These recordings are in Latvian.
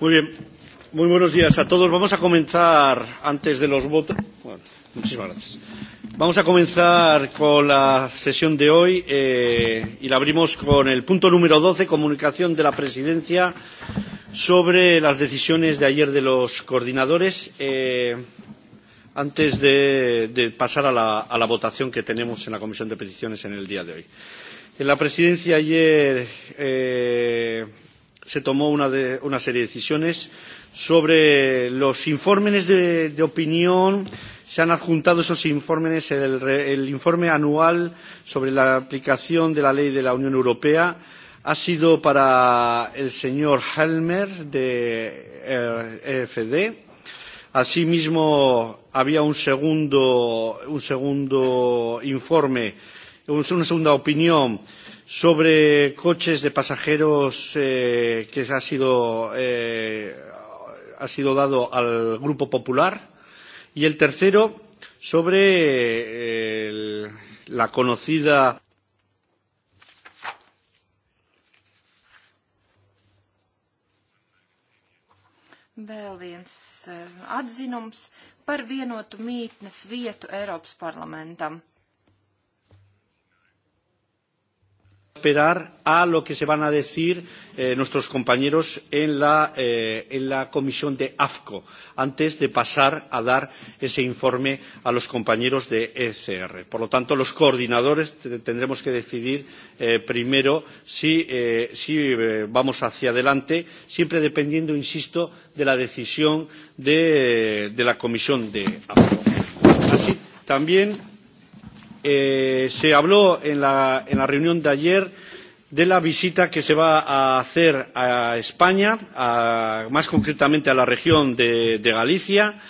Muy bien. Muy buenos días a todos. Vamos a comenzar antes de los votos. Bueno, muchísimas gracias. Vamos a comenzar con la sesión de hoy eh, y la abrimos con el punto número 12, comunicación de la presidencia sobre las decisiones de ayer de los coordinadores. Eh, antes de, de pasar a la, a la votación que tenemos en la Comisión de Peticiones en el día de hoy. En la presidencia ayer eh, se tomó una, de, una serie de decisiones. Sobre los informes de, de opinión, se han adjuntado esos informes, el, el informe anual sobre la aplicación de la ley de la Unión Europea ha sido para el señor Helmer de EFD. Eh, e Asimismo, había un segundo, un segundo informe, una segunda opinión eh, sobre coches de pasajeros eh, que ha sido, eh, ha sido dado al Grupo Popular y el tercero sobre eh, el, la conocida Vēl viens eh, atzinums par vienotu mītnes vietu Eiropas parlamentam. esperar a lo que se van a decir eh, nuestros compañeros en la, eh, en la comisión de AFCO antes de pasar a dar ese informe a los compañeros de ECR. Por lo tanto, los coordinadores tendremos que decidir eh, primero si, eh, si eh, vamos hacia adelante, siempre dependiendo, insisto, de la decisión de, de la comisión de AFCO. Así, también Eh, se habló en la, en la reunión de ayer de la visita que se va a hacer a España, a, más concretamente a la región de, de Galicia.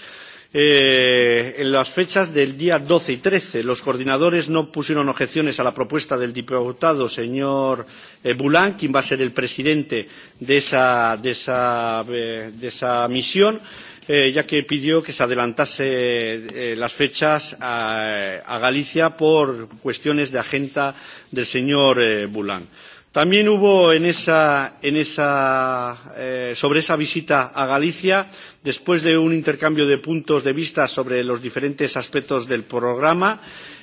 Eh, en las fechas del día 12 y 13, los coordinadores no pusieron objeciones a la propuesta del diputado señor eh, Boulán, quien va a ser el presidente de esa, de esa, eh, de esa misión. Eh, eh, ya que pidió que se adelantase eh, las fechas a, a Galicia por cuestiones de agenda del señor eh, Bulán. También hubo en esa, en esa, eh, sobre esa visita a Galicia, después de un intercambio de puntos de vista sobre los diferentes aspectos del programa,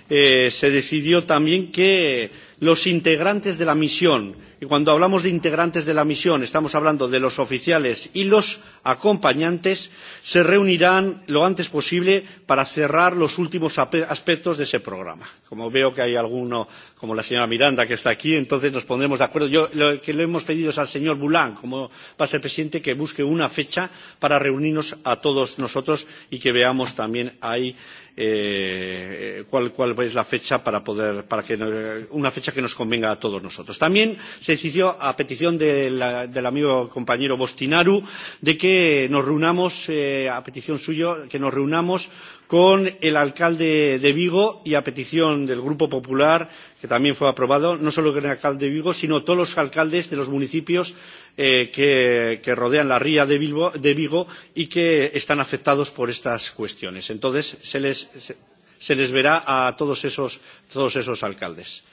eh, se decidió también que los integrantes de la misión Y cuando hablamos de integrantes de la misión, estamos hablando de los oficiales y los acompañantes, se reunirán lo antes posible para cerrar los últimos aspectos de ese programa. Como veo que hay alguno, como la señora Miranda, que está aquí, entonces nos pondremos de acuerdo. Yo lo que le hemos pedido es al señor Boulán, como va a ser presidente, que busque una fecha para reunirnos a todos nosotros y que veamos también ahí eh, cuál, cuál es la fecha para poder, para que, una fecha que nos convenga a todos nosotros. También se exigió a petición de la, del amigo compañero Bostinaru de que nos reunamos, eh, a petición suya, que nos reunamos con el alcalde de Vigo y a petición del Grupo Popular, que también fue aprobado, no solo con el alcalde de Vigo, sino todos los alcaldes de los municipios eh, que, que rodean la ría de, Bilbo, de Vigo y que están afectados por estas cuestiones. Entonces, se les, se, se les verá a todos esos, todos esos alcaldes.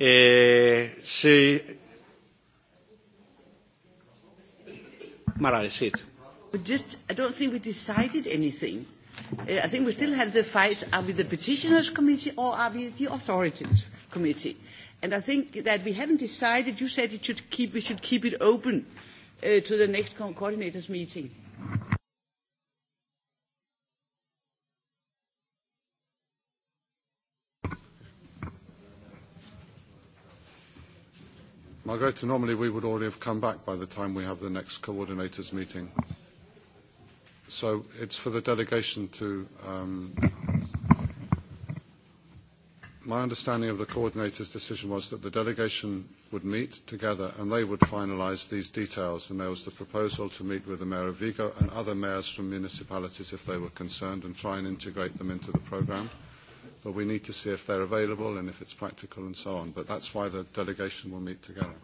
Eh, se, Maravisit. We just, I don't think we decided anything. Uh, I think we still have the fight, are we the petitioners committee or are we the authorities committee? And I think that we haven't decided, you said it should keep, we should keep it open uh, to the next co- coordinators meeting. Uh, Margrethe, normally we would already have come back by the time we have the next coordinators meeting. So it's for the delegation to. Um, my understanding of the coordinators' decision was that the delegation would meet together and they would finalise these details. And there was the proposal to meet with the Mayor of Vigo and other mayors from municipalities if they were concerned and try and integrate them into the programme but we need to see if they're available and if it's practical and so on. But that's why the delegation will meet together.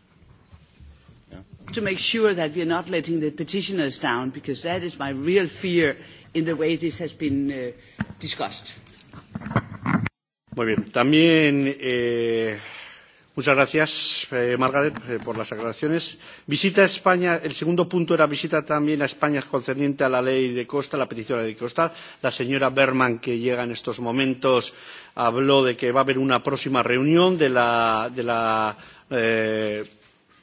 Yeah. To make sure that we are not letting the petitioners down, because that is my real fear in the way this has been uh, discussed. Muy bien. También eh, Muchas gracias, eh, Margaret, eh, por las aclaraciones. Visita a España. El segundo punto era visita también a España concerniente a la ley de Costa, la petición de la ley de Costa. La señora Berman, que llega en estos momentos, habló de que va a haber una próxima reunión de la, de la eh,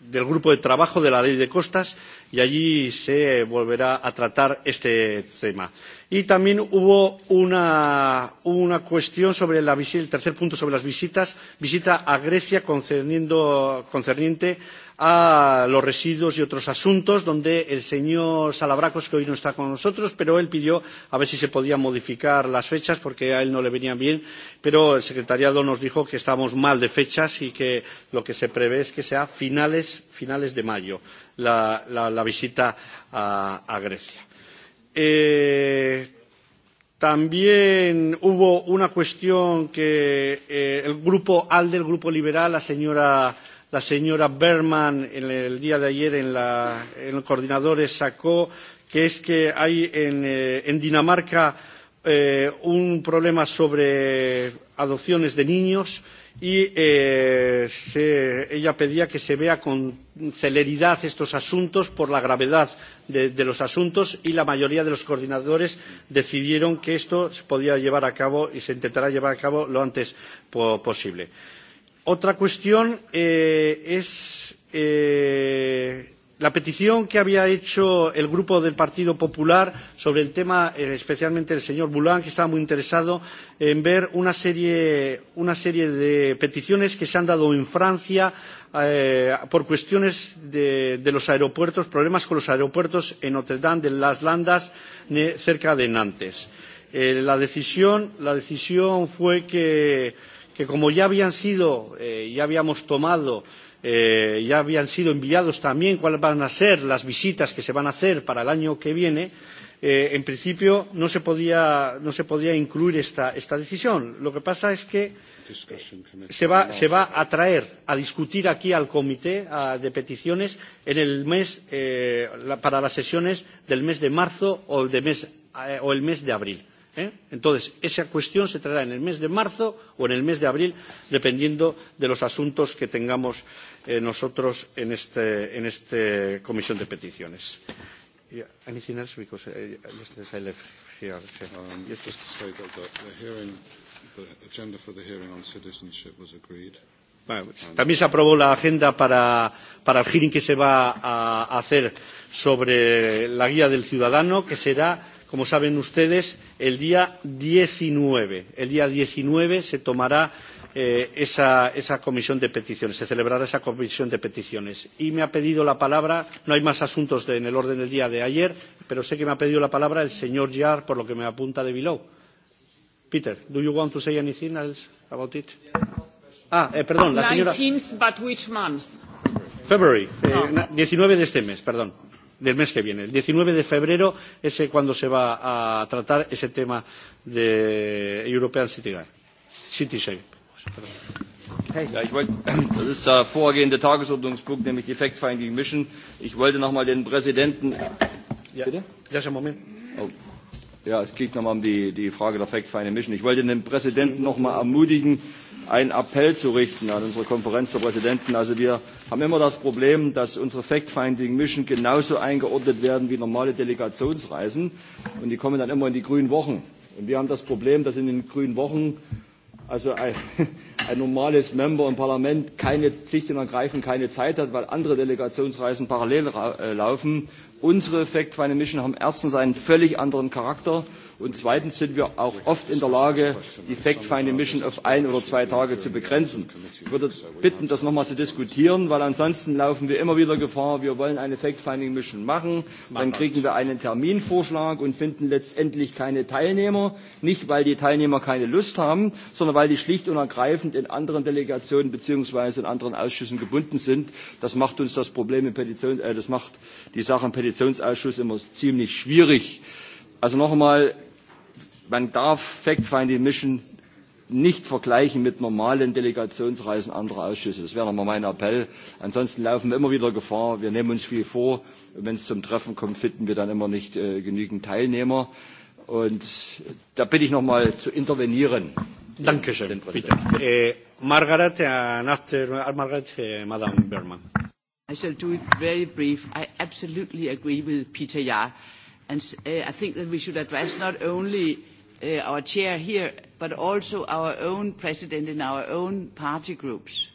del grupo de trabajo de la ley de costas y allí se volverá a tratar este tema. Y también hubo una, una cuestión sobre la visita, el tercer punto sobre las visitas, visita a Grecia concerniendo, concerniente a los residuos y otros asuntos, donde el señor Salabracos, que hoy no está con nosotros, pero él pidió a ver si se podían modificar las fechas, porque a él no le venían bien, pero el secretariado nos dijo que estamos mal de fechas y que lo que se prevé es que sea finales, finales de mayo la, la, la visita a, a Grecia. Eh, también hubo una cuestión que eh, el grupo ALDE, el grupo liberal, la señora La señora Berman en el día de ayer en, la, en los coordinadores sacó que es que hay en, eh, en Dinamarca eh, un problema sobre adopciones de niños y eh, se, ella pedía que se vea con celeridad estos asuntos por la gravedad de, de los asuntos y la mayoría de los coordinadores decidieron que esto se podía llevar a cabo y se intentará llevar a cabo lo antes po posible. Eh, Otra cuestión eh, es eh, la petición que había hecho el grupo del Partido Popular sobre el tema, eh, especialmente el señor Boulin, que estaba muy interesado en ver una serie, una serie de peticiones que se han dado en Francia eh, por cuestiones de, de los aeropuertos, problemas con los aeropuertos en Notre Dame de las Landas, cerca de Nantes. Eh, la, decisión, la decisión fue que que como ya habían sido, eh, ya habíamos tomado, eh, ya habían sido enviados también cuáles van a ser las visitas que se van a hacer para el año que viene, eh, en principio no se podía, no se podía incluir esta, esta decisión. Lo que pasa es que eh, se va, se va a traer a discutir aquí al comité a, de peticiones en el mes, eh, la, para las sesiones del mes de marzo o, de mes, eh, o el mes de abril ¿Eh? Entonces, esa cuestión se traerá en el mes de marzo o en el mes de abril, dependiendo de los asuntos que tengamos eh, nosotros en esta en este comisión de peticiones. Yeah, anything else? Because uh, yesterday I left here. Um, yes, just to say that the, the hearing, the agenda for the hearing on citizenship was agreed. Bueno, también se aprobó la agenda para, para el hearing que se va a, a hacer sobre la guía del ciudadano, que será como saben ustedes, el día 19. El día 19 se tomará eh, esa, esa comisión de peticiones, se celebrará esa comisión de peticiones. Y me ha pedido la palabra, no hay más asuntos de, en el orden del día de ayer, pero sé que me ha pedido la palabra el señor Yar, por lo que me apunta de Bilbao. Peter, do you want to say anything else about it? Ah, eh, perdón, la señora. 19th, but which month? February, eh, ah. no. 19 de este mes, perdón del mes que viene. El 19 de febrero es cuando se va a tratar ese tema de European City Guide. City Shape. Hey. Ja, ich wollt, das ist der vorhergehende Tagesordnungspunkt, nämlich die Fact-Finding Mission. Ich wollte nochmal den Präsidenten. Ja, bitte? Ja, schon Moment. Oh. Ja, es geht nochmal um die, die Frage der Fact-Finding Mission. Ich wollte den Präsidenten nochmal ermutigen, äh, einen Appell zu richten an unsere Konferenz der Präsidenten. Also wir haben immer das Problem, dass unsere Fact-Finding-Mission genauso eingeordnet werden wie normale Delegationsreisen. Und die kommen dann immer in die grünen Wochen. Und wir haben das Problem, dass in den grünen Wochen also ein, ein normales Member im Parlament keine Pflicht und ergreifend keine Zeit hat, weil andere Delegationsreisen parallel äh, laufen. Unsere Fact-Finding-Mission haben erstens einen völlig anderen Charakter Und zweitens sind wir auch oft in der Lage, die Fact-Finding-Mission auf ein oder zwei Tage zu begrenzen. Ich würde bitten, das nochmal zu diskutieren, weil ansonsten laufen wir immer wieder Gefahr, wir wollen eine Fact-Finding-Mission machen, dann kriegen wir einen Terminvorschlag und finden letztendlich keine Teilnehmer. Nicht, weil die Teilnehmer keine Lust haben, sondern weil die schlicht und ergreifend in anderen Delegationen bzw. in anderen Ausschüssen gebunden sind. Das macht uns das Problem im Petition, äh, das macht die Sache im Petitionsausschuss immer ziemlich schwierig. Äh, Also noch einmal, man darf Fact-Finding Mission nicht vergleichen mit normalen Delegationsreisen anderer Ausschüsse. Das wäre nochmal mein Appell. Ansonsten laufen wir immer wieder Gefahr. Wir nehmen uns viel vor. Und wenn es zum Treffen kommt, finden wir dann immer nicht äh, genügend Teilnehmer. Und da bitte ich nochmal zu intervenieren. Dankeschön. Den bitte. Äh, eh, Margaret, eh, and after eh, Margaret, äh, Madame Berman. I shall do it very brief. I absolutely agree with Peter Jahr. Yeah And uh, I think that we should address not only uh, our chair here, but also our own president in our own party groups,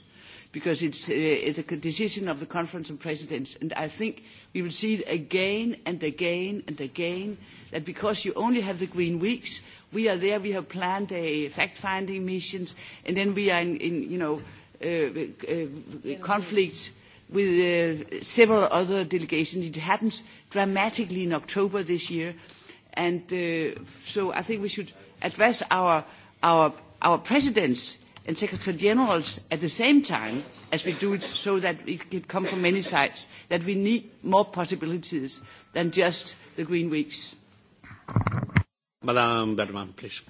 because it's, uh, it's a decision of the Conference of Presidents. And I think we will see again and again and again that because you only have the Green Weeks, we are there, we have planned a fact-finding missions, and then we are in, in you know, uh, uh, conflicts with uh, several other delegations. It happens dramatically in October this year. And uh, so I think we should address our, our, our presidents and secretary generals at the same time as we do it so that it can come from many sides, that we need more possibilities than just the green weeks. Madame Bergman, please.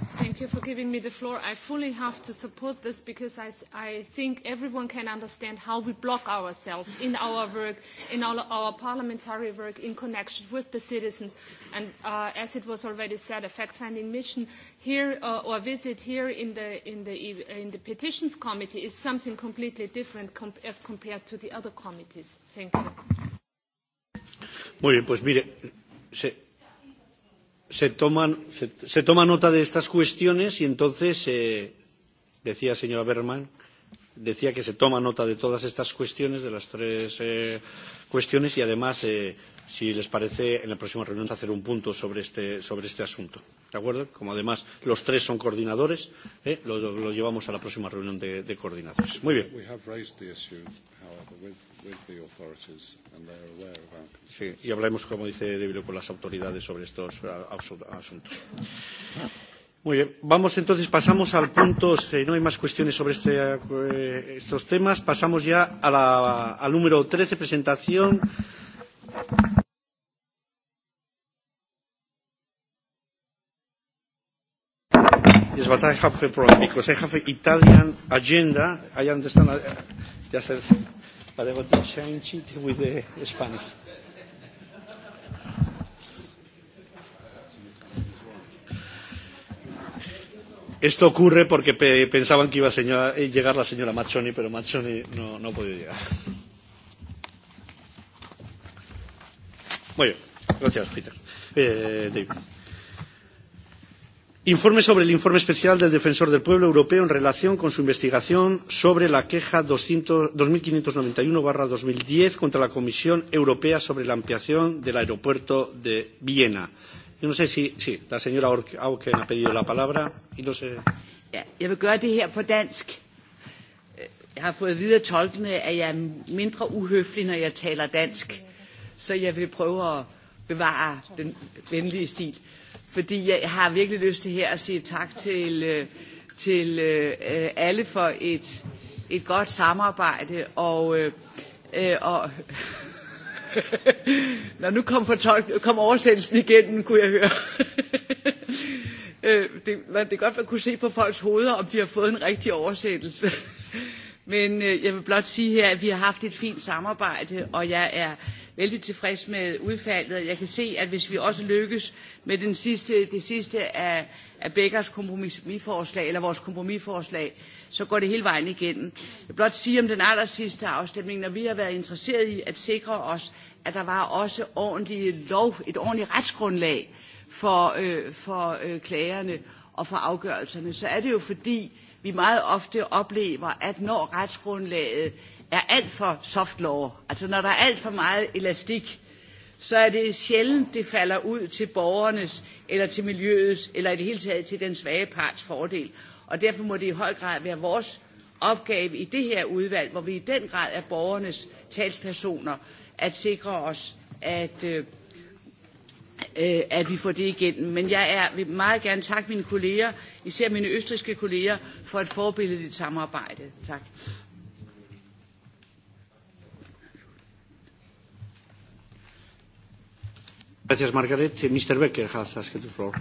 Thank you for giving me the floor. I fully have to support this because I, th I think everyone can understand how we block ourselves in our work, in all our parliamentary work, in connection with the citizens. And uh, as it was already said, a fact-finding mission here uh, or visit here in the, in, the, e, in the Petitions Committee is something completely different com as compared to the other committees. Thank you. Muy bien, pues mire, se, se, toman, se, se toma nota de estas cuestiones y entonces, eh, decía señora Berman, decía que se toma nota de todas estas cuestiones, de las tres eh, cuestiones, y además, eh, si les parece, en la próxima reunión vamos a hacer un punto sobre este, sobre este asunto. ¿De acuerdo? Como además los tres son coordinadores, eh, lo, lo llevamos a la próxima reunión de, de coordinadores. Muy bien. We have raised the issue, however, with with the authorities and they are aware of our concerns. Sí, y hablaremos, como dice Débilo, con las autoridades sobre estos eh, asuntos. Muy bien, vamos entonces, pasamos al punto, si no hay más cuestiones sobre este, eh, estos temas, pasamos ya a la, al número 13, presentación. Yes, but I have a problem because I have an Italian agenda. I understand. I, yes, I, but I want to change it with the Spanish. Esto ocurre porque pe pensaban que iba a señora, eh, llegar la señora Machoni, pero Machoni no, no ha podido llegar. Muy bien. Gracias, Peter. Eh, David. Informe sobre el informe especial del Defensor del Pueblo Europeo en relación con su investigación sobre la queja 2591-2010 contra la Comisión Europea sobre la ampliación del aeropuerto de Viena. Yo no sé si, sí, la señora Auken ha pedido la palabra y no sé. Ja, jeg vil gøre det her på dansk. Jeg har fået at vide af tolkene, at jeg er mindre uhøflig, når jeg taler dansk. Så jeg vil prøve at bevare den venlige stil. Fordi jeg har virkelig lyst til her at sige tak til, øh, til øh, alle for et, et godt samarbejde. Og, øh, og Nå, nu kom, fortolk, kom oversættelsen igennem, kunne jeg høre. det, man, det er godt, man kunne se på folks hoveder, om de har fået en rigtig oversættelse. Men øh, jeg vil blot sige her, at vi har haft et fint samarbejde, og jeg er vældig tilfreds med udfaldet. Jeg kan se, at hvis vi også lykkes med den sidste, det sidste af, af Beckers kompromisforslag, eller vores kompromisforslag, så går det hele vejen igennem. Jeg vil blot sige om den aller sidste afstemning, når vi har været interesseret i at sikre os, at der var også ordentlige lov, et ordentligt retsgrundlag for, øh, for øh, klagerne og for afgørelserne, så er det jo fordi, vi meget ofte oplever, at når retsgrundlaget er alt for soft law, altså når der er alt for meget elastik, så er det sjældent, det falder ud til borgernes eller til miljøets eller i det hele taget til den svage parts fordel. Og derfor må det i høj grad være vores opgave i det her udvalg, hvor vi i den grad er borgernes talspersoner, at sikre os, at, øh, øh, at vi får det igennem. Men jeg er, vil meget gerne takke mine kolleger, især mine østriske kolleger, for et forbilledeligt samarbejde. Tak. Gracias, Margaret. Eh, Mr. Becker has asked the floor.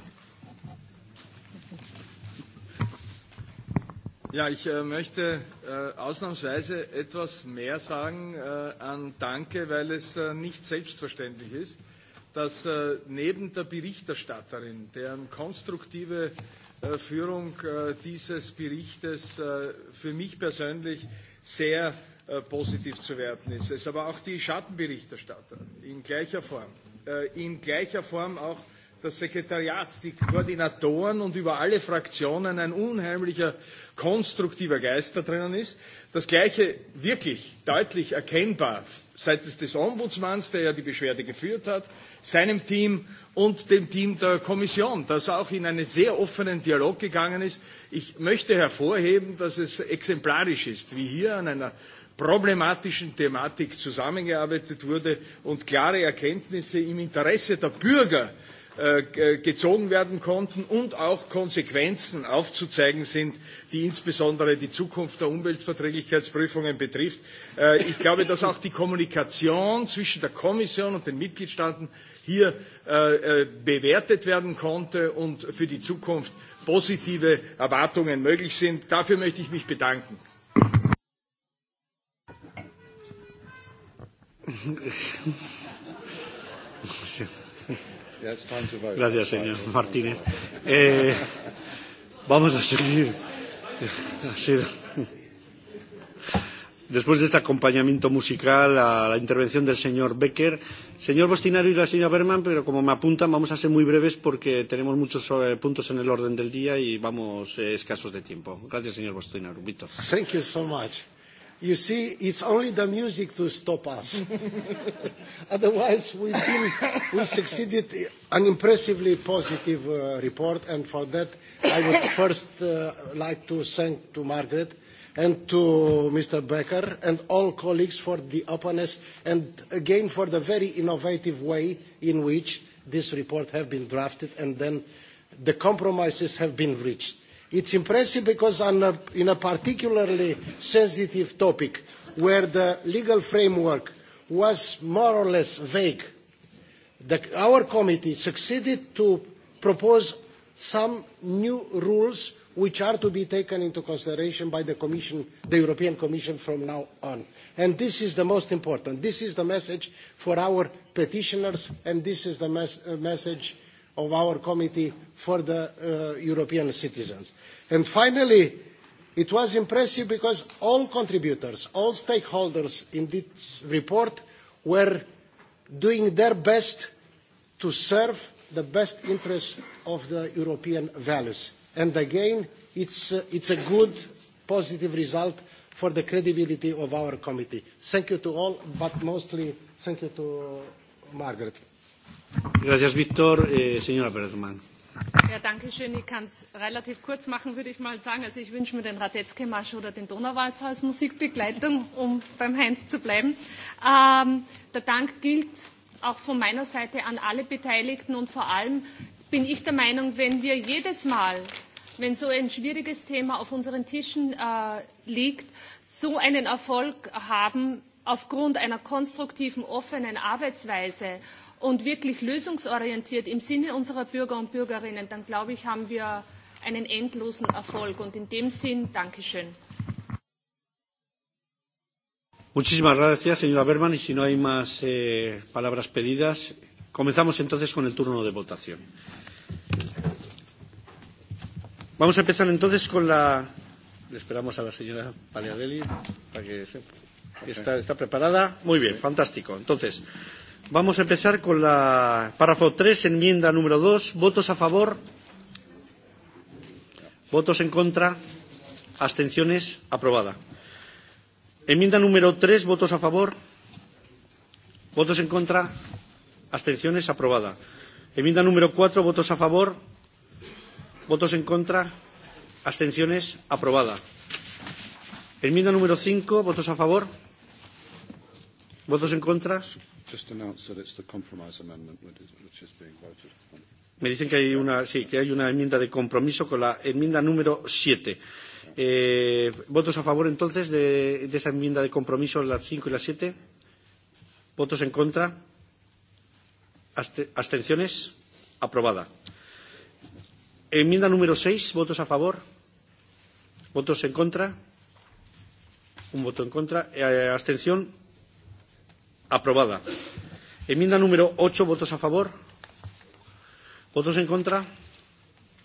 Ja, ich äh, möchte äh, ausnahmsweise etwas mehr sagen äh, an Danke, weil es äh, nicht selbstverständlich ist. Äh, dass äh, neben der Berichterstatterin, deren konstruktive äh, Führung äh, dieses Berichtes äh, für mich persönlich sehr äh, positiv zu werten ist, es aber auch die Schattenberichterstatter in gleicher Form, äh, in gleicher Form auch das Sekretariat, die Koordinatoren und über alle Fraktionen ein unheimlicher konstruktiver Geist da drinnen ist, Das Gleiche wirklich deutlich erkennbar seitens des Ombudsmanns, der ja die Beschwerde geführt hat, seinem Team und dem Team der Kommission, das auch in einen sehr offenen Dialog gegangen ist. Ich möchte hervorheben, dass es exemplarisch ist, wie hier an einer problematischen Thematik zusammengearbeitet wurde und klare Erkenntnisse im Interesse der Bürger Äh, gezogen werden konnten und auch Konsequenzen aufzuzeigen sind, die insbesondere die Zukunft der Umweltverträglichkeitsprüfungen betrifft. Äh, ich glaube, dass auch die Kommunikation zwischen der Kommission und den Mitgliedstaaten hier äh, bewertet werden konnte und für die Zukunft positive Erwartungen möglich sind. Dafür möchte ich mich bedanken. Gracias, señor Martínez. Eh, vamos a seguir. Ha sido. Después de este acompañamiento musical a la intervención del señor Becker, señor Bostinario y la señora Berman, pero como me apuntan, vamos a ser muy breves porque tenemos muchos eh, puntos en el orden del día y vamos eh, escasos de tiempo. Gracias, señor Bostinario. Víctor. Thank you so much. You see, it's only the music to stop us. Otherwise, we've been, we succeeded an impressively positive uh, report, and for that, I would first uh, like to thank to Margaret and to Mr. Becker and all colleagues for the openness and again for the very innovative way in which this report has been drafted and then the compromises have been reached. It's impressive because on a, in a particularly sensitive topic where the legal framework was more or less vague, the, our committee succeeded to propose some new rules which are to be taken into consideration by the Commission, the European Commission from now on. And this is the most important. This is the message for our petitioners and this is the mes uh, message uh, of our committee for the uh, European citizens. And finally, it was impressive because all contributors, all stakeholders in this report were doing their best to serve the best interests of the European values. And again, it's, uh, it's a good, positive result for the credibility of our committee. Thank you to all, but mostly thank you to Margaret. Gracias, Víctor. Eh, señora Bergman. Ja, danke schön. Ich kann es relativ kurz machen, würde ich mal sagen. Also ich wünsche mir den Radetzky-Marsch oder den Donauwalzer als Musikbegleitung, um beim Heinz zu bleiben. Ähm, der Dank gilt auch von meiner Seite an alle Beteiligten und vor allem bin ich der Meinung, wenn wir jedes Mal wenn so ein schwieriges Thema auf unseren Tischen äh, liegt, so einen Erfolg haben aufgrund einer konstruktiven, offenen Arbeitsweise und wirklich lösungsorientiert im Sinne unserer Bürger und Bürgerinnen, dann glaube ich, haben wir einen endlosen Erfolg. Und in dem Sinn, Dankeschön. Muchísimas gracias, señora Berman. Y si no hay más eh, palabras pedidas, comenzamos entonces con el turno de votación. Vamos a empezar entonces con la. Le esperamos a la señora Paleadeli para que se... okay. está, está preparada. Muy bien, fantástico. Entonces, Vamos a empezar con la párrafo 3, enmienda número 2. ¿Votos a favor? ¿Votos en contra? ¿Abstenciones? Aprobada. Enmienda número 3, votos a favor. ¿Votos en contra? ¿Abstenciones? Aprobada. Enmienda número 4, votos a favor. ¿Votos en contra? ¿Abstenciones? Aprobada. Enmienda número 5, votos a favor. ¿Votos en contra? just announce that it's the compromise amendment which is, which is being voted on. Me dicen que hay una, sí, que hay una enmienda de compromiso con la enmienda número 7. Eh, ¿Votos a favor entonces de, de esa enmienda de compromiso, la 5 y la 7? ¿Votos en contra? Aste, ¿Abstenciones? Aprobada. Enmienda número 6, ¿votos a favor? ¿Votos en contra? Un voto en contra. Eh, ¿Abstención? Aprobada. Enmienda número 8. ¿Votos a favor? ¿Votos en contra?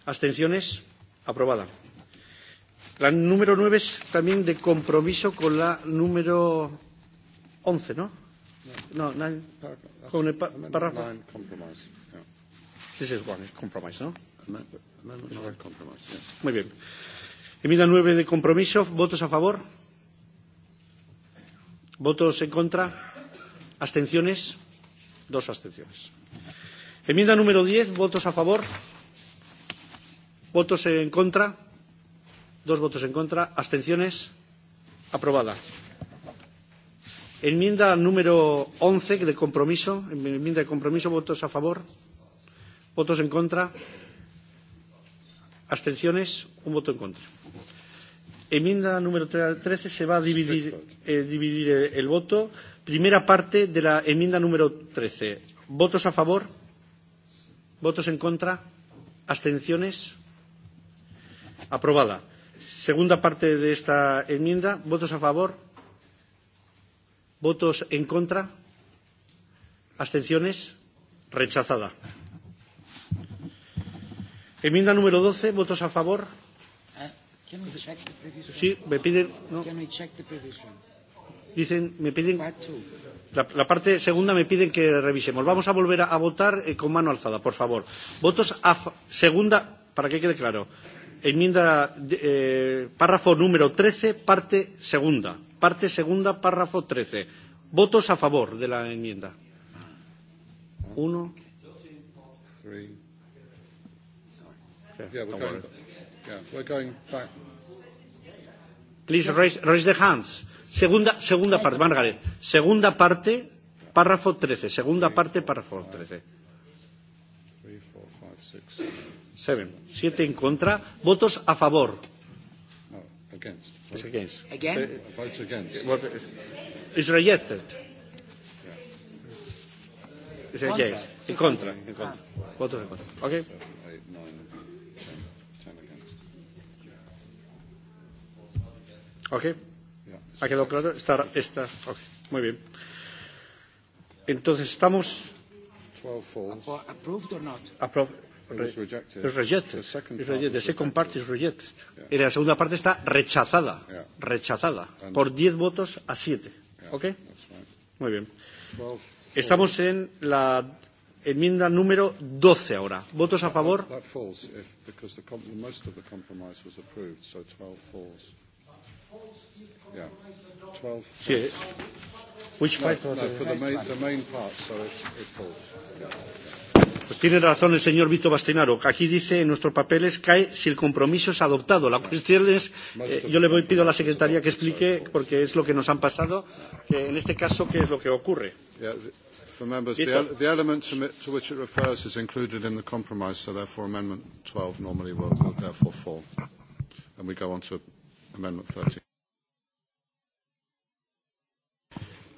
¿Abstenciones? Aprobada. La número 9 es también de compromiso con la número 11, ¿no? No, nine, con el párrafo. Nine compromise. Yeah. This is one compromise, ¿no? Amendment nine compromise. Yeah. Muy bien. Enmienda 9 de compromiso. ¿Votos a favor? ¿Votos en contra? ¿Abstenciones? Dos abstenciones. Enmienda número 10, votos a favor. Votos en contra. Dos votos en contra. Abstenciones. Aprobada. Enmienda número 11 de compromiso. Enmienda de compromiso. Votos a favor. Votos en contra. Abstenciones. Un voto en contra. Enmienda número 13 se va a dividir, eh, dividir eh, el voto. Eh, Primera parte de la enmienda número 13. ¿Votos a favor? ¿Votos en contra? ¿Abstenciones? Aprobada. Segunda parte de esta enmienda. ¿Votos a favor? ¿Votos en contra? ¿Abstenciones? Rechazada. Enmienda número 12. ¿Votos a favor? Ah, sí, me piden. No. Can we check the provision? Dicen, me piden. La, la parte segunda me piden que revisemos. Vamos a volver a, a votar eh, con mano alzada, por favor. Votos a segunda, para que quede claro. Enmienda, eh, párrafo número 13, parte segunda. Parte segunda, párrafo 13. Votos a favor de la enmienda. Uno. Three. Yeah, yeah, we're, going, yeah, we're going back. Please raise, raise the hands. Segunda, segunda parte, Margaret. Segunda parte, párrafo 13. Segunda parte, párrafo 13. 7. 7 en contra. Votos a favor. Against. It's against. Again? Votes against. What is, is rejected. Is against. En contra. En contra. Ah. Votos en contra. Okay. Seven, eight, nine, ten, ten against. Okay. ¿Ha quedado claro? Esta, esta, okay, muy bien. Entonces estamos. 12 falls. Approved or not? Approved. It was rejected. It's rejected. The second, it's rejected. The second part is rejected. Yeah. Y la segunda parte está rechazada. Yeah. Rechazada. And por 10 votos a 7. Yeah, ¿Ok? That's right. Muy bien. 12, Estamos en la enmienda número 12 ahora. ¿Votos a favor? That falls if, eh, because the, most of the compromise was approved, so 12 falls. Yeah. 12. Yeah. Which no, part? No, for the main, the main part, so it, it falls. Yeah. Pues tiene razón el señor Vito Bastinaro. Aquí dice en nuestros papeles cae si el compromiso es adoptado. La cuestión es, eh, yo le voy, pido a la secretaría que explique, porque es lo que nos han pasado, que en este caso qué es lo que ocurre. Yeah, for members, the, the element to, to which it refers is included in the compromise, so therefore Amendment 12 normally will, will therefore fall. And we go on to Amendment 13.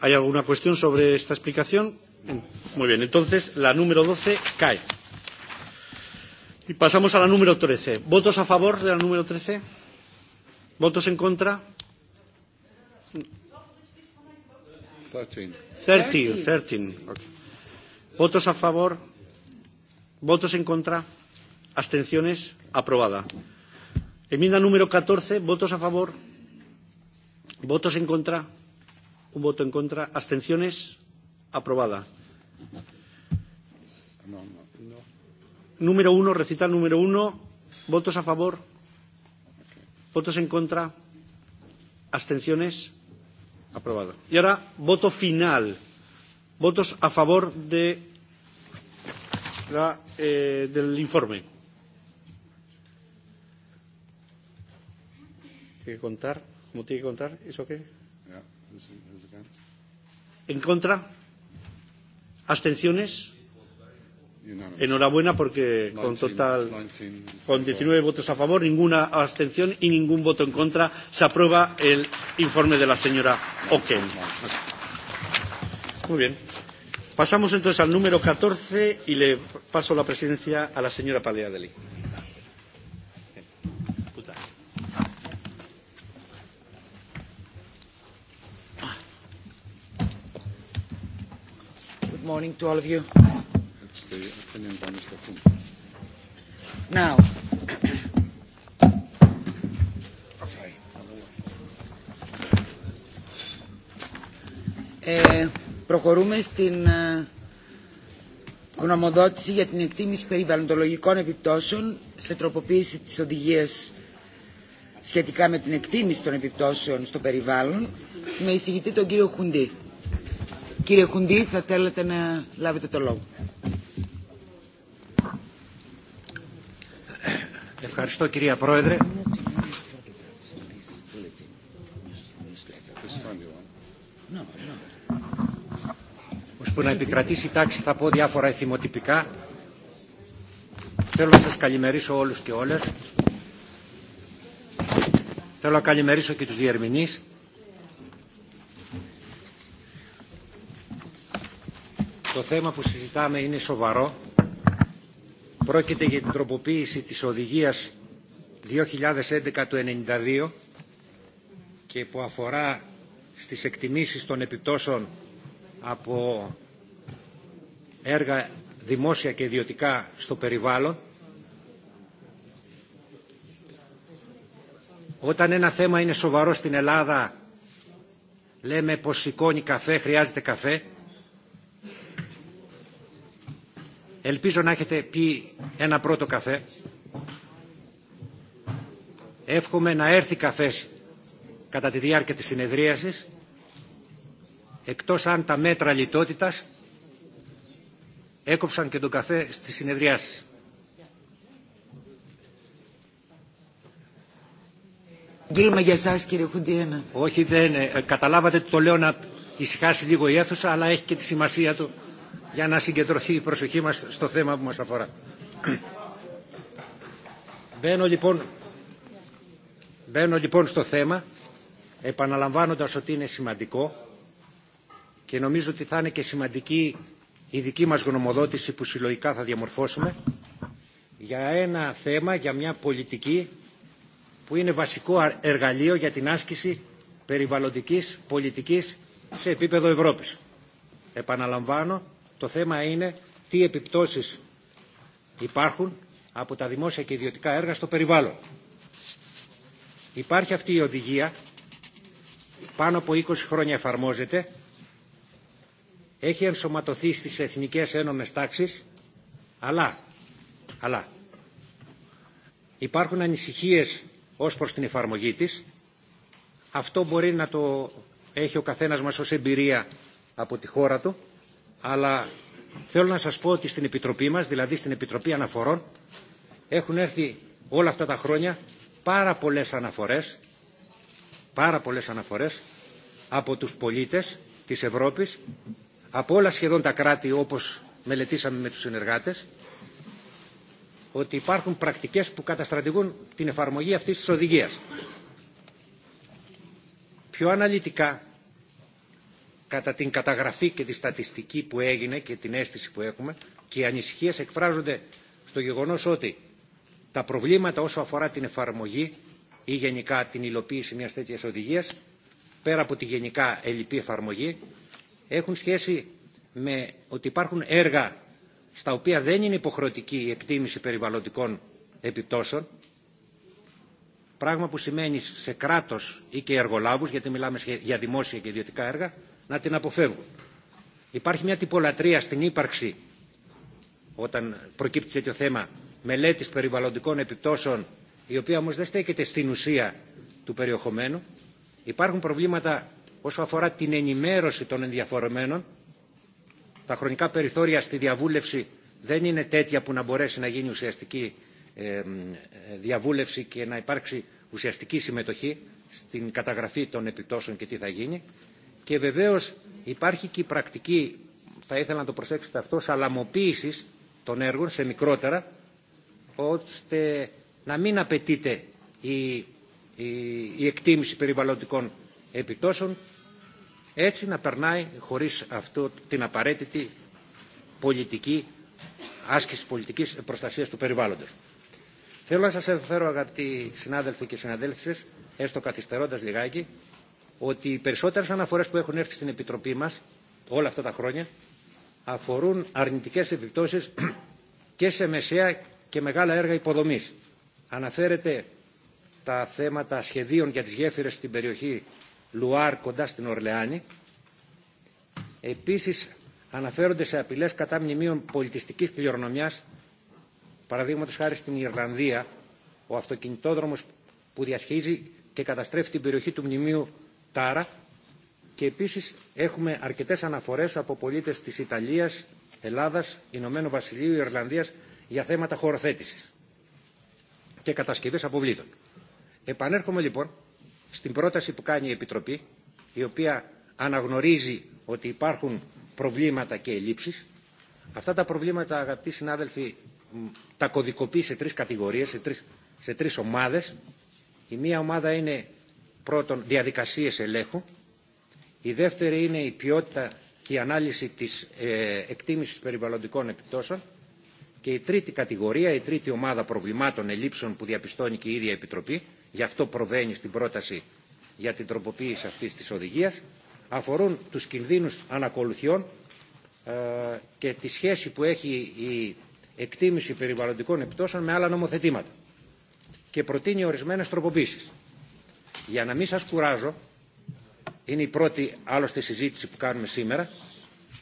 ¿Hay alguna cuestión sobre esta explicación? Muy bien, entonces la número 12 cae. Y pasamos a la número 13. ¿Votos a favor de la número 13? ¿Votos en contra? 13. 13, 13. Okay. ¿Votos a favor? ¿Votos en contra? ¿Abstenciones? Aprobada. Enmienda número 14. ¿Votos a favor? ¿Votos en contra? un voto en contra. ¿Abstenciones? Aprobada. No, no, no. Número uno, recital número uno. ¿Votos a favor? ¿Votos en contra? ¿Abstenciones? Aprobado. Y ahora, voto final. Votos a favor de la, eh, del informe. Tiene que contar, como tiene que contar, ¿eso qué? ¿En contra? ¿Abstenciones? Enhorabuena porque con total, con 19 votos a favor, ninguna abstención y ningún voto en contra, se aprueba el informe de la señora Oken. Muy bien. Pasamos entonces al número 14 y le paso la presidencia a la señora Paleadeli. morning to all of you. It's the opinion by Mr. Kuhn. Now, sorry. Ε, eh, προχωρούμε στην ε, γνωμοδότηση για την εκτίμηση περιβαλλοντολογικών επιπτώσεων σε τροποποίηση της οδηγίας σχετικά με την εκτίμηση των επιπτώσεων στο περιβάλλον με εισηγητή τον κύριο Χουντή. Κύριε Κουντή, θα θέλετε να λάβετε το λόγο. Ευχαριστώ κυρία Πρόεδρε. Ώσπου να επικρατήσει τάξη θα πω διάφορα εθιμοτυπικά. Θέλω να σας καλημερίσω όλους και όλες. Θέλω να καλημερίσω και τους διερμηνείς. Το θέμα που συζητάμε είναι σοβαρό. Πρόκειται για την τροποποίηση της οδηγίας 2011 του 92 και που αφορά στις εκτιμήσεις των επιπτώσεων από έργα δημόσια και ιδιωτικά στο περιβάλλον. Όταν ένα θέμα είναι σοβαρό στην Ελλάδα, λέμε πως σηκώνει καφέ, χρειάζεται καφέ. Ελπίζω να έχετε πει ένα πρώτο καφέ. Εύχομαι να έρθει καφές κατά τη διάρκεια της συνεδρίασης, εκτός αν τα μέτρα λιτότητας έκοψαν και τον καφέ στις συνεδριάσεις. Εγκλήμα για εσάς κύριε Χουντιένα. Όχι δεν, ε, καταλάβατε το λέω να ησυχάσει λίγο η αίθουσα, αλλά έχει και τη σημασία του για να συγκεντρωθεί η προσοχή μας στο θέμα που μας αφορά. Μπαίνω λοιπόν, μπαίνω λοιπόν στο θέμα, επαναλαμβάνοντας ότι είναι σημαντικό και νομίζω ότι θα είναι και σημαντική η δική μας γνωμοδότηση που συλλογικά θα διαμορφώσουμε για ένα θέμα, για μια πολιτική που είναι βασικό εργαλείο για την άσκηση περιβαλλοντικής πολιτικής σε επίπεδο Ευρώπης. Επαναλαμβάνω Το θέμα είναι τι επιπτώσεις υπάρχουν από τα δημόσια και ιδιωτικά έργα στο περιβάλλον. Υπάρχει αυτή η οδηγία, πάνω από 20 χρόνια εφαρμόζεται, έχει ενσωματωθεί στις εθνικές ένομες τάξεις, αλλά, αλλά υπάρχουν ανησυχίες ως προς την εφαρμογή της. Αυτό μπορεί να το έχει ο καθένας μας ως εμπειρία από τη χώρα του αλλά θέλω να σας πω ότι στην Επιτροπή μας, δηλαδή στην Επιτροπή Αναφορών, έχουν έρθει όλα αυτά τα χρόνια πάρα πολλές αναφορές, πάρα πολλές αναφορές από τους πολίτες της Ευρώπης, από όλα σχεδόν τα κράτη όπως μελετήσαμε με τους συνεργάτες, ότι υπάρχουν πρακτικές που καταστρατηγούν την εφαρμογή αυτής της οδηγίας. Πιο αναλυτικά κατά την καταγραφή και τη στατιστική που έγινε και την αίσθηση που έχουμε και οι ανησυχίες εκφράζονται στο γεγονός ότι τα προβλήματα όσο αφορά την εφαρμογή ή γενικά την υλοποίηση μιας τέτοιας οδηγίας, πέρα από τη γενικά ελλειπή εφαρμογή, έχουν σχέση με ότι υπάρχουν έργα στα οποία δεν είναι υποχρεωτική η εκτίμηση περιβαλλοντικών επιπτώσεων, πράγμα που σημαίνει σε κράτος ή και εργολάβους, γιατί μιλάμε για δημόσια και ιδιωτικά έργα, να την αποφεύγουν. Υπάρχει μια τυπολατρεία στην ύπαρξη όταν προκύπτει τέτοιο θέμα μελέτης περιβαλλοντικών επιπτώσεων η οποία όμως δεν στέκεται στην ουσία του περιεχομένου. Υπάρχουν προβλήματα όσο αφορά την ενημέρωση των ενδιαφορεμένων. Τα χρονικά περιθώρια στη διαβούλευση δεν είναι τέτοια που να μπορέσει να γίνει ουσιαστική ε, διαβούλευση και να υπάρξει ουσιαστική συμμετοχή στην καταγραφή των επιπτώσεων και τι θα γίνει και βεβαίως υπάρχει και η πρακτική, θα ήθελα να το προσέξετε αυτό, σαλαμοποίησης των έργων σε μικρότερα, ώστε να μην απαιτείται η, η, η εκτίμηση περιβαλλοντικών επιτόσεων, έτσι να περνάει χωρίς αυτό την απαραίτητη πολιτική άσκηση πολιτικής προστασίας του περιβάλλοντος. Θέλω να σας ενθέρω αγαπητοί συνάδελφοι και συναδέλφες, έστω καθυστερώντας λιγάκι, ότι οι περισσότερες αναφορές που έχουν έρθει στην Επιτροπή μας όλα αυτά τα χρόνια αφορούν αρνητικές επιπτώσεις και σε μεσαία και μεγάλα έργα υποδομής. Αναφέρεται τα θέματα σχεδίων για τις γέφυρες στην περιοχή Λουάρ κοντά στην Ορλεάνη. Επίσης αναφέρονται σε απειλές κατά μνημείων πολιτιστικής κληρονομιάς παραδείγματο χάρη στην Ιρλανδία ο αυτοκινητόδρομος που διασχίζει και καταστρέφει την περιοχή του μνημείου Τάρα και επίσης έχουμε αρκετές αναφορές από πολίτες της Ιταλίας, Ελλάδας, Ηνωμένου Βασιλείου, Ιρλανδίας για θέματα χωροθέτησης και κατασκευής αποβλήτων. Επανέρχομαι λοιπόν στην πρόταση που κάνει η Επιτροπή, η οποία αναγνωρίζει ότι υπάρχουν προβλήματα και ελλείψεις. Αυτά τα προβλήματα, αγαπητοί συνάδελφοι, τα κωδικοποιεί σε τρεις κατηγορίες, σε τρεις, σε τρεις ομάδες. Η μία ομάδα είναι πρώτον διαδικασίες ελέγχου, η δεύτερη είναι η ποιότητα και η ανάλυση της ε, εκτίμησης περιβαλλοντικών επιπτώσεων και η τρίτη κατηγορία, η τρίτη ομάδα προβλημάτων ελλείψεων που διαπιστώνει και η ίδια Επιτροπή, γι' αυτό προβαίνει στην πρόταση για την τροποποίηση αυτής της οδηγίας, αφορούν τους κινδύνους ανακολουθιών ε, και τη σχέση που έχει η εκτίμηση περιβαλλοντικών επιπτώσεων με άλλα νομοθετήματα και προτείνει ορισμένες τροποποίησεις για να μην σας κουράζω, είναι η πρώτη άλλωστε συζήτηση που κάνουμε σήμερα,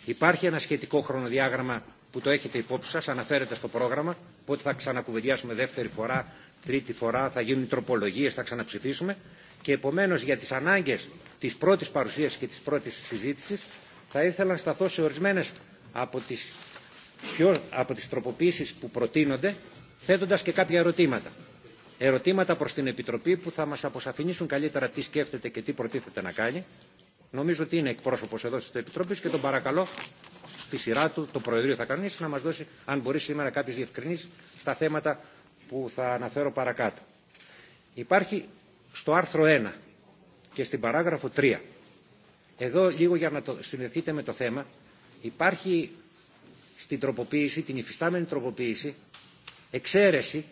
υπάρχει ένα σχετικό χρονοδιάγραμμα που το έχετε υπόψη σας, αναφέρεται στο πρόγραμμα, πότε θα ξανακουβεντιάσουμε δεύτερη φορά, τρίτη φορά, θα γίνουν τροπολογίες, θα ξαναψηφίσουμε και επομένως για τις ανάγκες της πρώτης παρουσίας και της πρώτης συζήτησης θα ήθελα να σταθώ σε ορισμένες από τις, πιο, από τις τροποποίησεις που προτείνονται θέτοντας και κάποια ερωτήματα ερωτήματα προς την Επιτροπή που θα μας αποσαφηνίσουν καλύτερα τι σκέφτεται και τι προτίθεται να κάνει. Νομίζω ότι είναι εκπρόσωπος εδώ της Επιτροπής και τον παρακαλώ στη σειρά του το Προεδρείο θα κανονίσει να μας δώσει αν μπορεί σήμερα κάποιες διευκρινήσεις στα θέματα που θα αναφέρω παρακάτω. Υπάρχει στο άρθρο 1 και στην παράγραφο 3. Εδώ λίγο για να το συνδεθείτε με το θέμα υπάρχει στην τροποποίηση, την υφιστάμενη τροποποίηση εξαίρεση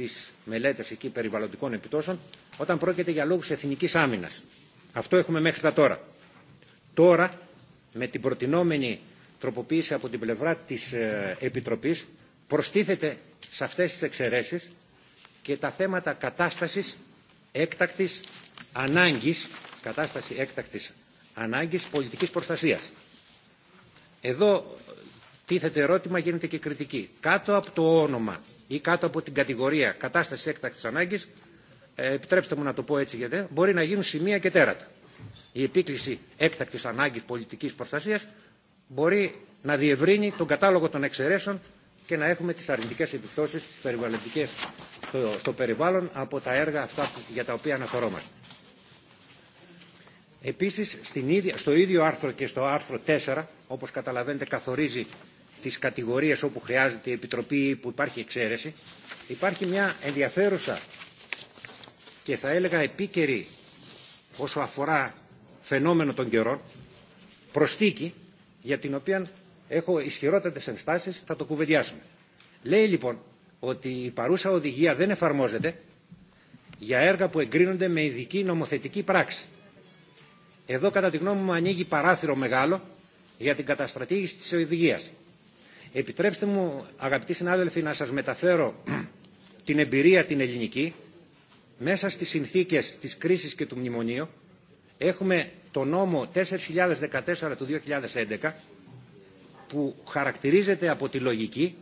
τις μελέτες εκεί περιβαλλοντικών επιπτώσεων όταν πρόκειται για λόγους εθνικής άμυνας. Αυτό έχουμε μέχρι τα τώρα. Τώρα, με την προτινόμενη τροποποίηση από την πλευρά της ε, Επιτροπής, προστίθεται σε αυτές τις εξαιρέσεις και τα θέματα κατάστασης έκτακτης ανάγκης, κατάσταση έκτακτης ανάγκης πολιτικής προστασίας. Εδώ τίθεται ερώτημα, γίνεται και κριτική. Κάτω από το όνομα ή κάτω από την κατηγορία κατάσταση έκτακτης ανάγκης, ε, επιτρέψτε μου να το πω έτσι γιατί, μπορεί να γίνουν σημεία και τέρατα. Η επίκληση έκτακτης ανάγκης πολιτικής προστασίας μπορεί να διευρύνει τον κατάλογο των εξαιρέσεων και να έχουμε τις αρνητικές επιπτώσεις στις περιβαλλοντικές, στο, στο περιβάλλον από τα έργα αυτά για τα οποία αναφερόμαστε. Επίσης, στην ίδια, στο ίδιο άρθρο και στο άρθρο 4, όπως καταλαβαίνετε καθορίζει τις κατηγορίες όπου χρειάζεται η Επιτροπή που υπάρχει εξαίρεση, υπάρχει μια ενδιαφέρουσα και θα έλεγα επίκαιρη όσο αφορά φαινόμενο των καιρών, προστίκη για την οποία έχω ισχυρότατες ενστάσεις, θα το κουβεντιάσουμε. Λέει λοιπόν ότι η παρούσα οδηγία δεν εφαρμόζεται για έργα που εγκρίνονται με ειδική νομοθετική πράξη. Εδώ κατά τη γνώμη μου ανοίγει παράθυρο μεγάλο για την καταστρατήγηση της οδηγίας. Επιτρέψτε μου, αγαπητοί συνάδελφοι, να σας μεταφέρω την εμπειρία την ελληνική. Μέσα στις συνθήκες της κρίσης και του μνημονίου έχουμε το νόμο 4014 του 2011 που χαρακτηρίζεται από τη λογική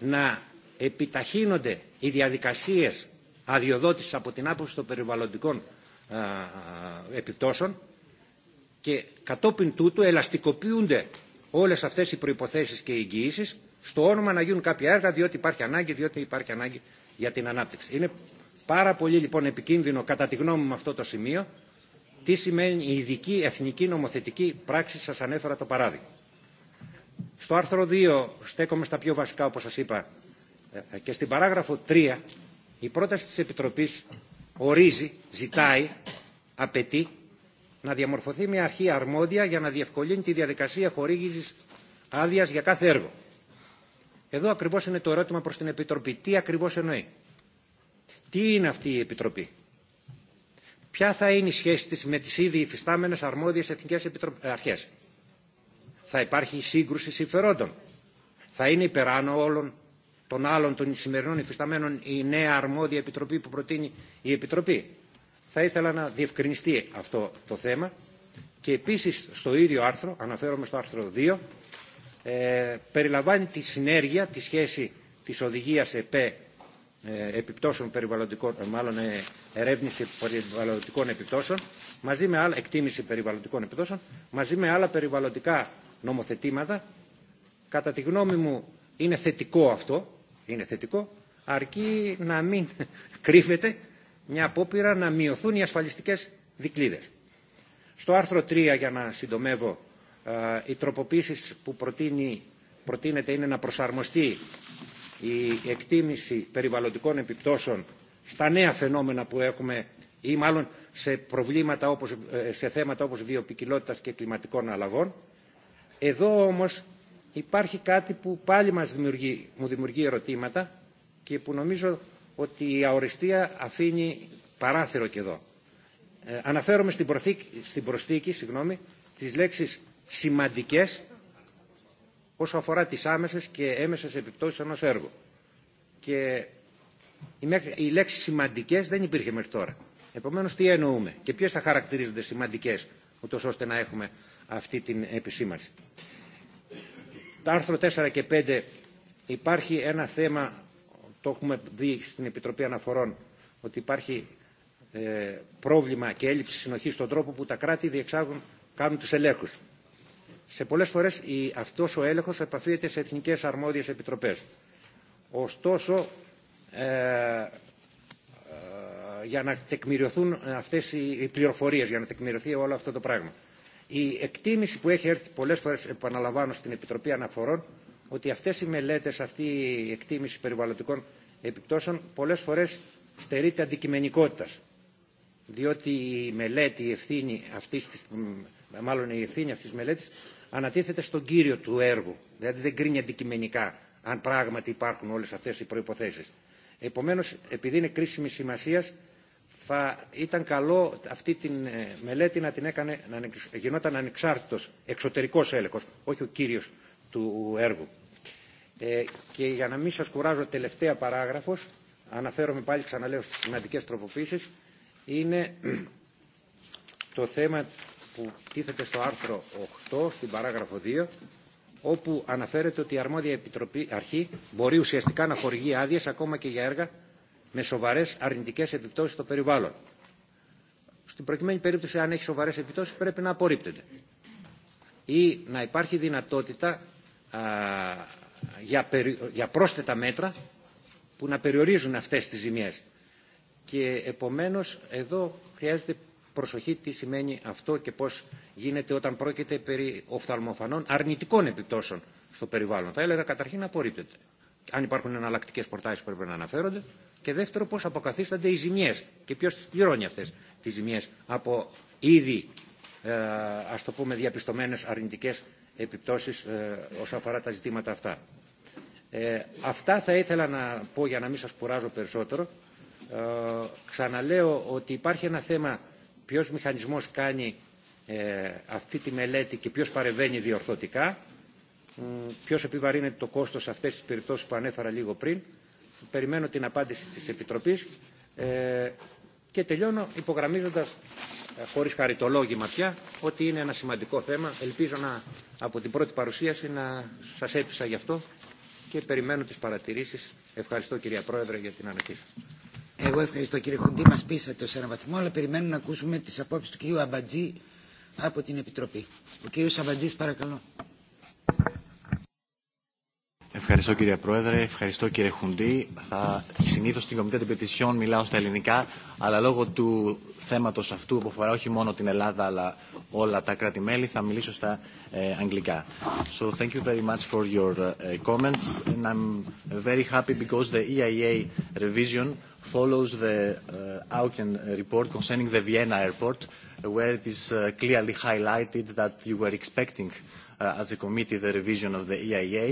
να επιταχύνονται οι διαδικασίες αδειοδότησης από την άποψη των περιβαλλοντικών επιπτώσεων και κατόπιν τούτου ελαστικοποιούνται όλες αυτές οι προϋποθέσεις και οι εγγυήσεις στο όνομα να γίνουν κάποια έργα διότι υπάρχει ανάγκη, διότι υπάρχει ανάγκη για την ανάπτυξη. Είναι πάρα πολύ λοιπόν επικίνδυνο κατά τη γνώμη μου αυτό το σημείο τι σημαίνει η ειδική εθνική νομοθετική πράξη, σας ανέφερα το παράδειγμα. Στο άρθρο 2 στέκομαι στα πιο βασικά όπως σας είπα και στην παράγραφο 3 η πρόταση της Επιτροπής ορίζει, ζητάει, απαιτεί να διαμορφωθεί μια αρχή αρμόδια για να διευκολύνει τη διαδικασία χορήγησης άδειας για κάθε έργο. Εδώ ακριβώς είναι το ερώτημα προς την Επιτροπή. Τι ακριβώς εννοεί. Τι είναι αυτή η Επιτροπή. Ποια θα είναι η σχέση της με τις ήδη υφιστάμενες αρμόδιες εθνικές αρχές. Θα υπάρχει σύγκρουση συμφερόντων. Θα είναι υπεράνω όλων των άλλων των σημερινών υφισταμένων η νέα αρμόδια επιτροπή που προτείνει η Επιτροπή. Θα ήθελα να διευκρινιστεί αυτό το θέμα και επίσης στο ίδιο άρθρο, αναφέρομαι στο άρθρο 2, ε, περιλαμβάνει τη συνέργεια, τη σχέση της οδηγίας ΕΠΕ ε, επιπτώσεων περιβαλλοντικών, μάλλον ε, ερεύνηση περιβαλλοντικών επιπτώσεων, μαζί με άλλα, εκτίμηση περιβαλλοντικών επιπτώσεων, μαζί με άλλα περιβαλλοντικά νομοθετήματα. Κατά τη γνώμη μου είναι θετικό αυτό, είναι θετικό, αρκεί να μην κρύβεται μια απόπειρα να μειωθούν οι ασφαλιστικές δικλείδες. Στο άρθρο 3, για να συντομεύω, οι τροποποίησεις που προτείνει, προτείνεται είναι να προσαρμοστεί η εκτίμηση περιβαλλοντικών επιπτώσεων στα νέα φαινόμενα που έχουμε ή μάλλον σε, προβλήματα όπως, σε θέματα όπως βιοπικιλότητας και κλιματικών αλλαγών. Εδώ όμως υπάρχει κάτι που πάλι μας δημιουργεί, μου δημιουργεί ερωτήματα και που νομίζω ότι η αοριστία αφήνει παράθυρο και εδώ. Ε, αναφέρομαι στην, προθήκη, στην προσθήκη συγγνώμη, της λέξης σημαντικές όσο αφορά τις άμεσες και έμεσες επιπτώσεις ενός έργου. Και η, η λέξη σημαντικές δεν υπήρχε μέχρι τώρα. Επομένως τι εννοούμε και ποιες θα χαρακτηρίζονται σημαντικές ούτως ώστε να έχουμε αυτή την επισήμανση. Τα άρθρο 4 και 5 υπάρχει ένα θέμα το έχουμε δει στην Επιτροπή Αναφορών, ότι υπάρχει ε, πρόβλημα και έλλειψη συνοχής στον τρόπο που τα κράτη διεξάγουν, κάνουν τους ελέγχους. Σε πολλές φορές η, αυτός ο έλεγχος επαφείται σε εθνικές αρμόδιες επιτροπές. Ωστόσο, ε, ε, για να τεκμηριωθούν αυτές οι πληροφορίες, για να τεκμηριωθεί όλο αυτό το πράγμα. Η εκτίμηση που έχει έρθει πολλές φορές, επαναλαμβάνω, στην Επιτροπή Αναφορών, ότι αυτές οι μελέτες, αυτή η εκτίμηση περιβαλλοντικών επιπτώσεων πολλές φορές στερείται αντικειμενικότητας. Διότι η μελέτη, η ευθύνη αυτής της, μάλλον η ευθύνη αυτής της μελέτης ανατίθεται στον κύριο του έργου. Δηλαδή δεν κρίνει αντικειμενικά αν πράγματι υπάρχουν όλες αυτές οι προϋποθέσεις. Επομένως, επειδή είναι κρίσιμη σημασία, θα ήταν καλό αυτή τη μελέτη να την έκανε, να γινόταν ανεξάρτητος εξωτερικός έλεγχος, όχι ο κύριος του έργου. Ε, και για να μην σας κουράζω, τελευταία παράγραφος, αναφέρομαι πάλι ξαναλέω στις σημαντικές τροποποίησεις, είναι το θέμα που τίθεται στο άρθρο 8, στην παράγραφο 2, όπου αναφέρεται ότι η αρμόδια επιτροπή, αρχή μπορεί ουσιαστικά να χορηγεί άδειε ακόμα και για έργα με σοβαρέ αρνητικέ επιπτώσει στο περιβάλλον. Στην προκειμένη περίπτωση, αν έχει σοβαρέ επιπτώσει, πρέπει να απορρίπτεται. Ή να υπάρχει δυνατότητα για, περι, για πρόσθετα μέτρα που να περιορίζουν αυτές τις ζημιές. Και επομένως εδώ χρειάζεται προσοχή τι σημαίνει αυτό και πώς γίνεται όταν πρόκειται περί οφθαλμοφανών αρνητικών επιπτώσεων στο περιβάλλον. Θα έλεγα καταρχήν απορρίπτεται. Αν υπάρχουν εναλλακτικέ προτάσει που πρέπει να αναφέρονται. Και δεύτερο, πώ αποκαθίστανται οι ζημιέ και ποιο τι πληρώνει αυτέ τι ζημιέ από ήδη, ε, α το πούμε, διαπιστωμένε αρνητικέ επιπτώσεις ε, όσον αφορά τα ζητήματα αυτά. Ε, αυτά θα ήθελα να πω για να μην σας κουράζω περισσότερο. Ε, ξαναλέω ότι υπάρχει ένα θέμα ποιος μηχανισμός κάνει ε, αυτή τη μελέτη και ποιος παρεμβαίνει διορθωτικά, ποιος επιβαρύνεται το κόστος σε αυτές τις περιπτώσεις που ανέφερα λίγο πριν. Περιμένω την απάντηση της Επιτροπής ε, Και τελειώνω υπογραμμίζοντας, χωρίς χαριτολόγημα πια, ότι είναι ένα σημαντικό θέμα. Ελπίζω να, από την πρώτη παρουσίαση να σας έπεισα γι' αυτό και περιμένω τις παρατηρήσεις. Ευχαριστώ κυρία Πρόεδρε για την ανοχή σας. Εγώ ευχαριστώ κύριε Κουντή, μας πείσατε ως ένα βαθμό, αλλά περιμένουμε να ακούσουμε τις απόψεις του κυρίου Αμπατζή από την Επιτροπή. Ο κύριος Αμπατζής παρακαλώ. Ευχαριστώ κύριε Πρόεδρε, ευχαριστώ κύριε Χουντή. Θα, συνήθως στην Κομιτέ των Πετησιών μιλάω στα ελληνικά, αλλά λόγω του θέματος αυτού που αφορά όχι μόνο την Ελλάδα αλλά όλα τα κράτη-μέλη θα μιλήσω στα ε, αγγλικά. So thank you very much for your uh, comments and I'm very happy because the EIA revision follows the uh, Auken report concerning the Vienna airport where it is uh, clearly highlighted that you were expecting uh, as a committee the revision of the EIA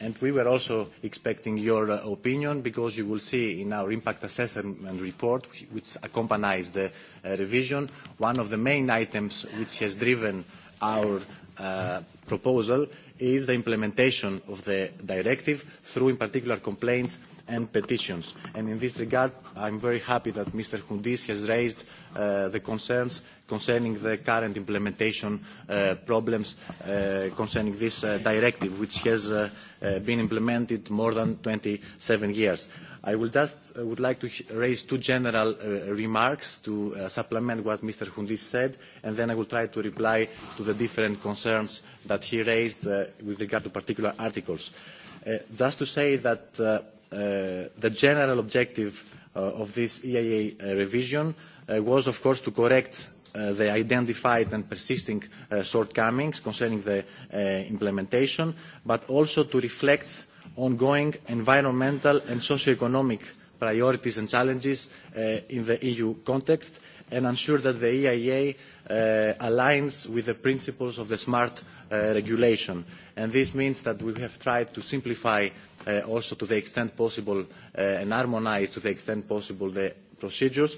and we were also expecting your uh, opinion because you will see in our impact assessment report, which accompanies the uh, revision, one of the main items which has driven our uh, proposal is the implementation of the directive through, in particular, complaints and petitions. And in this regard, I'm very happy that Mr. Hundis has raised uh, the concerns concerning the current implementation uh, problems uh, concerning this uh, directive, which has uh, uh, been implemented more than 27 years. I will just uh, would like to raise two general uh, remarks to uh, supplement what Mr. Hundis said, and then I will try to reply to the different concerns that he raised uh, with regard to particular articles. Uh, just to say that uh, uh, the general objective uh, of this EIA uh, revision uh, was, of course, to correct uh, the identified and persisting uh, shortcomings concerning the uh, implementation, but also to reflect ongoing environmental and socioeconomic priorities and challenges uh, in the EU context and ensure that the EIA uh, aligns with the principles of the smart uh, regulation. And this means that we have tried to simplify uh, also to the extent possible uh, and harmonize to the extent possible the procedures,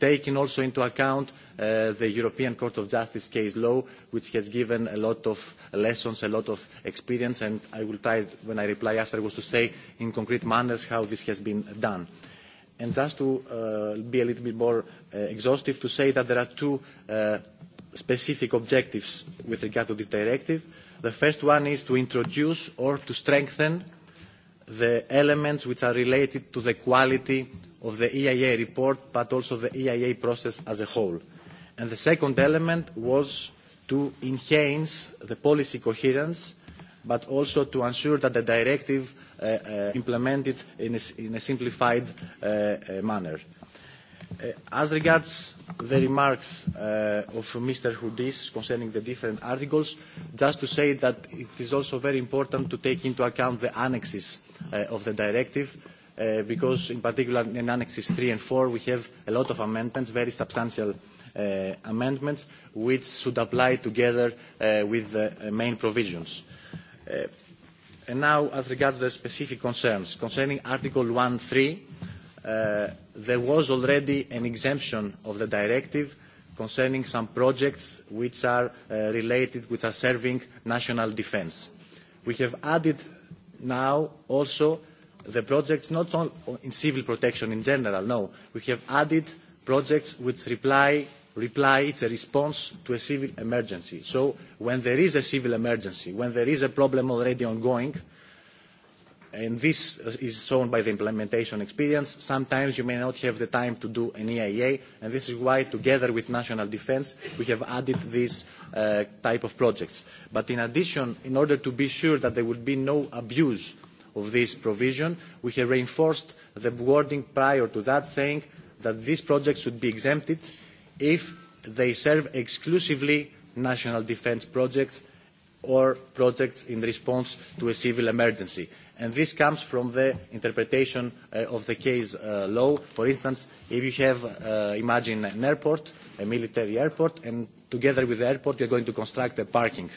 taking also into account uh, the European Court of Justice case law, which has given a lot of lessons, a lot of experience, and I will try, when I reply afterwards, to say in concrete manners how this has been done. And just to uh, be a little bit more uh, exhaustive, to say that there are two uh, specific objectives with regard to this directive. The first one is to introduce or to strengthen the elements which are related to the quality of the EIA report, but also the EIA process as a whole. And the second element was to enhance the policy coherence, but also to ensure that the directive uh, uh, implemented in a, in a simplified uh, uh, manner. Uh, as regards the remarks uh, of Mr. Houdis concerning the different articles, just to say that it is also very important to take into account the annexes uh, of the directive, uh, because in particular in annexes 3 and 4 we have a lot of amendments, very substantial uh, amendments, which should apply together uh, with the uh, main provisions. Uh, and now, as regards the specific concerns, concerning Article 1.3, uh, there was already an exemption of the directive concerning some projects which are uh, related, which are serving national defense. We have added now also the projects not on, in civil protection in general, no. We have added projects which reply, reply, it's a response to a civil emergency. So when there is a civil emergency, when there is a problem already ongoing, and this is shown by the implementation experience, sometimes you may not have the time to do an EIA, and this is why, together with national defense, we have added these uh, type of projects. But in addition, in order to be sure that there will be no abuse of this provision. We have reinforced the wording prior to that, saying that these projects should be exempted if they serve exclusively national defence projects or projects in response to a civil emergency. And this comes from the interpretation uh, of the case uh, law. For instance, if you have, uh, imagine an airport, a military airport, and together with the airport you're going to construct a parking uh,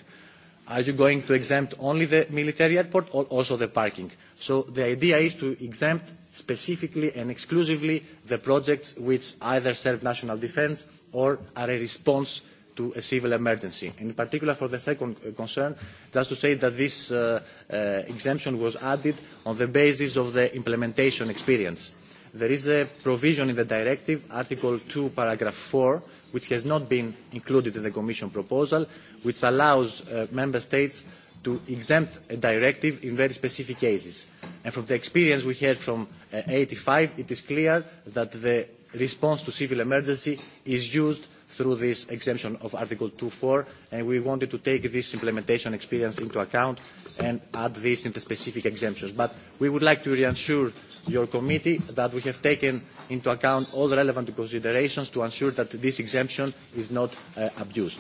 Are you going to exempt only the military airport or also the parking? So the idea is to exempt specifically and exclusively the projects which either serve national defense or are a response to a civil emergency. In particular, for the second uh, concern, just to say that this uh, uh, exemption was added on the basis of the implementation experience. There is a provision in the directive, Article 2, Paragraph 4, which has not been included in the Commission proposal, which allows uh, Member States to exempt a directive in very specific cases. And from the experience we had from uh, 85, it is clear that the response to civil emergency is used through this exemption of Article 2.4, and we wanted to take this implementation experience into account and add this in the specific exemptions. But we would like to reassure your committee that we have taken into account all the relevant considerations to ensure that this exemption is not uh, abused.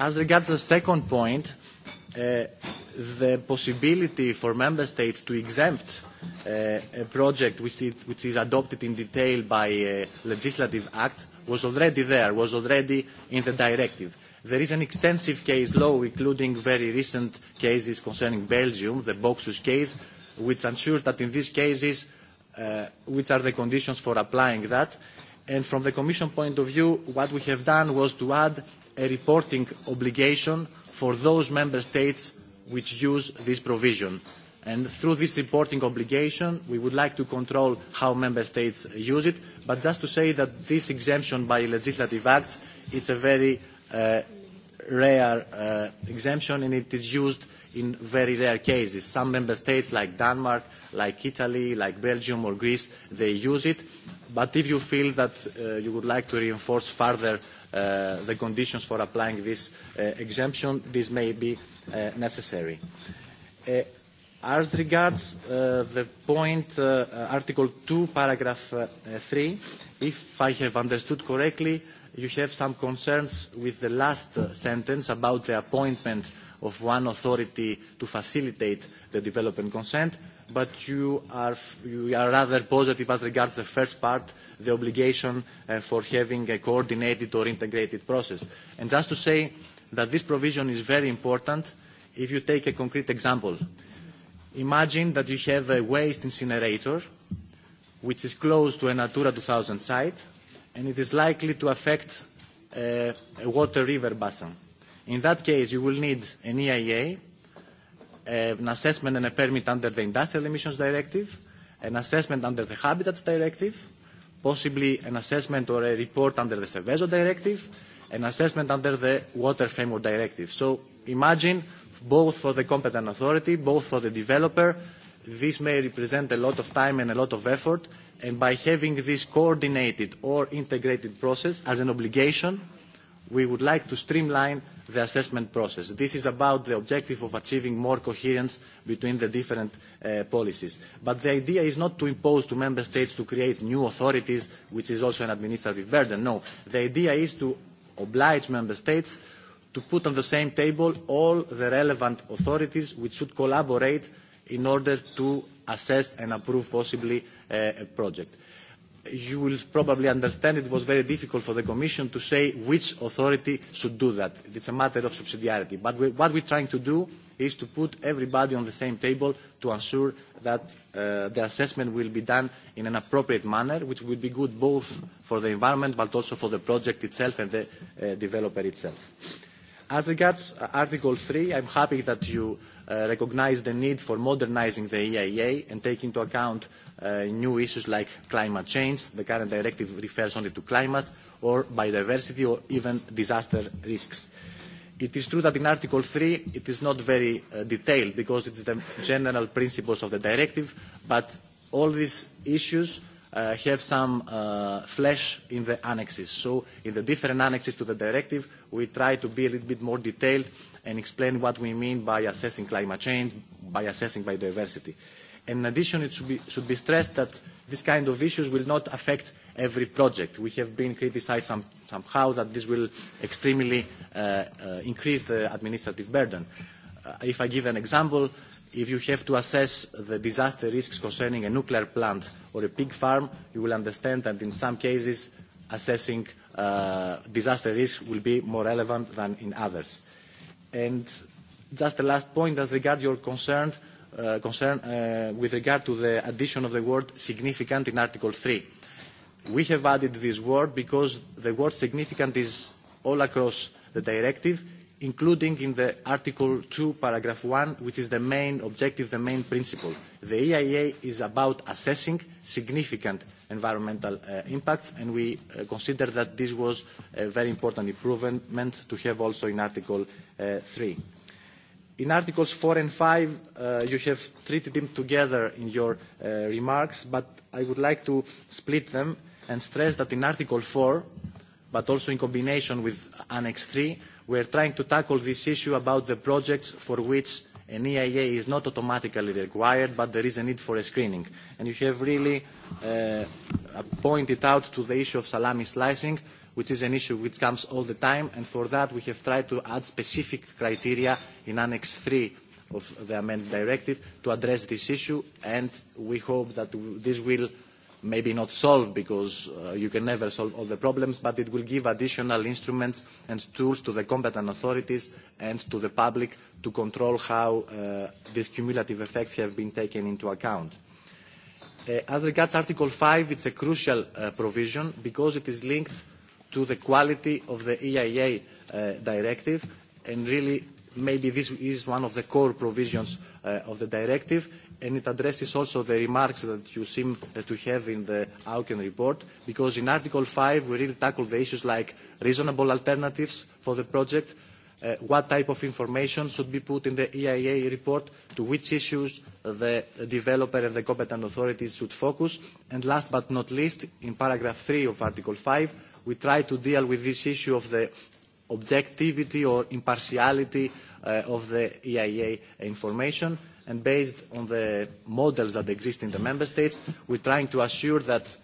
As regards the second point, uh, the possibility for member states to exempt uh, a project which is, which is adopted in detail by a uh, legislative act was already there, was already in the directive. There is an extensive case law, including very recent cases concerning Belgium, the Boxus case, which ensures that in these cases, uh, which are the conditions for applying that. And from the Commission point of view, what we have done was to add a reporting obligation for those member states which use this provision. And through this reporting obligation, we would like to control how member states use it. But just to say that this exemption by legislative acts, it's a very uh, rare uh, exemption and it is used in very rare cases. Some member states like Denmark, like Italy, like Belgium or Greece, they use it. But if you feel that uh, you would like to reinforce further uh, the conditions for applying this uh, exemption, this may be uh, necessary. Uh, as regards uh, the point, uh, Article 2, paragraph uh, 3, if I have understood correctly, uh, you have some concerns with the last uh, sentence about the appointment of one authority to facilitate the development consent, but you are, you are rather positive as regards the first part, the obligation uh, for having a coordinated or integrated process. And just to say that this provision is very important if you take a concrete example. Imagine that you have a waste incinerator which is close to a Natura 2000 site, and it is likely to affect uh, a water river basin. In that case, you will need an EIA, uh, an assessment and a permit under the Industrial Emissions Directive, an assessment under the Habitats Directive, possibly an assessment or a report under the Seveso Directive, an assessment under the Water Framework Directive. So imagine both for the competent authority, both for the developer, this may represent a lot of time and a lot of effort, and by having this coordinated or integrated process as an obligation, we would like to streamline the assessment process. This is about the objective of achieving more coherence between the different uh, policies. But the idea is not to impose to member states to create new authorities, which is also an administrative burden. No, the idea is to oblige member states to put on the same table all the relevant authorities which should collaborate in order to assess and approve possibly a project. You will probably understand it was very difficult for the Commission to say which authority should do that. It's a matter of subsidiarity. But we, what we're trying to do is to put everybody on the same table to ensure that uh, the assessment will be done in an appropriate manner, which will be good both for the environment but also for the project itself and the uh, developer itself. As regards Article 3, I'm happy that you uh, uh, recognize the need for modernizing the EIA and take into account uh, new issues like climate change. The current directive refers only to climate or biodiversity or even disaster risks. It is true that in Article 3 it is not very uh, detailed because it is the general principles of the directive, but all these issues uh, uh, have some uh, flesh in the annexes. So in the different annexes to the directive, we try to be a little bit more detailed and explain what we mean by assessing climate change, by assessing biodiversity. In addition, it should be, should be stressed that this kind of issues will not affect every project. We have been criticized some, somehow that this will extremely uh, uh, increase the administrative burden. Uh, if I give an example, if you have to assess the disaster risks concerning a nuclear plant or a pig farm, you will understand that in some cases assessing uh, disaster risks will be more relevant than in others. And just a last point as regards your concern, uh, concern uh, with regard to the addition of the word significant in Article 3. We have added this word because the word significant is all across the directive including in the Article 2, Paragraph 1, which is the main objective, the main principle. The EIA is about assessing significant environmental uh, impacts, and we uh, consider that this was a very important improvement to have also in Article uh, 3. In Articles 4 and 5, uh, you have treated them together in your uh, remarks, but I would like to split them and stress that in Article 4, but also in combination with Annex 3, we are trying to tackle this issue about the projects for which an EIA is not automatically required, but there is a need for a screening. And you have really uh, pointed out to the issue of salami slicing, which is an issue which comes all the time, and for that we have tried to add specific criteria in Annex 3 of the amended directive to address this issue, and we hope that this will maybe not solve because uh, you can never solve all the problems, but it will give additional instruments and tools to the competent authorities and to the public to control how uh, these cumulative effects have been taken into account. Uh, as regards Article 5, it's a crucial uh, provision because it is linked to the quality of the EIA uh, directive and really maybe this is one of the core provisions uh, of the directive and it addresses also the remarks that you seem to have in the Auken report, because in Article 5 we really tackle the issues like reasonable alternatives for the project, uh, what type of information should be put in the EIA report, to which issues the developer and the competent authorities should focus. And last but not least, in paragraph 3 of Article 5, we try to deal with this issue of the objectivity or impartiality uh, of the EIA information and based on the models that exist in the member states, we're trying to assure that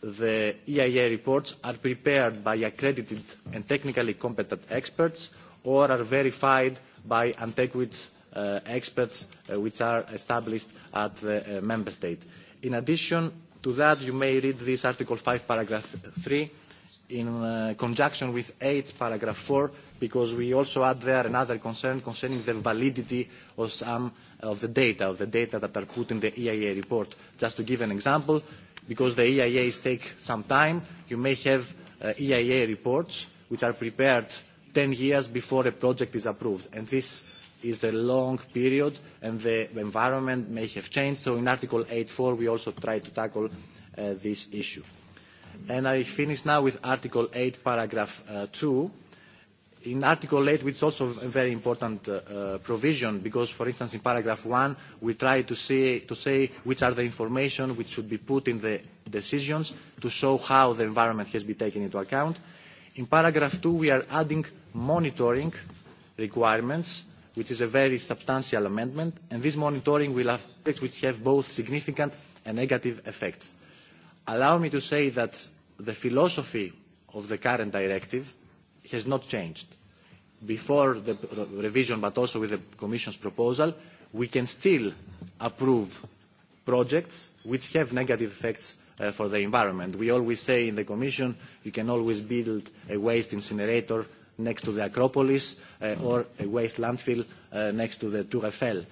the EIA reports are prepared by accredited and technically competent experts or are verified by adequate uh, experts uh, which are established at the uh, member state. In addition to that, you may read this Article 5, paragraph 3, in uh, conjunction with 8, paragraph 4, because we also add there another concern concerning the validity of some of the data, of the data that are put in the EIA report. Just to give an example, because the EIAs take some time, you may have uh, EIA reports which are prepared 10 years before a project is approved. And this is a long period, and the environment may have changed. So in Article 8.4, we also try to tackle uh, this issue. And I finish now with Article 8, paragraph uh, 2, in Article 8, which is also a very important uh, uh, provision, because, for instance, in paragraph 1, we try to, see, to say which are the information which should be put in the decisions to show how the environment has been taken into account. In paragraph 2, we are adding monitoring requirements, which is a very substantial amendment, and this monitoring will have effects which have both significant and negative effects. Allow me to say that the philosophy of the current directive has not changed. Before the revision, but also with the Commission's proposal, we can still approve projects which have negative effects uh, for the environment. We always say in the Commission, you can always build a waste incinerator next to the Acropolis uh, or a waste landfill uh, next to the Tour Eiffel.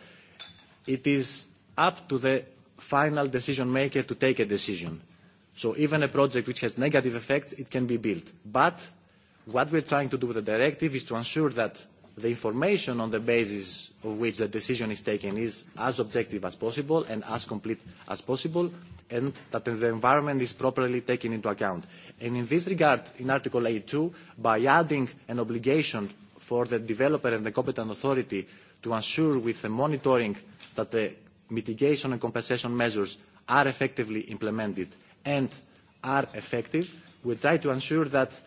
It is up to the final decision maker to take a decision. So even a project which has negative effects, it can be built. But What we're trying to do with the directive is to ensure that the information on the basis of which the decision is taken is as objective as possible and as complete as possible, and that the environment is properly taken into account. And in this regard, in Article 8.2, by adding an obligation for the developer and the competent authority to ensure with the monitoring that the mitigation and compensation measures are effectively implemented and are effective, we try to ensure that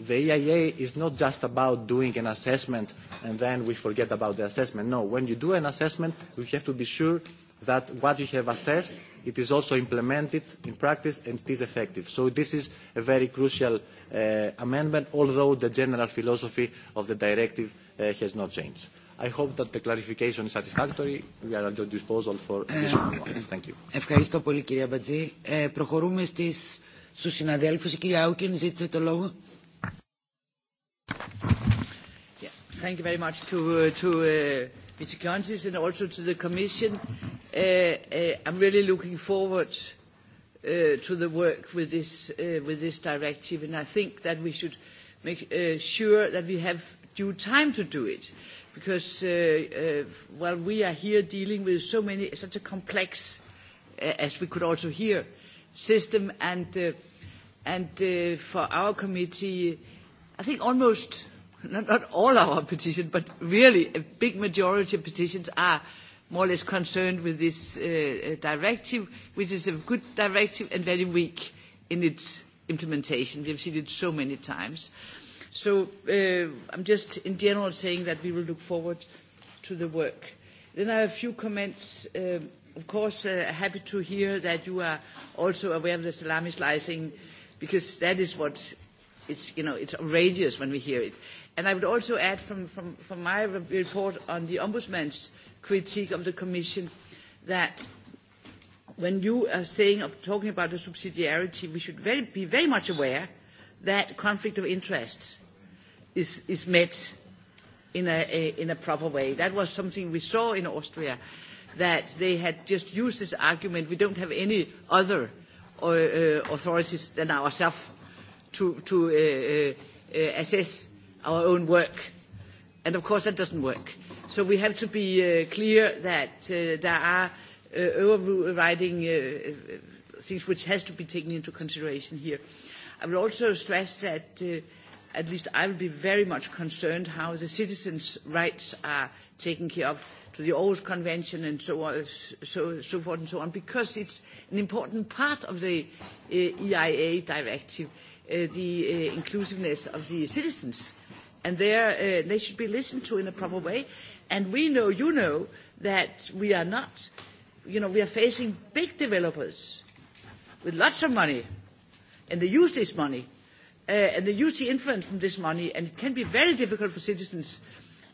the EIA is not just about doing an assessment and then we forget about the assessment. No, when you do an assessment, you have to be sure that what you have assessed, it is also implemented in practice and it is effective. So this is a very crucial uh, amendment, although the general philosophy of the directive uh, has not changed. I hope that the clarification is satisfactory. We are at your disposal for additional ones. Thank you. Ευχαριστώ πολύ, κυρία Μπατζή. Ε, προχωρούμε στις, στους συναδέλφους. Η κυρία Άουκεν ζήτησε το λόγο. Thank you very much to, uh, to uh, Mr. Consis and also to the Commission. Uh, uh, I'm really looking forward uh, to the work with this, uh, with this directive, and I think that we should make uh, sure that we have due time to do it, because uh, uh, while we are here dealing with so many, such a complex, uh, as we could also hear, system, and, uh, and uh, for our committee, I think almost – not, not all our petitions, but really a big majority of petitions are more or less concerned with this uh, uh, directive, which is a good directive and very weak in its implementation. We have seen it so many times. So uh, I'm just in general saying that we will look forward to the work. Then I have a few comments. Uh, of course, uh, happy to hear that you are also aware of the salami slicing, because that is what it's, you know, it's outrageous when we hear it. And I would also add from, from, from my report on the Ombudsman's critique of the Commission that when you are saying of talking about the subsidiarity, we should very, be very much aware that conflict of interest is, is met in a, a, in a proper way. That was something we saw in Austria, that they had just used this argument, we don't have any other uh, uh authorities than ourselves to, to uh, uh, uh, assess our own work. And of course, that doesn't work. So we have to be uh, clear that uh, there are uh, overriding uh, things which has to be taken into consideration here. I will also stress that uh, at least I will be very much concerned how the citizens' rights are taken care of to the Aarhus Convention and so on, so, so forth and so on, because it's an important part of the uh, EIA directive. Uh, uh, the uh, inclusiveness of the citizens. And uh, they should be listened to in a proper way. And we know, you know, that we are not, you know, we are facing big developers with lots of money. And they use this money. Uh, and they use the influence from this money. And it can be very difficult for citizens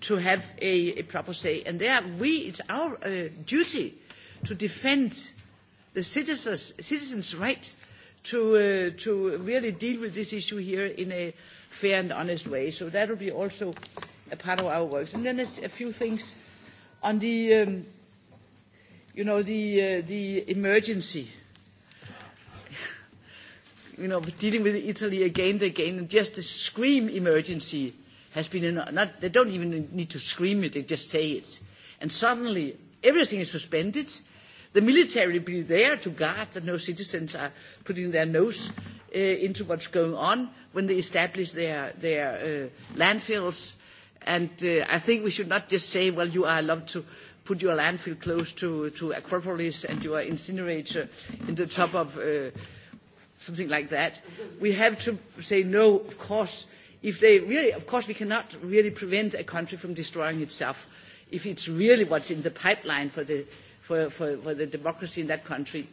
to have a, a proper say. And there we, it's our uh, duty to defend the citizens' citizens' rights to, uh, to really deal with this issue here in a fair and honest way. So that will be also a part of our work. And then a, a few things on the, um, you know, the, uh, the emergency. you know, dealing with Italy again and again, and just the scream emergency has been, an, not, they don't even need to scream it, they just say it. And suddenly everything is suspended, the military will be there to guard that no citizens are putting their nose uh, into what's going on when they establish their, their uh, landfills. And uh, I think we should not just say, well, you are allowed to put your landfill close to, to Acropolis and your incinerator in the top of uh, something like that. We have to say, no, of course, if they really, of course, we cannot really prevent a country from destroying itself if it's really what's in the pipeline for the for, for, for the democracy in that country.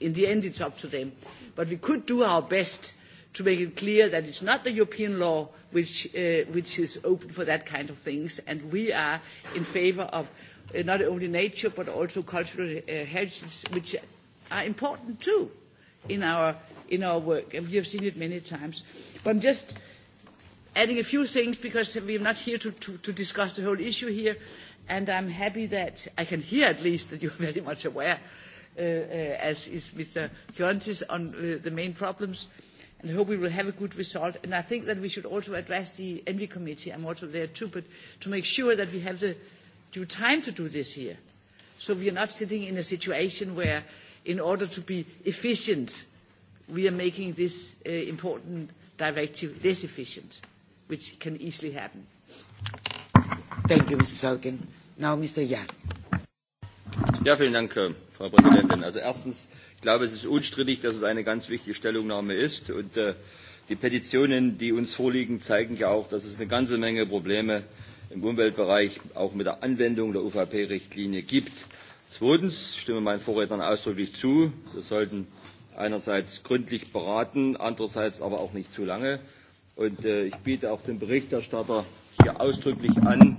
In the end, it's up to them. But we could do our best to make it clear that it's not the European law which, uh, which is open for that kind of things, and we are in favor of uh, not only nature but also cultural uh, heritage, which are important too in our, in our work, and we have seen it many times. But I'm just adding a few things because we're not here to, to, to discuss the whole issue here, and I'm happy that I can hear at least that you're very much aware, uh, uh, as is Mr. Kiontis, on uh, the main problems, and hope we will have a good result. And I think that we should also address the Envy Committee, I'm also there too, but to make sure that we have the due time to do this here. So we are not sitting in a situation where, in order to be efficient, we are making this uh, important directive less efficient, which can easily happen. Thank you, Mrs. Hogan. Now, Mr. Jan. Ja, vielen Dank, äh, Frau Präsidentin. Also erstens, ich glaube, es ist unstrittig, dass es eine ganz wichtige Stellungnahme ist. Und äh, die Petitionen, die uns vorliegen, zeigen ja auch, dass es eine ganze Menge Probleme im Umweltbereich auch mit der Anwendung der UVP-Richtlinie gibt. Zweitens stimme meinen Vorrednern ausdrücklich zu. Wir sollten einerseits gründlich beraten, andererseits aber auch nicht zu lange. Und äh, ich biete auch dem Berichterstatter hier ausdrücklich an,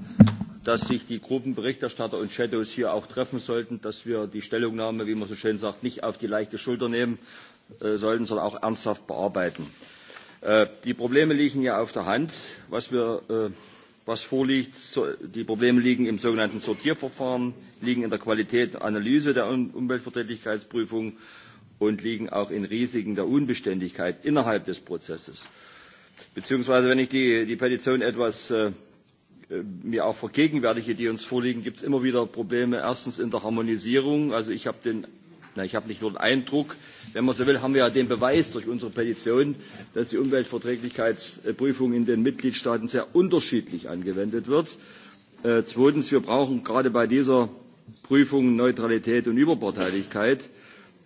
dass sich die Gruppenberichterstatter und Shadows hier auch treffen sollten, dass wir die Stellungnahme, wie man so schön sagt, nicht auf die leichte Schulter nehmen äh, sollten, sondern auch ernsthaft bearbeiten. Äh, die Probleme liegen ja auf der Hand. Was, wir, äh, was vorliegt, so, die Probleme liegen im sogenannten Sortierverfahren, liegen in der Qualität und Analyse der um Umweltverträglichkeitsprüfung und liegen auch in Risiken der Unbeständigkeit innerhalb des Prozesses. Beziehungsweise, wenn ich die, die Petition etwas äh, mir auch vergegenwärtige, die uns vorliegen, gibt es immer wieder Probleme. Erstens in der Harmonisierung. Also ich habe den na, ich habe nicht nur den Eindruck, wenn man so will, haben wir ja den Beweis durch unsere Petition, dass die Umweltverträglichkeitsprüfung in den Mitgliedstaaten sehr unterschiedlich angewendet wird. Äh, zweitens, wir brauchen gerade bei dieser Prüfung Neutralität und Überparteilichkeit.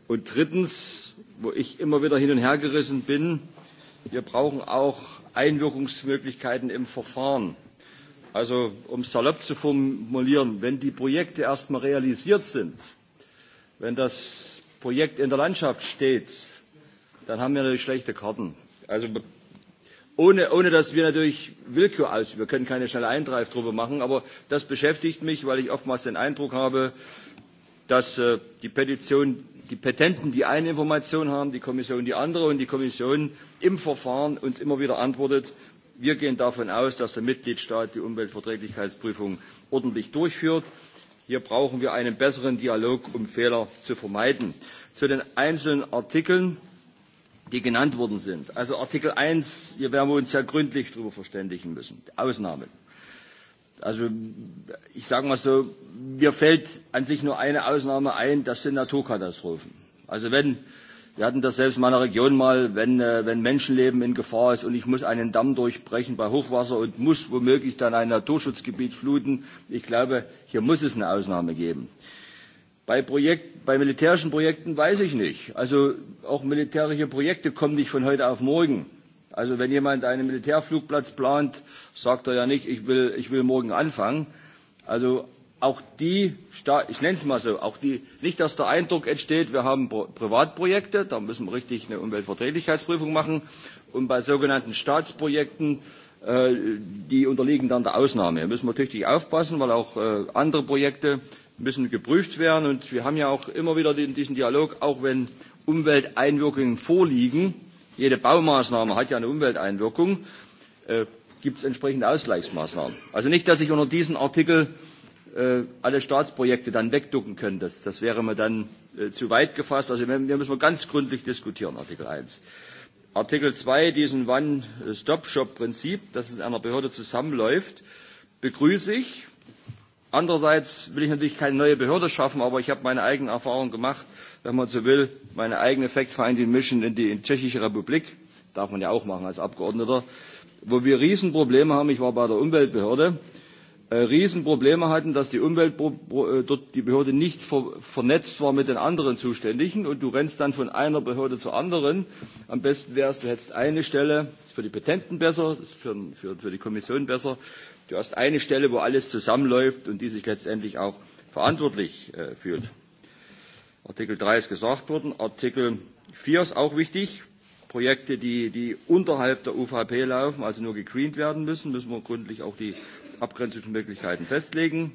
Und drittens, wo ich immer wieder hin und her gerissen bin, wir brauchen auch Einwirkungsmöglichkeiten im Verfahren. Also, um es salopp zu formulieren, wenn die Projekte erstmal realisiert sind, wenn das Projekt in der Landschaft steht, dann haben wir natürlich schlechte Karten. Also, ohne, ohne dass wir natürlich Willkür aus, wir können keine schnelle Eintreiftruppe machen, aber das beschäftigt mich, weil ich oftmals den Eindruck habe, dass äh, die Petition, die Petenten die eine Information haben, die Kommission die andere und die Kommission im Verfahren uns immer wieder antwortet, Wir gehen davon aus, dass der Mitgliedstaat die Umweltverträglichkeitsprüfung ordentlich durchführt. Hier brauchen wir einen besseren Dialog, um Fehler zu vermeiden. Zu den einzelnen Artikeln, die genannt worden sind. Also Artikel 1, hier werden wir uns sehr gründlich darüber verständigen müssen. Ausnahmen. Also ich sage mal so, mir fällt an sich nur eine Ausnahme ein, das sind Naturkatastrophen. Also wenn Wir hatten das selbst in meiner Region mal, wenn, äh, wenn Menschenleben in Gefahr ist und ich muss einen Damm durchbrechen bei Hochwasser und muss womöglich dann ein Naturschutzgebiet fluten. Ich glaube, hier muss es eine Ausnahme geben. Bei, Projekt, bei militärischen Projekten weiß ich nicht. Also auch militärische Projekte kommen nicht von heute auf morgen. Also wenn jemand einen Militärflugplatz plant, sagt er ja nicht, ich will, ich will morgen anfangen. Also auch die, ich nenne es mal so, auch die, nicht dass der Eindruck entsteht, wir haben Privatprojekte, da müssen wir richtig eine Umweltverträglichkeitsprüfung machen. Und bei sogenannten Staatsprojekten, äh, die unterliegen dann der Ausnahme. Da müssen wir tüchtig aufpassen, weil auch äh, andere Projekte müssen geprüft werden. Und wir haben ja auch immer wieder den, diesen Dialog, auch wenn Umwelteinwirkungen vorliegen, jede Baumaßnahme hat ja eine Umwelteinwirkung, äh, gibt es entsprechende Ausgleichsmaßnahmen. Also nicht, dass ich unter diesen Artikel äh, äh, alle Staatsprojekte dann wegducken können. Das, das wäre mir dann äh, zu weit gefasst. Also wir, wir müssen ganz gründlich diskutieren, Artikel 1. Artikel 2, diesen One-Stop-Shop-Prinzip, das in einer Behörde zusammenläuft, begrüße ich. Andererseits will ich natürlich keine neue Behörde schaffen, aber ich habe meine eigenen Erfahrungen gemacht, wenn man so will, meine eigene Fact-Finding Mission in die in Tschechische Republik, darf man ja auch machen als Abgeordneter, wo wir Riesenprobleme haben. Ich war bei der Umweltbehörde, Äh, Riesenprobleme hatten, dass die Umwelt äh, dort die Behörde nicht ver, vernetzt war mit den anderen Zuständigen und du rennst dann von einer Behörde zur anderen. Am besten wäre es, du hättest eine Stelle, ist für die Petenten besser, ist für, für, für die Kommission besser, du hast eine Stelle, wo alles zusammenläuft und die sich letztendlich auch verantwortlich äh, fühlt. Artikel 3 ist gesagt worden, Artikel 4 ist auch wichtig. Projekte, die, die unterhalb der UVP laufen, also nur gegreent werden müssen, müssen wir gründlich auch die Abgrenzungsmöglichkeiten festlegen.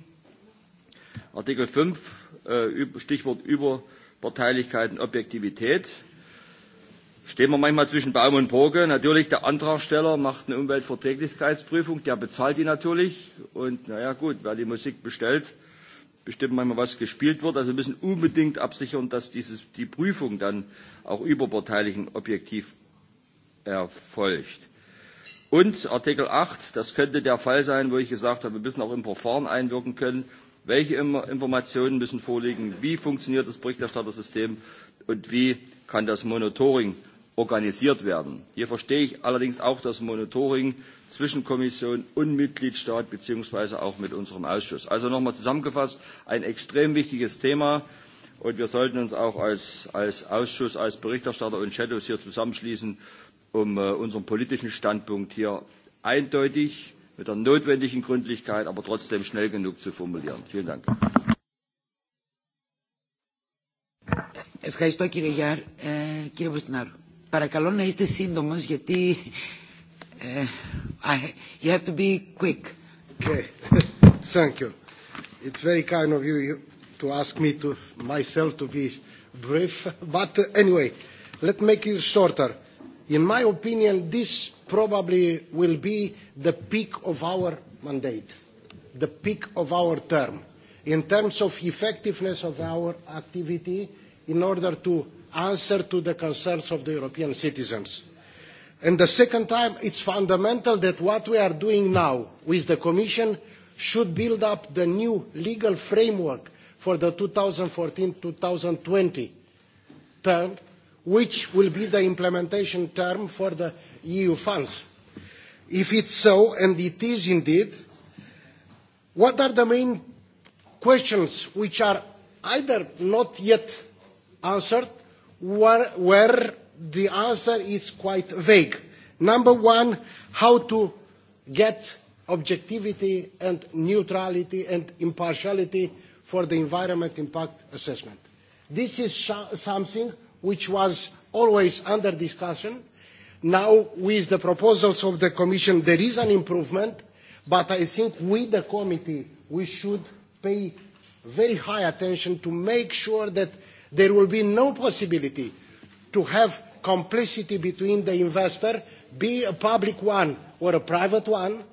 Artikel 5, äh, Stichwort Überparteilichkeit und Objektivität. Stehen wir manchmal zwischen Baum und Burge. Natürlich, der Antragsteller macht eine Umweltverträglichkeitsprüfung, der bezahlt die natürlich. Und naja gut, wer die Musik bestellt, bestimmt manchmal, was gespielt wird. Also wir müssen unbedingt absichern, dass dieses, die Prüfung dann auch überparteilich und objektiv erfolgt. Und Artikel 8, das könnte der Fall sein, wo ich gesagt habe, wir müssen auch im Verfahren einwirken können. Welche Informationen müssen vorliegen? Wie funktioniert das Berichterstattersystem? Und wie kann das Monitoring organisiert werden? Hier verstehe ich allerdings auch das Monitoring zwischen Kommission und Mitgliedstaat beziehungsweise auch mit unserem Ausschuss. Also nochmal zusammengefasst, ein extrem wichtiges Thema. Und wir sollten uns auch als, als Ausschuss, als Berichterstatter und Shadows hier zusammenschließen, um äh, unseren politischen Standpunkt hier eindeutig mit der notwendigen Gründlichkeit, aber trotzdem schnell genug zu formulieren. Vielen Dank. Ευχαριστώ κύριε Γιάρ. Ε, κύριε Μποστινάρου, παρακαλώ να είστε σύντομος γιατί ε, I, you have to be quick. Okay, thank you. It's very kind of you to ask me to myself to be brief, but uh, anyway, let me make it shorter. Uh, In my opinion, this probably will be the peak of our mandate, the peak of our term, in terms of effectiveness of our activity in order to answer to the concerns of the European citizens. And the second time, it's fundamental that what we are doing now with the Commission should build up the new legal framework for the 2014-2020 term which will be the implementation term for the EU funds. If it's so, and it is indeed, what are the main questions which are either not yet answered, where, where the answer is quite vague? Number one, how to get objectivity and neutrality and impartiality for the environment impact assessment. This is something which was always under discussion. Now, with the proposals of the Commission, there is an improvement, but I think we, the committee, we should pay very high attention to make sure that there will be no possibility to have complicity between the investor, be a public one or a private one,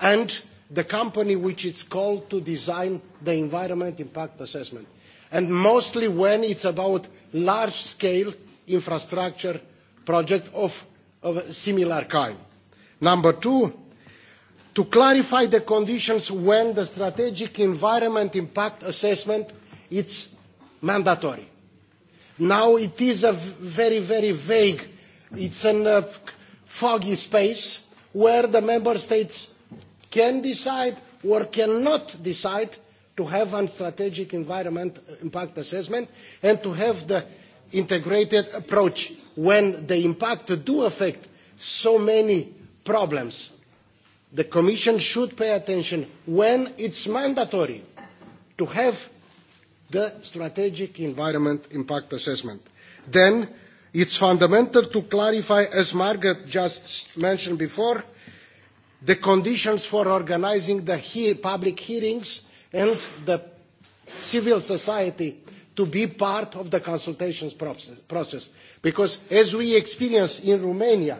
and the company which is called to design the environment impact assessment. And mostly when it's about large-scale infrastructure project of, of a similar kind. Number two, to clarify the conditions when the strategic environment impact assessment is mandatory. Now it is a very, very vague, it's a uh, foggy space where the member states can decide or cannot decide to have a strategic environment uh, impact assessment and to have the integrated approach when the impact do affect so many problems. The Commission should pay attention when it's mandatory to have the strategic environment impact assessment. Then it's fundamental to clarify, as Margaret just mentioned before, the conditions for organizing the he public hearings and the civil society to be part of the consultations process, process. Because as we experience in Romania,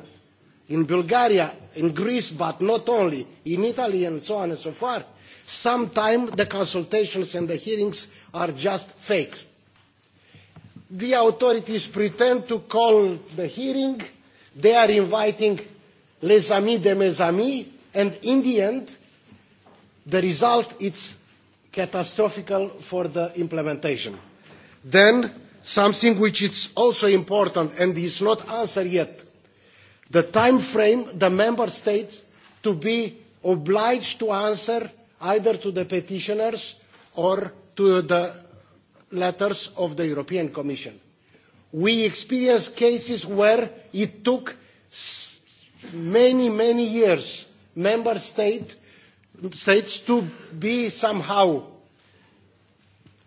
in Bulgaria, in Greece, but not only, in Italy and so on and so far, sometimes the consultations and the hearings are just fake. The authorities pretend to call the hearing, they are inviting les amis de mes amis, and in the end, the result is catastrophical for the implementation. Then, something which is also important and is not answered yet, the time frame the member states to be obliged to answer either to the petitioners or to the letters of the European Commission. We experienced cases where it took many, many years member state states to be somehow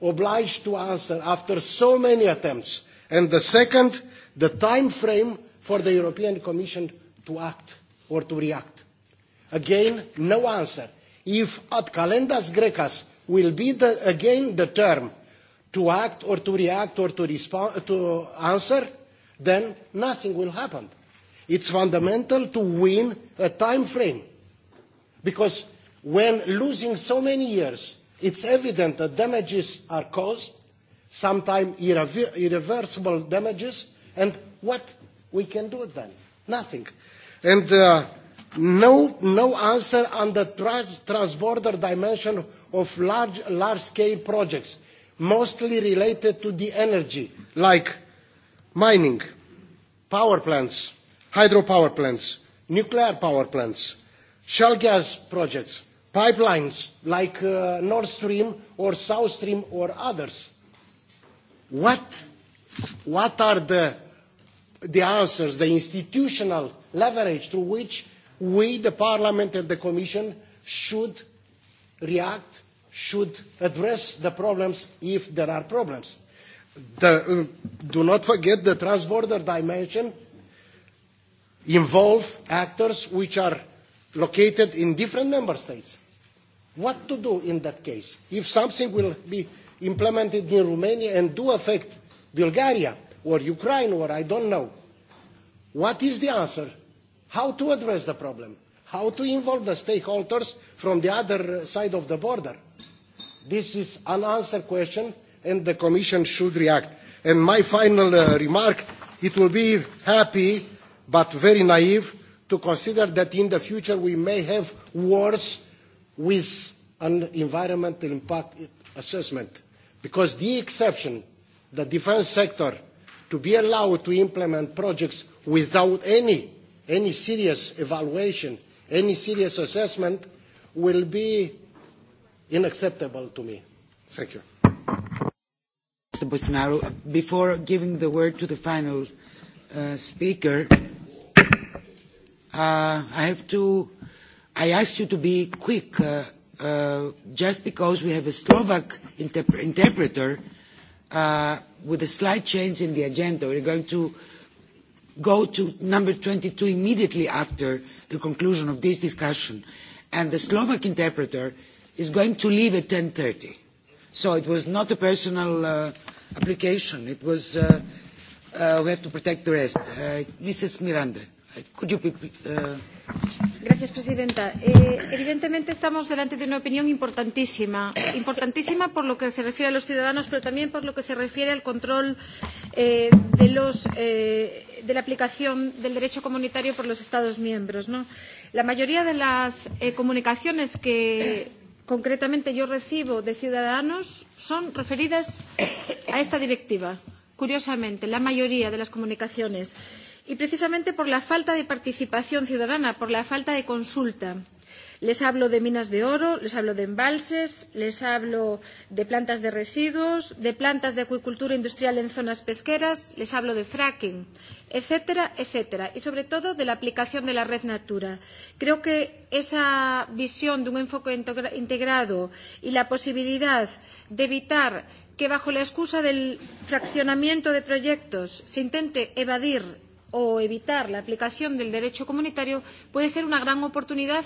obliged to answer after so many attempts. And the second, the time frame for the European Commission to act or to react. Again, no answer. If ad calendas grecas will be the, again the term to act or to react or to, respond, to answer, then nothing will happen. It's fundamental to win a time frame. Because when losing so many years, it's evident that damages are caused, sometimes irre- irreversible damages, and what we can do then? Nothing. And uh, no, no answer on the trans- transborder dimension of large, large-scale projects, mostly related to the energy, like mining, power plants, hydropower plants, nuclear power plants, shale gas projects, pipelines like uh, Nord Stream or South Stream or others. What, what are the, the answers, the institutional leverage through which we, the Parliament and the Commission, should react, should address the problems if there are problems? The, uh, do not forget the transborder dimension involve actors which are located in different member states what to do in that case? If something will be implemented in Romania and do affect Bulgaria or Ukraine or I don't know, what is the answer? How to address the problem? How to involve the stakeholders from the other side of the border? This is an unanswered question and the Commission should react. And my final uh, remark, it will be happy but very naive to consider that in the future we may have wars with an environmental impact assessment, because the exception, the defense sector, to be allowed to implement projects without any, any serious evaluation, any serious assessment, will be unacceptable to me. Thank you. Mr. Bolsonaro, before giving the word to the final uh, speaker, uh, I have to uh, I asked you to be quick, uh, uh, just because we have a Slovak interp- interpreter uh, with a slight change in the agenda. We're going to go to number 22 immediately after the conclusion of this discussion. And the Slovak interpreter is going to leave at 10.30. So it was not a personal uh, application. It was, uh, uh, we have to protect the rest. Uh, Mrs. Miranda. Señora uh, presidenta, eh, evidentemente estamos delante de una opinión importantísima, importantísima por lo que se refiere a los ciudadanos, pero también por lo que se refiere al control eh, de, los, eh, de la aplicación del derecho comunitario por los Estados miembros. ¿no? La mayoría de las eh, comunicaciones que concretamente yo recibo de ciudadanos son referidas a esta directiva, curiosamente, la mayoría de las comunicaciones. Eh, y precisamente por la falta de participación ciudadana, por la falta de consulta. Les hablo de minas de oro, les hablo de embalses, les hablo de plantas de residuos, de plantas de acuicultura industrial en zonas pesqueras, les hablo de fracking, etcétera, etcétera. Y sobre todo de la aplicación de la red Natura. Creo que esa visión de un enfoque integrado y la posibilidad de evitar que bajo la excusa del fraccionamiento de proyectos se intente evadir o evitar la aplicación del derecho comunitario puede ser una gran oportunidad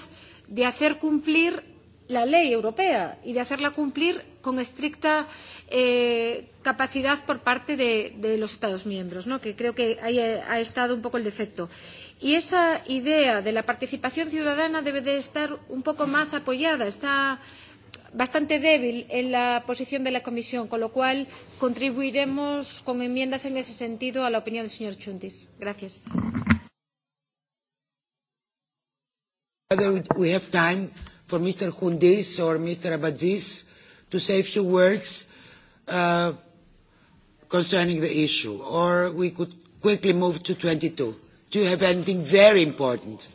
de hacer cumplir la ley europea y de hacerla cumplir con estricta eh, capacidad por parte de, de los Estados miembros, ¿no? que creo que ahí ha estado un poco el defecto. Y esa idea de la participación ciudadana debe de estar un poco más apoyada, está bastante débil en la posición de la Comisión, con lo cual contribuiremos con enmiendas en ese sentido a la opinión del señor Chuntis. Gracias. Whether we have time for Mr. Hundis or Mr. Abadzis to say a few words uh, concerning the issue, or we could quickly move to 22. Do you have anything very important?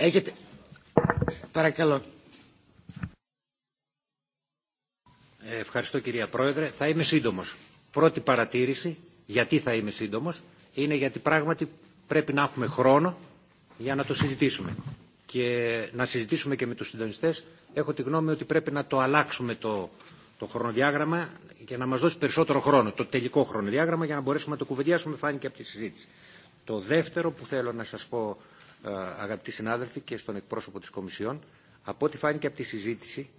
Έχετε, Παρακαλώ. Ευχαριστώ κυρία Πρόεδρε. Θα είμαι σύντομος. Πρώτη παρατήρηση, γιατί θα είμαι σύντομος, είναι γιατί πράγματι πρέπει να έχουμε χρόνο για να το συζητήσουμε. Και να συζητήσουμε και με τους συντονιστές. Έχω τη γνώμη ότι πρέπει να το αλλάξουμε το, το χρονοδιάγραμμα και να μας δώσει περισσότερο χρόνο, το τελικό χρονοδιάγραμμα, για να μπορέσουμε να το κουβεντιάσουμε, φάνηκε από τη συζήτηση. Το δεύτερο που θέλω να σας πω αγαπητοί συνάδελφοι και στον εκπρόσωπο της Κομισιόν, από ό,τι φάνηκε από τη συζήτηση,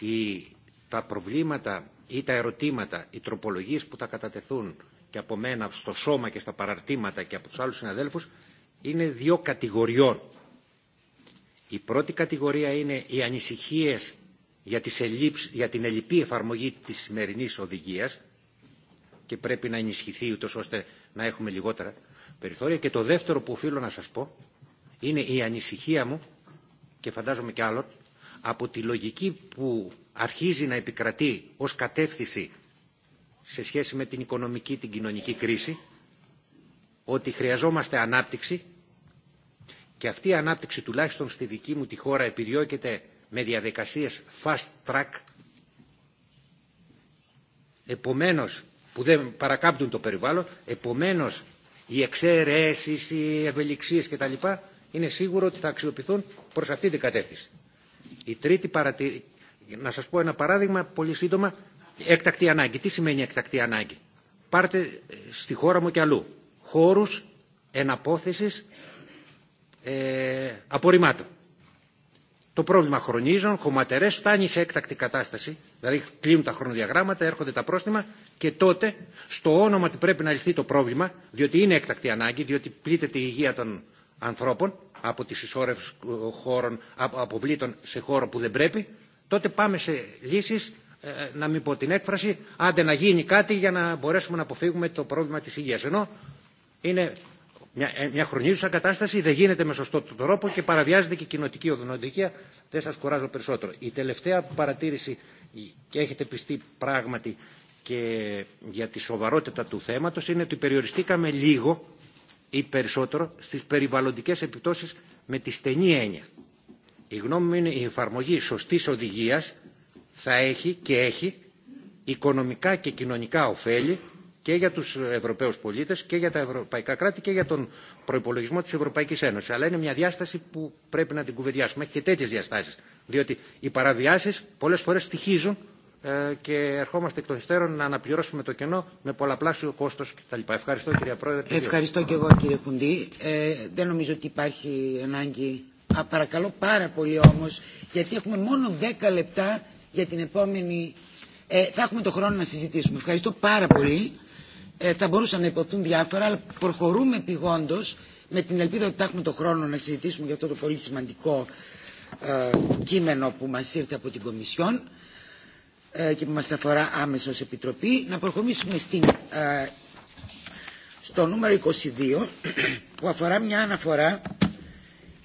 η, τα προβλήματα ή τα ερωτήματα, οι τροπολογίες που θα κατατεθούν και από μένα στο σώμα και στα παραρτήματα και από τους άλλους συναδέλφους, είναι δύο κατηγοριών. Η πρώτη κατηγορία είναι οι ανησυχίες για, τις ελλείψ, για την ελλειπή εφαρμογή της σημερινή οδηγίας και πρέπει να ενισχυθεί ούτως ώστε να έχουμε λιγότερα περιθώρια. Και το δεύτερο που οφείλω να σας πω είναι η ανησυχία μου και φαντάζομαι και άλλων από τη λογική που αρχίζει να επικρατεί ως κατεύθυνση σε σχέση με την οικονομική, την κοινωνική κρίση, ότι χρειαζόμαστε ανάπτυξη και αυτή η ανάπτυξη τουλάχιστον στη δική μου τη χώρα επιδιώκεται με διαδικασίες fast track, επομένως που δεν παρακάμπτουν το περιβάλλον, επομένως οι εξαιρέσεις, οι ευελιξίες κτλ είναι σίγουρο ότι θα αξιοποιηθούν προς αυτή την κατεύθυνση. Η τρίτη παρατήρηση, να σας πω ένα παράδειγμα πολύ σύντομα, έκτακτη ανάγκη. Τι σημαίνει έκτακτη ανάγκη. Πάρτε στη χώρα μου και αλλού χώρους εναπόθεσης ε, απορριμμάτων. Το πρόβλημα χρονίζων, χωματερές, φτάνει σε έκτακτη κατάσταση, δηλαδή κλείνουν τα χρονοδιαγράμματα, έρχονται τα πρόστιμα και τότε στο όνομα ότι πρέπει να λυθεί το πρόβλημα, διότι είναι έκτακτη ανάγκη, διότι πλήττεται η υγεία των ανθρώπων από τη συσσόρευση χώρων, από αποβλήτων σε χώρο που δεν πρέπει, τότε πάμε σε λύσεις, να μην πω την έκφραση, άντε να γίνει κάτι για να μπορέσουμε να αποφύγουμε το πρόβλημα της υγείας. Ενώ είναι μια, μια χρονίζουσα κατάσταση, δεν γίνεται με σωστό τρόπο και παραβιάζεται και κοινοτική οδονοδικία. Δεν σας κουράζω περισσότερο. Η τελευταία παρατήρηση, και έχετε πιστεί πράγματι και για τη σοβαρότητα του θέματος, είναι ότι περιοριστήκαμε λίγο ή περισσότερο στις περιβαλλοντικές επιπτώσεις με τη στενή έννοια. Η γνώμη μου είναι η εφαρμογή σωστής οδηγίας θα έχει και έχει οικονομικά και κοινωνικά ωφέλη και για τους Ευρωπαίους πολίτες και για τα ευρωπαϊκά κράτη και για τον προϋπολογισμό της Ευρωπαϊκής Ένωσης. Αλλά είναι μια διάσταση που πρέπει να την κουβεντιάσουμε. Έχει και τέτοιες διαστάσεις. Διότι οι παραβιάσεις πολλές φορές στοιχίζουν και ερχόμαστε εκ των υστέρων να αναπληρώσουμε το κενό με πολλαπλάσιο κόστος κτλ. Ευχαριστώ κυρία Πρόεδρε. Ευχαριστώ και εγώ κύριε Κουντή. Ε, δεν νομίζω ότι υπάρχει ανάγκη. Α, παρακαλώ πάρα πολύ όμως, γιατί έχουμε μόνο 10 λεπτά για την επόμενη... Ε, θα έχουμε το χρόνο να συζητήσουμε. Ευχαριστώ πάρα πολύ. Ε, θα μπορούσαν να υποθούν διάφορα, αλλά προχωρούμε πηγόντως με την ελπίδα ότι θα έχουμε το χρόνο να συζητήσουμε για αυτό το πολύ σημαντικό ε, κείμενο που μας ήρθε από την Κομισιόν και που μας αφορά άμεσα ως Επιτροπή. Να προχωρήσουμε στην, ε, στο νούμερο 22 που αφορά μια αναφορά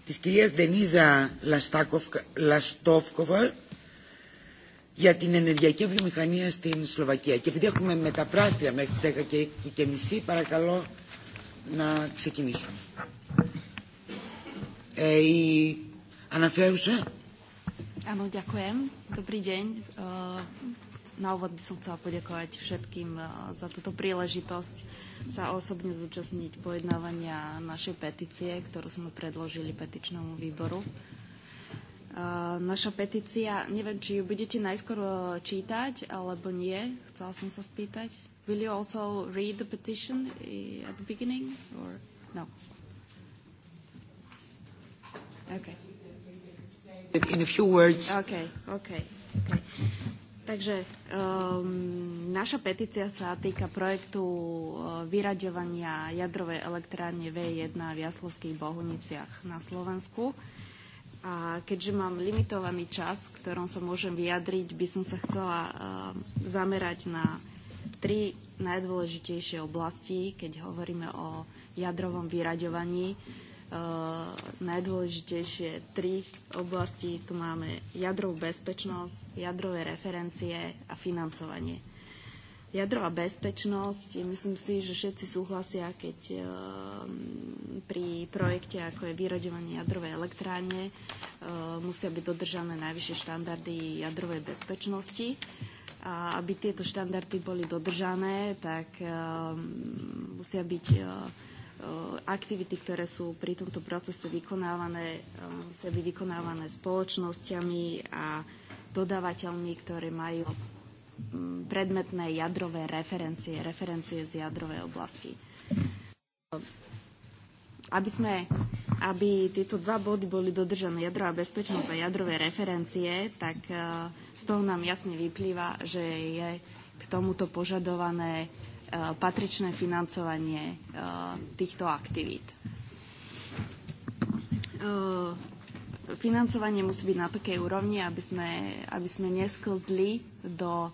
της κυρίας Ντενίζα Λαστόφκοβα για την ενεργειακή βιομηχανία στην Σλοβακία. Και επειδή έχουμε μεταπράστρια μέχρι τις 10 και, και μισή, παρακαλώ να ξεκινήσουμε. Ε, η αναφέρουσα Áno, ďakujem. Dobrý deň. Eh, na úvod by som chcela poďakovať všetkým eh, za túto príležitosť sa osobne zúčastniť pojednávania našej petície, ktorú sme predložili petičnému výboru. Eh, naša petícia, neviem, či ju budete najskôr čítať alebo nie, chcela som sa spýtať. Will you also read the petition at the beginning or no? Okay in a few words. Okay, okay, okay. Takže um, naša petícia sa týka projektu uh, vyraďovania jadrovej elektrárne V1 v Jaslovských Bohuniciach na Slovensku. A keďže mám limitovaný čas, v ktorom sa môžem vyjadriť, by som sa chcela uh, zamerať na tri najdôležitejšie oblasti, keď hovoríme o jadrovom vyraďovaní. Uh, Hm. najdôležitejšie tri oblasti. Tu máme jadrovú bezpečnosť, jadrové referencie a financovanie. Jadrová bezpečnosť, myslím si, že všetci súhlasia, keď hm, pri projekte, ako je vyroďovanie jadrovej elektrárne, hm, musia byť dodržané najvyššie štandardy jadrovej bezpečnosti. A aby tieto štandardy boli dodržané, tak musia byť Eh, aktivity, ktoré sú pri tomto procese vykonávané, eh, musia byť vykonávané spoločnosťami a dodávateľmi, ktoré majú mm, predmetné jadrové referencie, referencie z jadrovej oblasti. Eh, aby, sme, aby tieto dva body boli dodržané, jadrová bezpečnosť a jadrové referencie, tak z toho nám jasne vyplýva, že je k tomuto požadované Eh, patričné financovanie eh, týchto aktivít. Eh, financovanie musí byť na takej úrovni, aby sme, aby sme nesklzli do,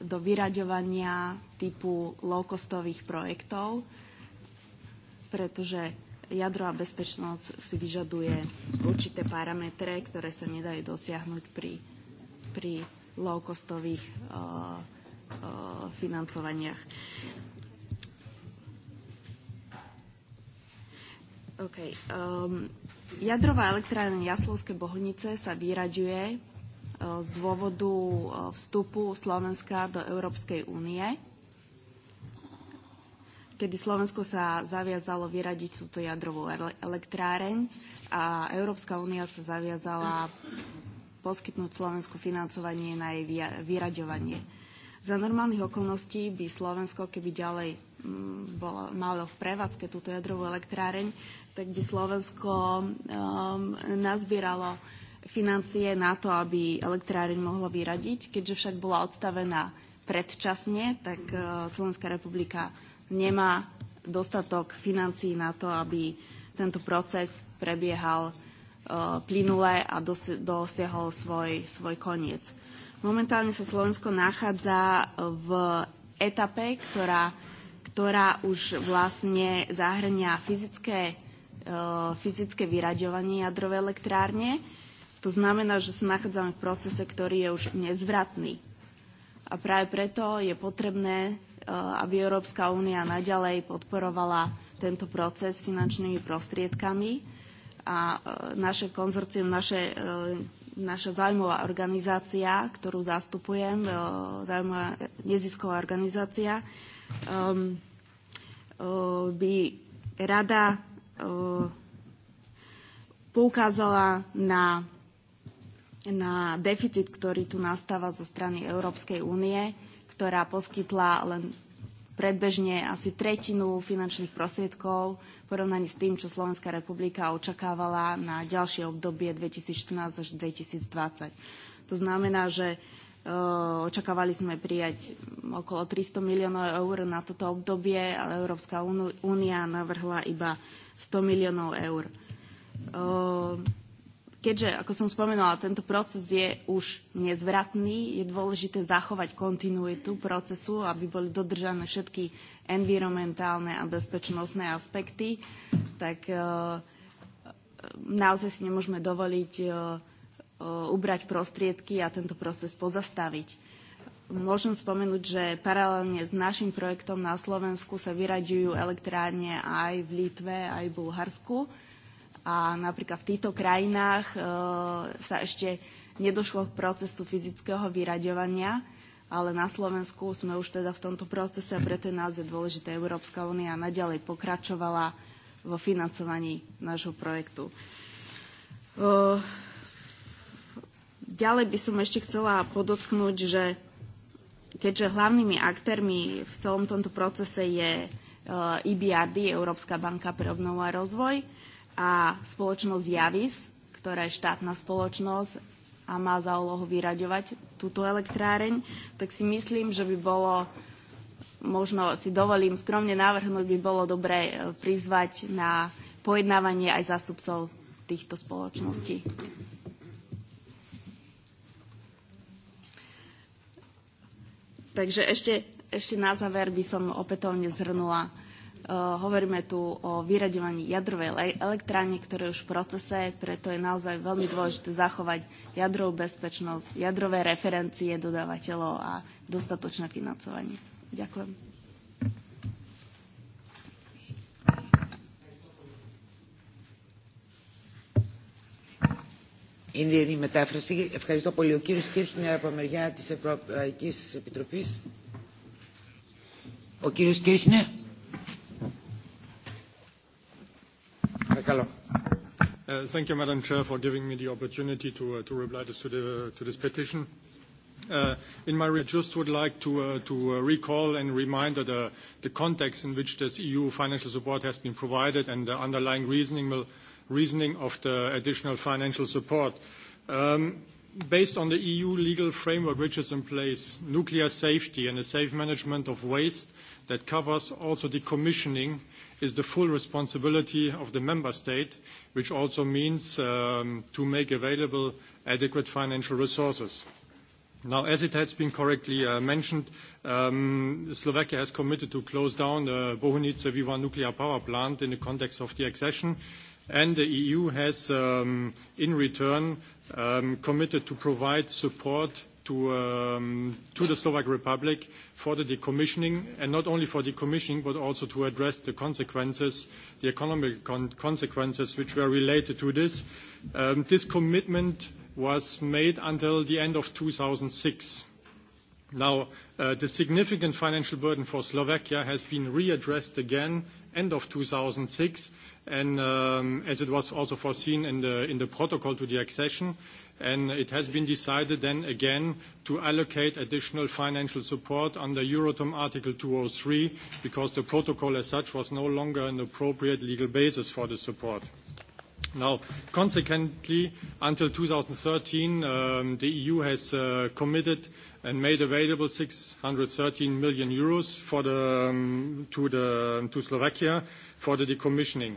do vyraďovania typu low-costových projektov, pretože jadrová bezpečnosť si vyžaduje určité parametre, ktoré sa nedajú dosiahnuť pri, pri low-costových uh, financovaniach. Okay. Um, jadrová elektrárne Jaslovské Bohunice sa vyraďuje uh, z dôvodu uh, vstupu Slovenska do Európskej únie, kedy Slovensko sa zaviazalo vyradiť túto jadrovú ele elektráreň a Európska únia sa zaviazala poskytnúť Slovensku financovanie na jej vyraďovanie. Za normálnych okolností by Slovensko, keby ďalej mm, bolo, malo v prevádzke túto jadrovú elektráreň, tak by Slovensko um, nazbieralo financie na to, aby elektráreň mohlo vyradiť. Keďže však bola odstavená predčasne, tak uh, Slovenská republika nemá dostatok financií na to, aby tento proces prebiehal uh, plynule a dosi- dosiahol svoj, svoj koniec. Momentálne sa Slovensko nachádza v etape, ktorá, ktorá už vlastne zahrania fyzické, e, fyzické vyraďovanie jadrovej elektrárne. To znamená, že sa nachádzame v procese, ktorý je už nezvratný. A práve preto je potrebné, e, aby Európska únia naďalej podporovala tento proces finančnými prostriedkami a e, naše konzorcium, naše, e, naša zájmová organizácia, ktorú zastupujem, e, zájmová nezisková organizácia, by rada poukázala na, na deficit, ktorý tu nastáva zo strany Európskej únie, ktorá poskytla len predbežne asi tretinu finančných prostriedkov v porovnaní s tým, čo Slovenská republika očakávala na ďalšie obdobie 2014 až 2020. To znamená, že e, očakávali sme prijať okolo 300 miliónov eur na toto obdobie, ale Európska únia navrhla iba 100 miliónov eur. E, keďže, ako som spomenula, tento proces je už nezvratný, je dôležité zachovať kontinuitu procesu, aby boli dodržané všetky environmentálne a bezpečnostné aspekty, tak e, naozaj si nemôžeme dovoliť e, e, ubrať prostriedky a tento proces pozastaviť. Môžem spomenúť, že paralelne s našim projektom na Slovensku sa vyraďujú elektrárne aj v Litve, aj v Bulharsku. Uh, A napríklad v týchto krajinách e, sa ešte nedošlo k procesu fyzického vyraďovania, ale na Slovensku sme už teda v tomto procese a preto je naozaj dôležité Európska únia naďalej pokračovala vo financovaní nášho projektu. E, ďalej by som ešte chcela podotknúť, že keďže hlavnými aktérmi v celom tomto procese je EBRD, e Európska banka pre obnovu a rozvoj, a spoločnosť Javis, ktorá je štátna spoločnosť a má za úlohu vyraďovať túto elektráreň, tak si myslím, že by bolo možno si dovolím skromne navrhnúť, by bolo dobré e, prizvať na pojednávanie aj zástupcov týchto spoločností. Takže ešte, ešte na záver by som opätovne zhrnula Eh, hovoríme tu o vyraďovaní jadrovej elektrárne, ktoré už v procese, preto je naozaj veľmi dôležité zachovať jadrovú bezpečnosť, jadrové referencie dodávateľov a dostatočné financovanie. Ďakujem. Ινδιανή μετάφραση. Ευχαριστώ πολύ. Ο κύριος Κίρχνερ από μεριά της Ευρωπαϊκής Επιτροπής. Ο κύριος Κίρχνερ. Hello. Uh, thank you, Madam Chair, for giving me the opportunity to, uh, to reply this to, the, to this petition. Uh, in my remarks, just would like to, uh, to uh, recall and remind the, uh, the context in which this EU financial support has been provided and the underlying reasoning, reasoning of the additional financial support. Um, based on the EU legal framework which is in place, nuclear safety and the safe management of waste that covers also decommissioning is the full responsibility of the member state, which also means um, to make available adequate financial resources. Now, as it has been correctly uh, mentioned, um, Slovakia has committed to close down the Bohunice Viva nuclear power plant in the context of the accession, and the EU has, um, in return, um, committed to provide support to, um, to the Slovak Republic for the decommissioning, and not only for decommissioning, but also to address the consequences, the economic con consequences which were related to this. Um, this commitment was made until the end of 2006. Now, uh, the significant financial burden for Slovakia has been readdressed again end of 2006, and um, as it was also foreseen in the, in the protocol to the accession, and it has been decided then again to allocate additional financial support under Euratom Article 203 because the protocol as such was no longer an appropriate legal basis for the support. Now, consequently, until 2013, um, the EU has uh, committed and made available 613 million euros for the, um, to, the, um, to Slovakia for the decommissioning.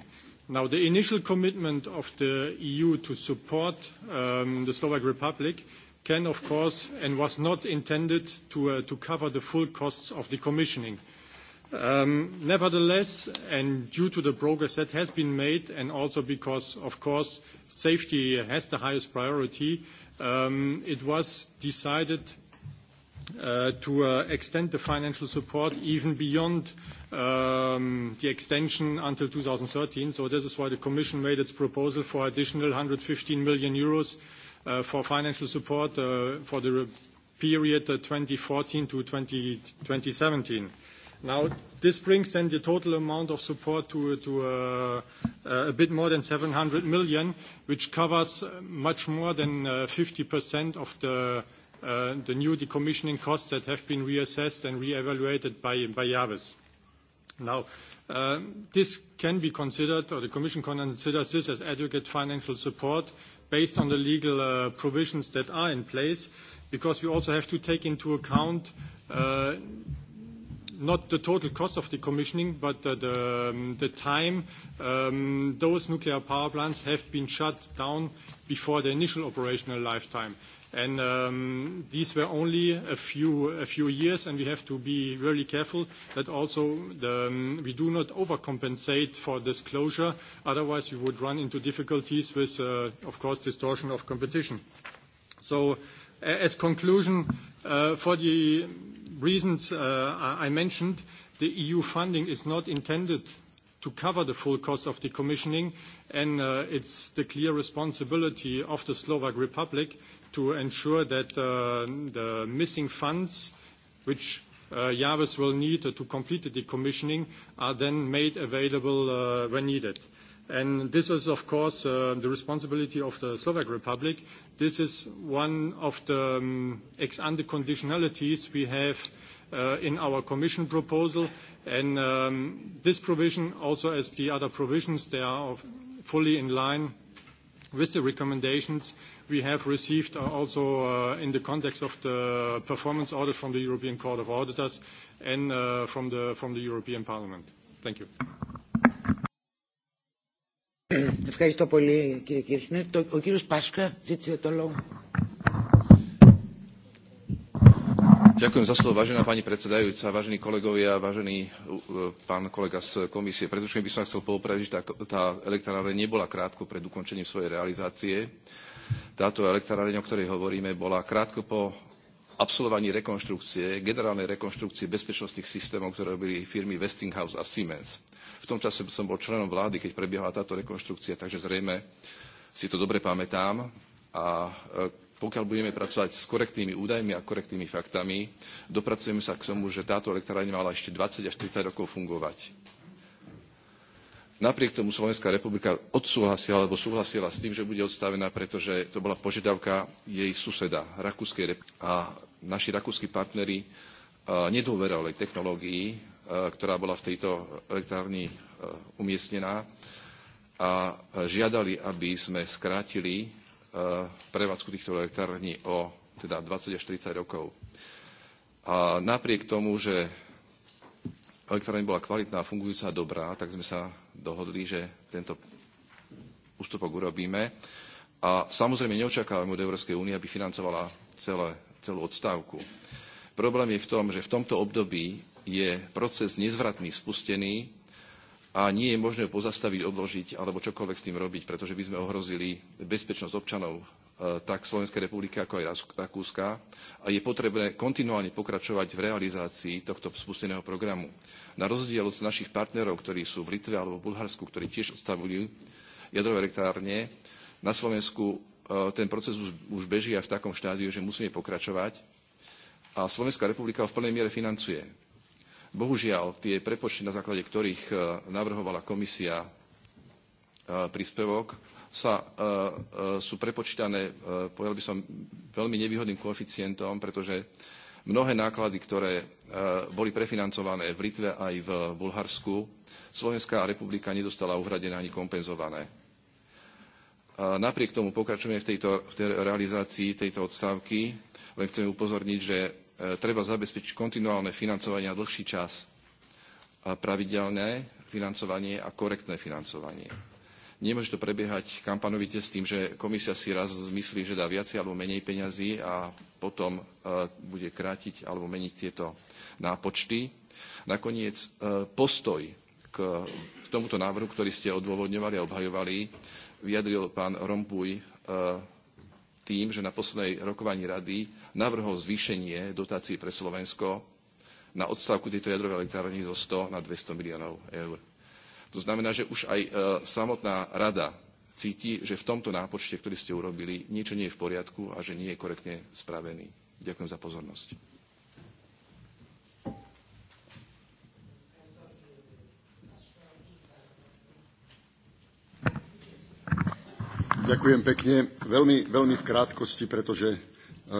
Now, the initial commitment of the EU to support um, the Slovak Republic can, of course, and was not intended to, uh, to cover the full costs of the commissioning. Um, nevertheless, and due to the progress that has been made, and also because, of course, safety has the highest priority, um, it was decided uh, to uh, extend the financial support even beyond um, the extension until 2013. So this is why the Commission made its proposal for additional 115 million euros uh, for financial support uh, for the period uh, 2014 to 20, 2017. Now, this brings then the total amount of support to, to uh, uh, a bit more than 700 million, which covers much more than uh, 50% of the uh, the new decommissioning costs that have been reassessed and reevaluated by, by Jahres. Now, um, this can be considered, or the Commission considers this as adequate financial support based on the legal uh, provisions that are in place, because we also have to take into account uh, not the total cost of decommissioning, but uh, the, um, the time um, those nuclear power plants have been shut down before the initial operational lifetime. And um, these were only a few, a few years, and we have to be really careful that also the, um, we do not overcompensate for disclosure. Otherwise, we would run into difficulties with, uh, of course, distortion of competition. So as conclusion, uh, for the reasons uh, I mentioned, the EU funding is not intended to cover the full cost of decommissioning, and uh, it's the clear responsibility of the Slovak Republic to ensure that uh, the missing funds, which uh, Jarvis will need to complete the decommissioning, are then made available uh, when needed. And this is, of course, uh, the responsibility of the Slovak Republic. This is one of the um, ex-ante conditionalities we have uh, in our commission proposal. And um, this provision, also as the other provisions, they are fully in line uh, with the recommendations we have received uh, also uh, in the context of the performance audit from the European Court of Auditors and uh, from, the, from the European Parliament. Thank you. Ευχαριστώ πολύ κύριε Κίρχνερ. Ο κύριος Πάσκα ζήτησε το λόγο. Ďakujem za slovo, vážená pani predsedajúca, vážení kolegovia, vážený e, pán kolega z komisie. Predovšetkým by som chcel poupraviť, že tá, tá elektráreň nebola krátko pred ukončením svojej realizácie. Táto elektráreň, o ktorej hovoríme, bola krátko po absolvovaní rekonštrukcie, generálnej rekonštrukcie bezpečnostných systémov, ktoré robili firmy Westinghouse a Siemens. V tom čase som bol členom vlády, keď prebiehala táto rekonštrukcia, takže zrejme si to dobre pamätám. A e, pokiaľ budeme pracovať s korektnými údajmi a korektnými faktami, dopracujeme sa k tomu, že táto elektrárne mala ešte 20 až 30 rokov fungovať. Napriek tomu Slovenská republika odsúhlasila alebo súhlasila s tým, že bude odstavená, pretože to bola požiadavka jej suseda, Rakúskej republiky. A naši rakúsky partneri e, nedôverovali technológii, e, ktorá bola v tejto elektrárni e, umiestnená a žiadali, aby sme skrátili Eh, prevádzku týchto elektrární o teda 20 až 30 rokov. A napriek tomu, že elektrárne bola kvalitná, fungujúca, dobrá, tak sme sa dohodli, že tento ústupok urobíme. A samozrejme neočakávame od Európskej únie, aby financovala celé, celú odstávku. Problém je v tom, že v tomto období je proces nezvratný spustený a nie je možné pozastaviť, odložiť alebo čokoľvek s tým robiť, pretože by sme ohrozili bezpečnosť občanov e, tak Slovenskej republiky, ako aj Rakúska. A je potrebné kontinuálne pokračovať v realizácii tohto spusteného programu. Na rozdiel od našich partnerov, ktorí sú v Litve alebo v Bulharsku, ktorí tiež odstavujú jadrové elektrárne, na Slovensku e, ten proces už beží a v takom štádiu, že musíme pokračovať. A Slovenská republika ho v plnej miere financuje Bohužiaľ, tie prepočty, na základe ktorých e, navrhovala komisia e, príspevok, sa, e, sú prepočítané, povedal by som, veľmi nevýhodným koeficientom, pretože mnohé náklady, ktoré boli prefinancované v Litve aj v Bulharsku, Slovenská republika nedostala uhradené ani kompenzované. Napriek tomu pokračujeme v, tejto, v tej realizácii tejto odstávky, len chcem upozorniť, že E, treba zabezpečiť kontinuálne financovanie na dlhší čas, pravidelné financovanie a korektné financovanie. Nemôže to prebiehať kampanovite s tým, že komisia si raz zmyslí, že dá viacej alebo menej peňazí a potom e, bude krátiť alebo meniť tieto nápočty. Nakoniec e, postoj k tomuto návrhu, ktorý ste odôvodňovali a obhajovali, vyjadril pán Rompuj tým, že na poslednej rokovaní rady navrhol zvýšenie dotácií pre Slovensko na odstavku tejto jadrovej elektrárne zo 100 na 200 miliónov eur. To znamená, že už aj e, samotná rada cíti, že v tomto nápočte, ktorý ste urobili, niečo nie je v poriadku a že nie je korektne spravený. Ďakujem za pozornosť. Ďakujem pekne. Veľmi, veľmi v krátkosti, pretože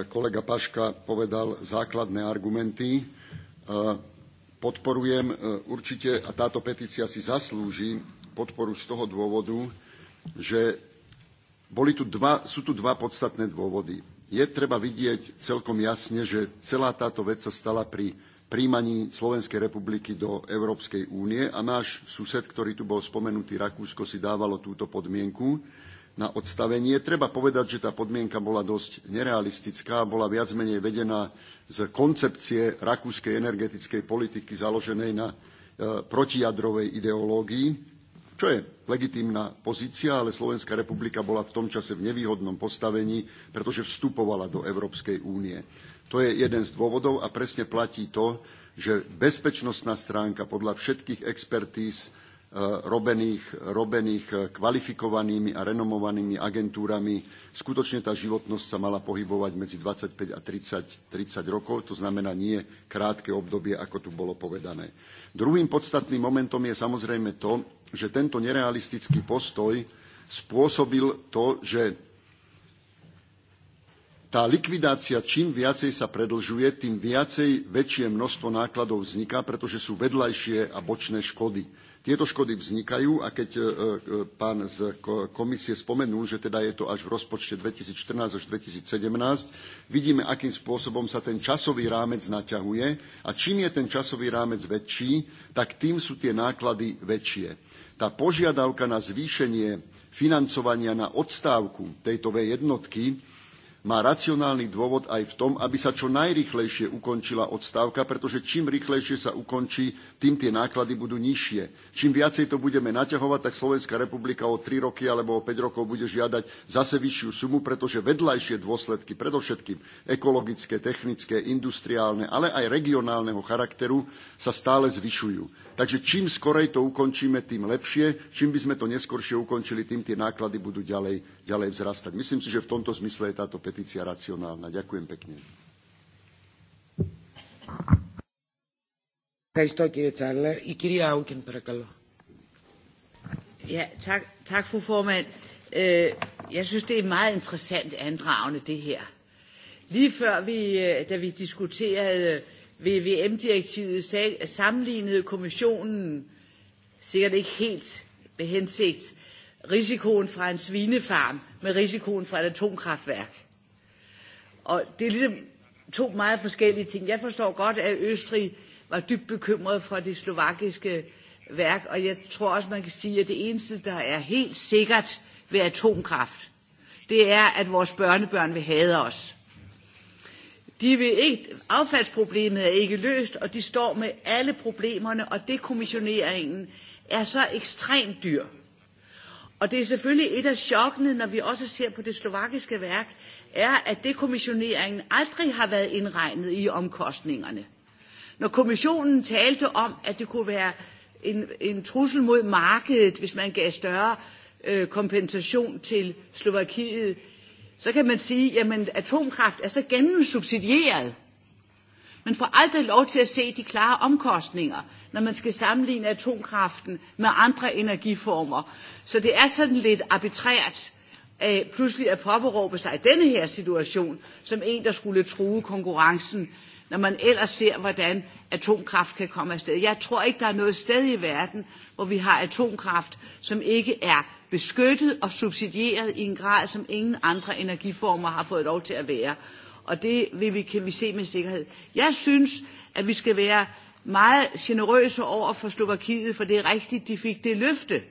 kolega Paška povedal základné argumenty. Podporujem e, určite, a táto petícia si zaslúži podporu z toho dôvodu, že boli tu dva, sú tu dva podstatné dôvody. Je treba vidieť celkom jasne, že celá táto vec sa stala pri príjmaní Slovenskej republiky do Európskej únie a náš sused, ktorý tu bol spomenutý, Rakúsko, si dávalo túto podmienku na odstavenie. Treba povedať, že tá podmienka bola dosť nerealistická, bola viac menej vedená z koncepcie rakúskej energetickej politiky založenej na e, protijadrovej ideológii, čo je legitímna pozícia, ale Slovenská republika bola v tom čase v nevýhodnom postavení, pretože vstupovala do Európskej únie. To je jeden z dôvodov a presne platí to, že bezpečnostná stránka podľa všetkých expertíz Eh, robených, robených eh, kvalifikovanými a renomovanými agentúrami. Skutočne tá životnosť sa mala pohybovať medzi 25 a 30, 30 rokov, to znamená nie krátke obdobie, ako tu bolo povedané. Druhým podstatným momentom je samozrejme to, že tento nerealistický postoj spôsobil to, že tá likvidácia čím viacej sa predlžuje, tým viacej väčšie množstvo nákladov vzniká, pretože sú vedľajšie a bočné škody Tieto škody vznikajú a keď e, e, pán z komisie spomenul, že teda je to až v rozpočte 2014 až 2017, vidíme, akým spôsobom sa ten časový rámec naťahuje a čím je ten časový rámec väčší, tak tým sú tie náklady väčšie. Tá požiadavka na zvýšenie financovania na odstávku tejto V jednotky má racionálny dôvod aj v tom, aby sa čo najrychlejšie ukončila odstávka, pretože čím rýchlejšie sa ukončí, tým tie náklady budú nižšie. Čím viacej to budeme naťahovať, tak Slovenská republika o 3 roky alebo o 5 rokov bude žiadať zase vyššiu sumu, pretože vedľajšie dôsledky, predovšetkým ekologické, technické, industriálne, ale aj regionálneho charakteru, sa stále zvyšujú Takže čím skorej to ukončíme, tým lepšie. Čím by sme to neskoršie ukončili, tým tie náklady budú ďalej, ďalej vzrastať. Myslím si, že v tomto zmysle je táto petícia racionálna. Ďakujem pekne. Ευχαριστώ κύριε Τσάρλα. Η κυρία Άουκεν παρακαλώ. Ja, tak, tak fru formand. Øh, jeg synes, det er meget interessant andragende, det her. Lige før vi, øh, da vi diskuterede øh, VVM-direktivet sag, sammenlignede kommissionen, sikkert ikke helt med hensigt, risikoen fra en svinefarm med risikoen fra et atomkraftværk. Og det er ligesom to meget forskellige ting. Jeg forstår godt, at Østrig var dybt bekymret for det slovakiske værk, og jeg tror også, man kan sige, at det eneste, der er helt sikkert ved atomkraft, det er, at vores børnebørn vil hade os. De vil ikke, affaldsproblemet er ikke løst, og de står med alle problemerne, og dekommissioneringen er så ekstremt dyr. Og det er selvfølgelig et af chokkene, når vi også ser på det slovakiske værk, er, at dekommissioneringen aldrig har været indregnet i omkostningerne. Når kommissionen talte om, at det kunne være en, en trussel mod markedet, hvis man gav større øh, kompensation til Slovakiet, så kan man sige, jamen atomkraft er så gennemsubsidieret. Man får aldrig lov til at se de klare omkostninger, når man skal sammenligne atomkraften med andre energiformer. Så det er sådan lidt arbitrært øh, pludselig at påberåbe sig denne her situation som en, der skulle true konkurrencen, når man ellers ser, hvordan atomkraft kan komme afsted. Jeg tror ikke, der er noget sted i verden, hvor vi har atomkraft, som ikke er beskyttet og subsidieret i en grad, som ingen andre energiformer har fået lov til at være. Og det vil vi, kan vi se med sikkerhed. Jeg synes, at vi skal være meget generøse over for Slovakiet, for det er rigtigt, de fik det løfte.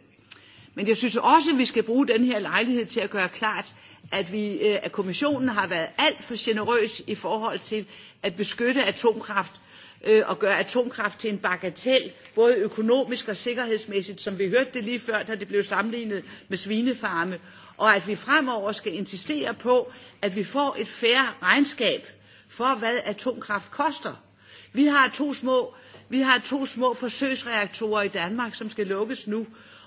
Men jeg synes også, at vi skal bruge den her lejlighed til at gøre klart, at, vi, øh, at kommissionen har været alt for generøs i forhold til at beskytte atomkraft øh, og gøre atomkraft til en bagatel, både økonomisk og sikkerhedsmæssigt, som vi hørte det lige før, da det blev sammenlignet med svinefarme, og at vi fremover skal insistere på, at vi får et færre regnskab for, hvad atomkraft koster. Vi har to små, vi har to små forsøgsreaktorer i Danmark, som skal lukkes nu,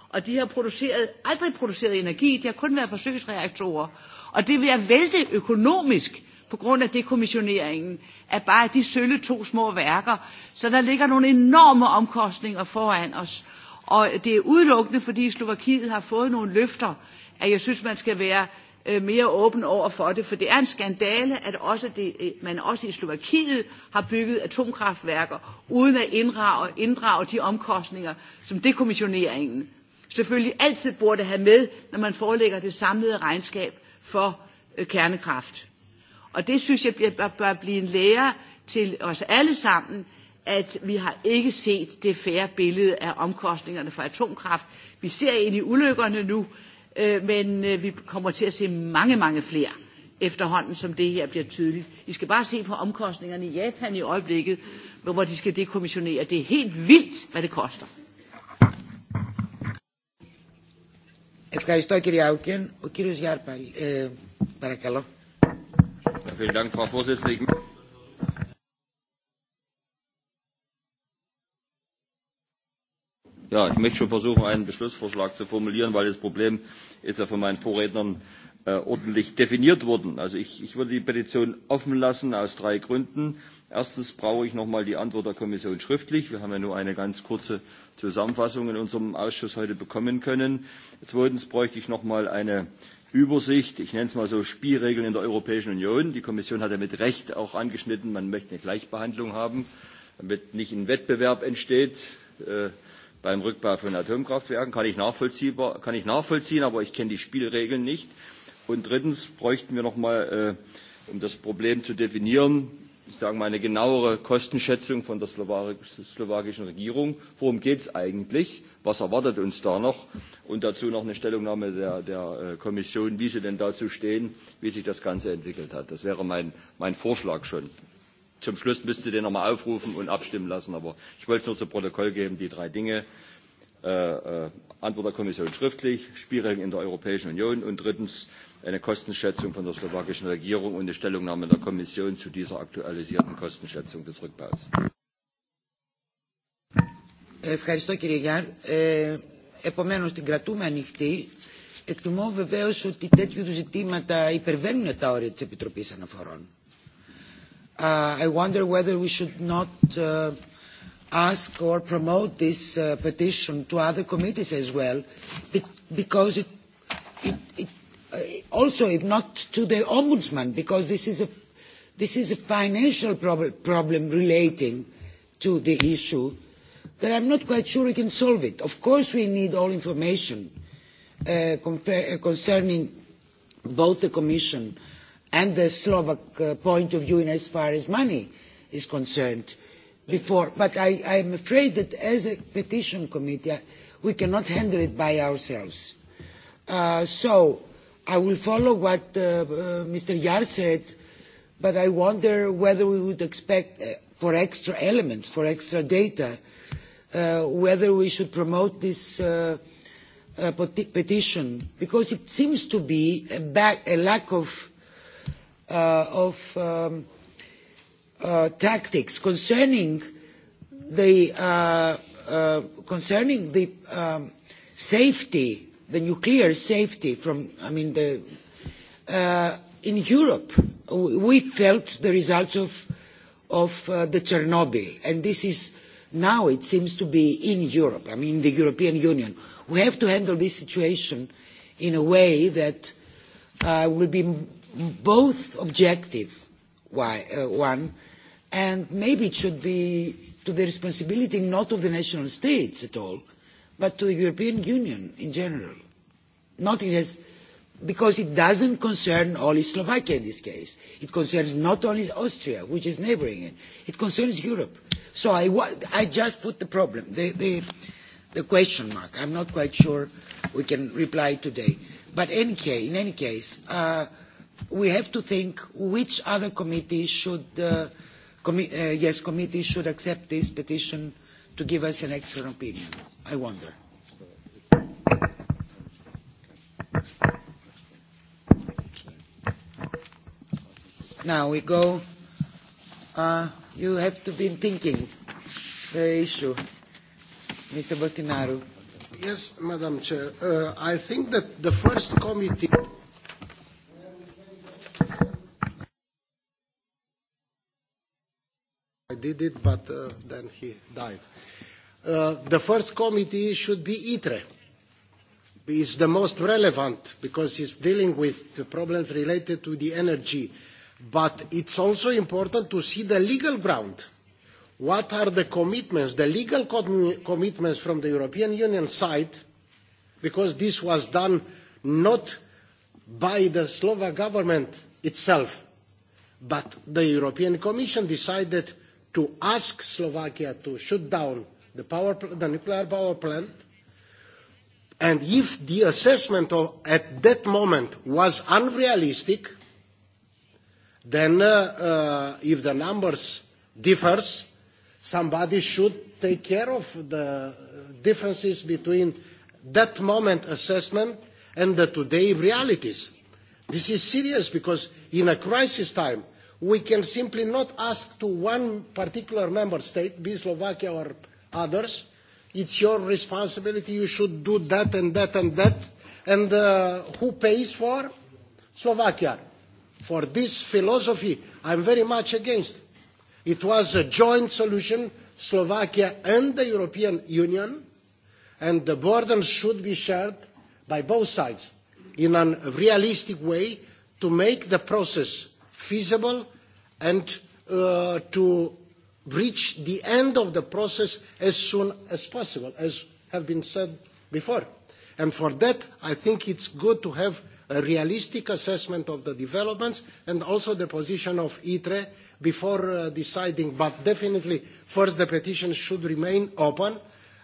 og de har produceret, aldrig produceret energi, de har kun været forsøgsreaktorer. Og det vil at vælte økonomisk, på grund af dekommissioneringen af bare de sølle to små værker. Så der ligger nogle enorme omkostninger foran os. Og det er udelukkende, fordi Slovakiet har fået nogle løfter, at jeg synes, man skal være øh, mere åben over for det, for det er en skandale, at også det, øh, man også i Slovakiet har bygget atomkraftværker, uden at inddrage, inddrage de omkostninger, som dekommissioneringen selvfølgelig altid burde have med, når man forelægger det samlede regnskab for øh, kernekraft. Og det synes jeg bør, bør blive en lære til os alle sammen, at vi har ikke set det færre billede af omkostningerne for atomkraft. Vi ser ind i ulykkerne nu, øh, men øh, vi kommer til at se mange, mange flere efterhånden, som det her bliver tydeligt. I skal bare se på omkostningerne i Japan i øjeblikket, hvor de skal dekommissionere. Det er helt vildt, hvad det koster. Ευχαριστώ κύριε Άουκεν. Ο κύριος Γιάρπαλ, ε, παρακαλώ. Vielen Dank, Frau Vorsitzende. Ja, ich möchte schon versuchen, einen Beschlussvorschlag zu formulieren, weil das Problem ist ja von meinen Vorrednern äh, ordentlich definiert worden. Also ich, ich würde die Petition offen lassen aus drei Gründen. Erstens brauche ich nochmal die Antwort der Kommission schriftlich. Wir haben ja nur eine ganz kurze Zusammenfassung in unserem Ausschuss heute bekommen können. Zweitens bräuchte ich nochmal eine Übersicht, ich nenne es mal so Spielregeln in der Europäischen Union. Die Kommission hat ja mit Recht auch angeschnitten, man möchte eine Gleichbehandlung haben, damit nicht ein Wettbewerb entsteht äh, beim Rückbau von Atomkraftwerken. Kann ich, nachvollziehbar, kann ich nachvollziehen, aber ich kenne die Spielregeln nicht. Und drittens bräuchten wir nochmal, äh, um das Problem zu definieren, ich sage mal, eine genauere Kostenschätzung von der slowakischen Regierung. Worum geht es eigentlich? Was erwartet uns da noch? Und dazu noch eine Stellungnahme der, der äh, Kommission, wie sie denn dazu stehen, wie sich das Ganze entwickelt hat. Das wäre mein, mein Vorschlag schon. Zum Schluss müsst ihr den nochmal aufrufen und abstimmen lassen. Aber ich wollte es nur zu Protokoll geben, die drei Dinge. Äh, äh, Antwort der Kommission schriftlich, Spielregeln in der Europäischen Union und drittens äh, eine Kostenschätzung von der slowakischen Regierung und eine Stellungnahme der Kommission zu dieser aktualisierten Kostenschätzung des Rückbaus. Ευχαριστώ κύριε Γιάν. Ε, επομένως την κρατούμε ανοιχτή. Εκτιμώ βεβαίως ότι τέτοιου ζητήματα υπερβαίνουν τα όρια της Επιτροπής Αναφορών. Uh, I wonder whether we should not uh, ask or promote this uh, petition to other committees as well, be because it, it, it Uh, also if not to the ombudsman because this is a this is a financial prob- problem relating to the issue that I'm not quite sure we can solve it. Of course we need all information uh, compare, uh, concerning both the Commission and the Slovak uh, point of view in as far as money is concerned before. But I, I'm afraid that as a petition committee, we cannot handle it by ourselves. Uh, so I will follow what uh, uh, Mr. Yar said, but I wonder whether we would expect uh, for extra elements, for extra data, uh, whether we should promote this uh, uh, petition, because it seems to be a, back, a lack of, uh, of um, uh, tactics concerning the, uh, uh, concerning the um, safety the nuclear safety from, I mean, the, uh, in Europe, we felt the results of, of uh, the Chernobyl, and this is now it seems to be in Europe, I mean, the European Union. We have to handle this situation in a way that uh, will be both objective why, uh, one, and maybe it should be to the responsibility not of the national states at all, uh, but to the European Union in general. Not in as, because it doesn't concern only Slovakia in this case. It concerns not only Austria, which is neighboring it. It concerns Europe. So I, I just put the problem, the, the, the question mark. I'm not quite sure we can reply today. But any case, in any case, uh, we have to think which other committee should, uh, commi- uh, yes, committee should accept this petition to give us an extra opinion. I wonder. Now we go. Uh, you have to be thinking the issue, Mr. Bostinaru. Yes, Madam Chair. Uh, I think that the first committee. did it, but uh, then he died. Uh, the first committee should be ITRE. It's the most relevant because it's dealing with the problems related to the energy. But it's also important to see the legal ground. What are the commitments, the legal com- commitments from the European Union side? Because this was done not by the Slovak government itself, but the European Commission decided to ask Slovakia to shut down the, power, the nuclear power plant. And if the assessment of, at that moment was unrealistic, then uh, uh, if the numbers differs, somebody should take care of the uh, differences between that moment assessment and the today realities. This is serious because in a crisis time, we can simply not ask to one particular member state, be Slovakia or others, it's your responsibility, you should do that and that and that. And uh, who pays for? Slovakia. For this philosophy, I'm very much against. It was a joint solution, Slovakia and the European Union, and the burden should be shared by both sides in a realistic way to make the process feasible and uh, to reach the end of the process as soon as possible, as have been said before. And for that, I think it's good to have a realistic assessment of the developments and also the position of ITRE before uh, deciding. But definitely, first, the petition should remain open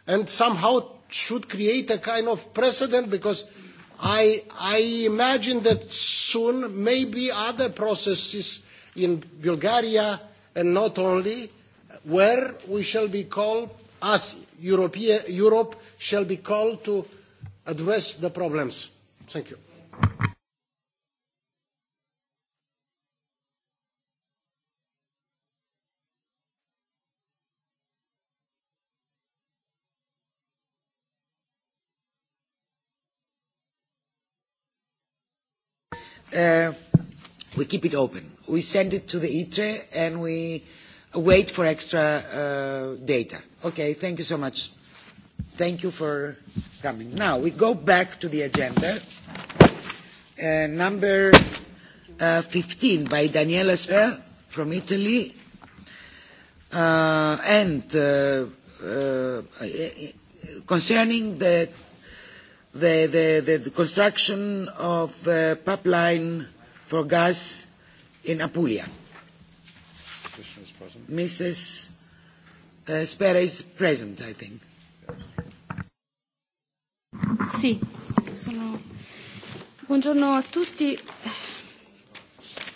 and somehow should create a kind of precedent because I, I imagine that soon maybe other processes in Bulgaria and not only, where we shall be called, us, Europea, Europe, shall be called to address the problems. Thank you. uh, we keep it open. We send it to the ITRE and we wait for extra uh, data. Okay, thank you so much. Thank you for coming. Now, we go back to the agenda. Uh, number uh, 15 by Daniela Sfer from Italy. Uh, and uh, uh, concerning the the, the, the construction of a pipeline for gas in Apulia. Mrs. Uh, Spera is present, I think. Sì, sono... Buongiorno a tutti.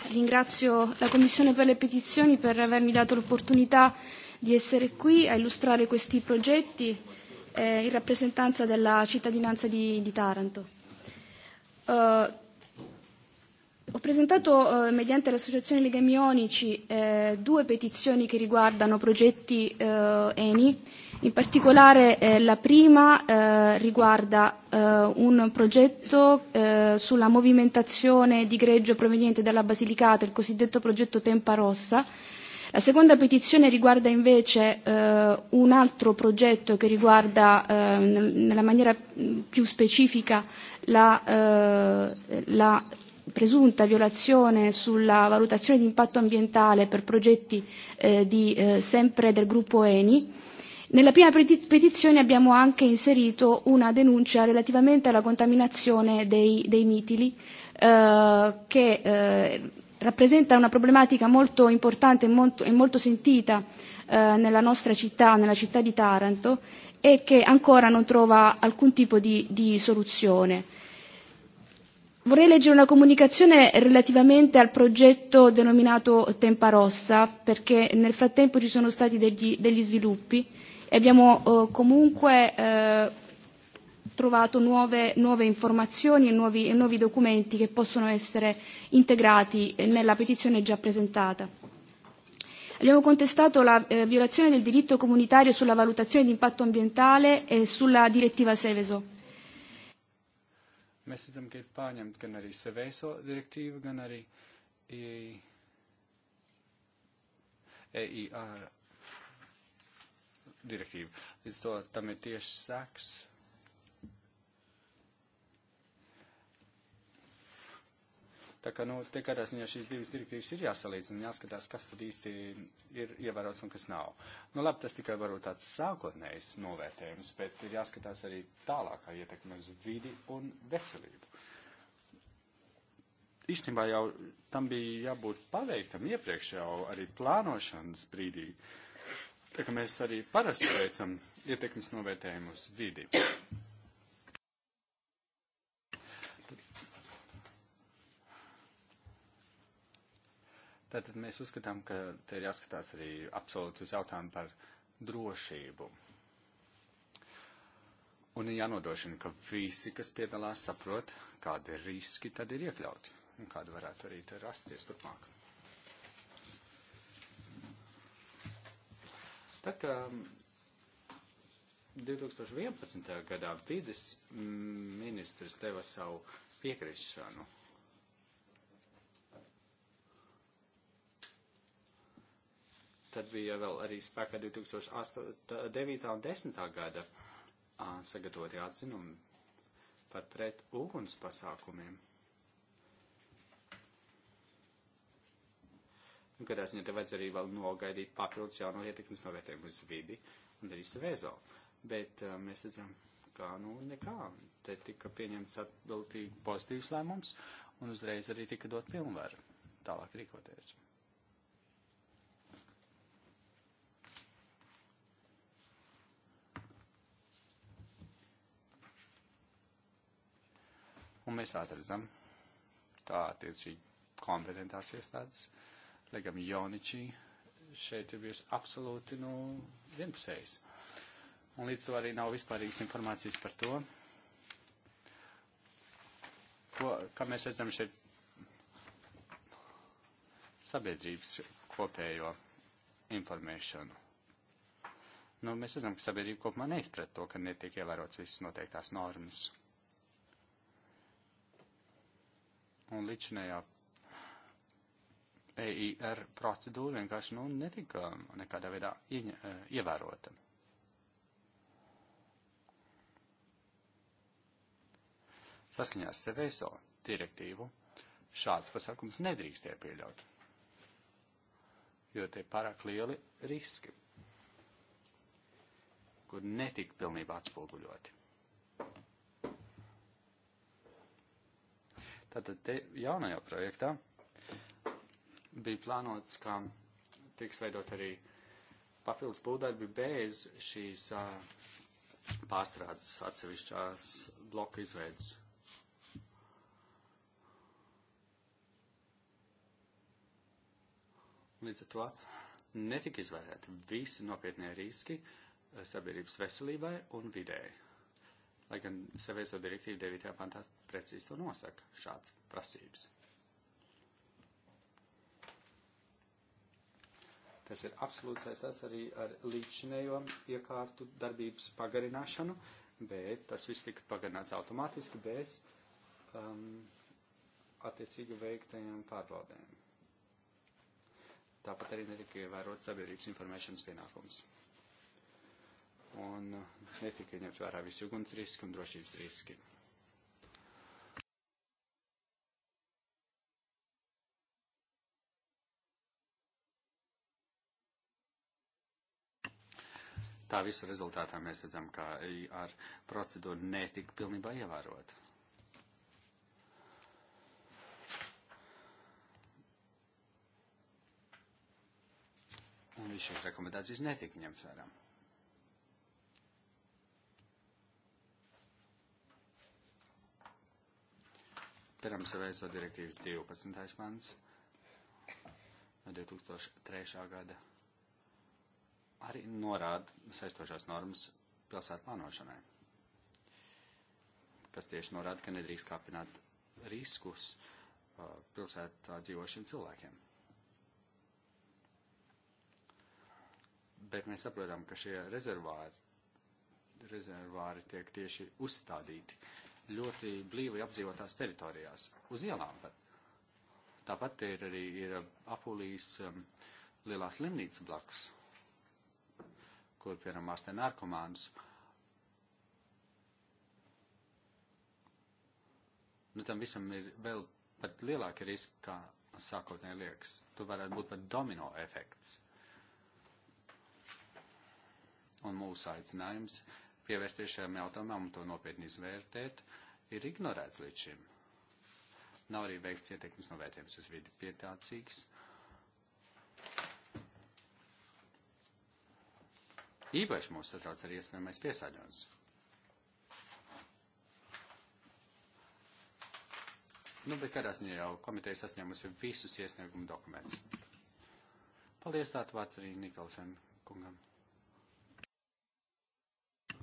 Ringrazio la Commissione per le petizioni per avermi dato l'opportunità di essere qui a illustrare questi progetti eh, in rappresentanza della cittadinanza di, di Taranto. Uh, ho presentato, eh, mediante l'Associazione Legami e Ionici, eh, due petizioni che riguardano progetti eh, ENI. In particolare eh, la prima eh, riguarda eh, un progetto eh, sulla movimentazione di greggio proveniente dalla Basilicata, il cosiddetto progetto Tempa Rossa, La seconda petizione riguarda invece eh, un altro progetto che riguarda eh, nella maniera mm, più specifica la, eh, la presunta violazione sulla valutazione di impatto ambientale per progetti eh, di, eh, sempre del gruppo Eni. Nella prima petizione abbiamo anche inserito una denuncia relativamente alla contaminazione dei, dei mitili eh, che eh, rappresenta una problematica molto importante e molto, e molto sentita eh, nella nostra città, nella città di Taranto, e che ancora non trova alcun tipo di, di soluzione. Vorrei leggere una comunicazione relativamente al progetto denominato Tempa Rossa, perché nel frattempo ci sono stati degli, degli sviluppi e abbiamo eh, comunque eh, trovato nuove, nuove informazioni e nuovi, e nuovi documenti che possono essere integrati eh, nella petizione già presentata. Abbiamo contestato la eh, violazione del diritto comunitario sulla valutazione di impatto ambientale e sulla direttiva Seveso. Mēs redzam, ka ir pārņemta gan arī Seveso direktīva, gan arī EIR e direktīva. Līdz to tam ir tieši seks Tā kā, nu, te kādā ziņā šīs divas direktīvas ir jāsalīdzina un jāskatās, kas tad īsti ir ievērots un kas nav. Nu, labi, tas tikai varbūt tāds sākotnējs novērtējums, bet ir jāskatās arī tālākā ietekme uz vidi un veselību. Īstenībā jau tam bija jābūt paveiktam iepriekš jau arī plānošanas brīdī. Tā kā mēs arī parasti veicam ietekmes novērtējumu uz vidi. Tātad mēs uzskatām, ka te ir jāskatās arī absolūti uz jautājumu par drošību. Un ir jānodrošina, ka visi, kas piedalās, saprot, kādi riski tad ir iekļauti un kādi varētu arī te rasties turpmāk. Tad, kad 2011. gadā vides ministrs deva savu piekrišanu Tad bija vēl arī spēkā 2009. un 10. gada sagatavotie atzinumi par pret uguns pasākumiem. Un, kad es viņu te vajadzēja arī vēl nogaidīt papildus jauno ietekmes novērtējumu uz vidi un arī svezo. Bet uh, mēs redzam, kā nu nekā. Te tika pieņemts atbildīgi pozitīvs lēmums un uzreiz arī tika dot pilnvaru tālāk rīkoties. un mēs atradzam tā attiecīgi kompetentās iestādes, lai gan Joničī šeit ir bijusi absolūti, nu, vienpusējs. Un līdz to arī nav vispārīgas informācijas par to, ko, kā mēs redzam šeit sabiedrības kopējo informēšanu. Nu, mēs redzam, ka sabiedrība kopumā neizprat to, ka netiek ievērots visas noteiktās normas. Un līdšanējā EIR procedūra vienkārši nu, netika nekādā veidā ieņa, e, ievērota. Saskaņā ar Seveso direktīvu šāds pasākums nedrīkst tiek pieļaut, jo tie pārāk lieli riski, kur netika pilnībā atspoguļoti. Tātad te jaunajā projektā bija plānots, ka tiks veidot arī papildus būvdarbi bez šīs uh, pārstrādes atsevišķās bloku izveidas. Līdz ar to netika izvērtēti visi nopietnie riski sabiedrības veselībai un vidēji lai gan savieso direktīvu 9. pantā precīzi to nosaka šāds prasības. Tas ir absolūti saistās arī ar līdzinējo iekārtu darbības pagarināšanu, bet tas viss tika pagarināts automātiski bez um, attiecīgi veiktajām pārbaudēm. Tāpat arī netika ievērot sabiedrības informēšanas pienākums un uh, netika ņemt vērā visi uguns riski un drošības riski. Tā visa rezultātā mēs redzam, ka ar procedūru netika pilnībā ievērot. Un viss šīs rekomendācijas netika ņemts vērā. Pirms reizo direktīvas 12. pants no 2003. gada arī norāda saistošās normas pilsētu plānošanai, kas tieši norāda, ka nedrīkst kāpināt riskus uh, pilsētā dzīvošiem cilvēkiem. Bet mēs saprotam, ka šie rezervāri, rezervāri tiek tieši uzstādīti ļoti blīvi apdzīvotās teritorijās, uz ielām pat. Tāpat ir arī ir um, Apulijas um, lielā slimnīca blakus, kur, piemēram, ārstē narkomānus. Nu, tam visam ir vēl pat lielāka riska, kā sākotnēji liekas. Tu varētu būt pat domino efekts. Un mūsu aicinājums pievērsties šajam jautājumam un to nopietni izvērtēt. Uh, ir ignorēts līdz šim. Nav arī veikts ietekmes novērtējums uz vidi pietācīgs. Īpaši mūs satrauc arī iespējamais piesāņojums. Nu, bet kādā ziņā jau komiteja sasņēmusi visus iesniegumu dokumentus. Paldies, tātad vārds arī Nikolsen kungam.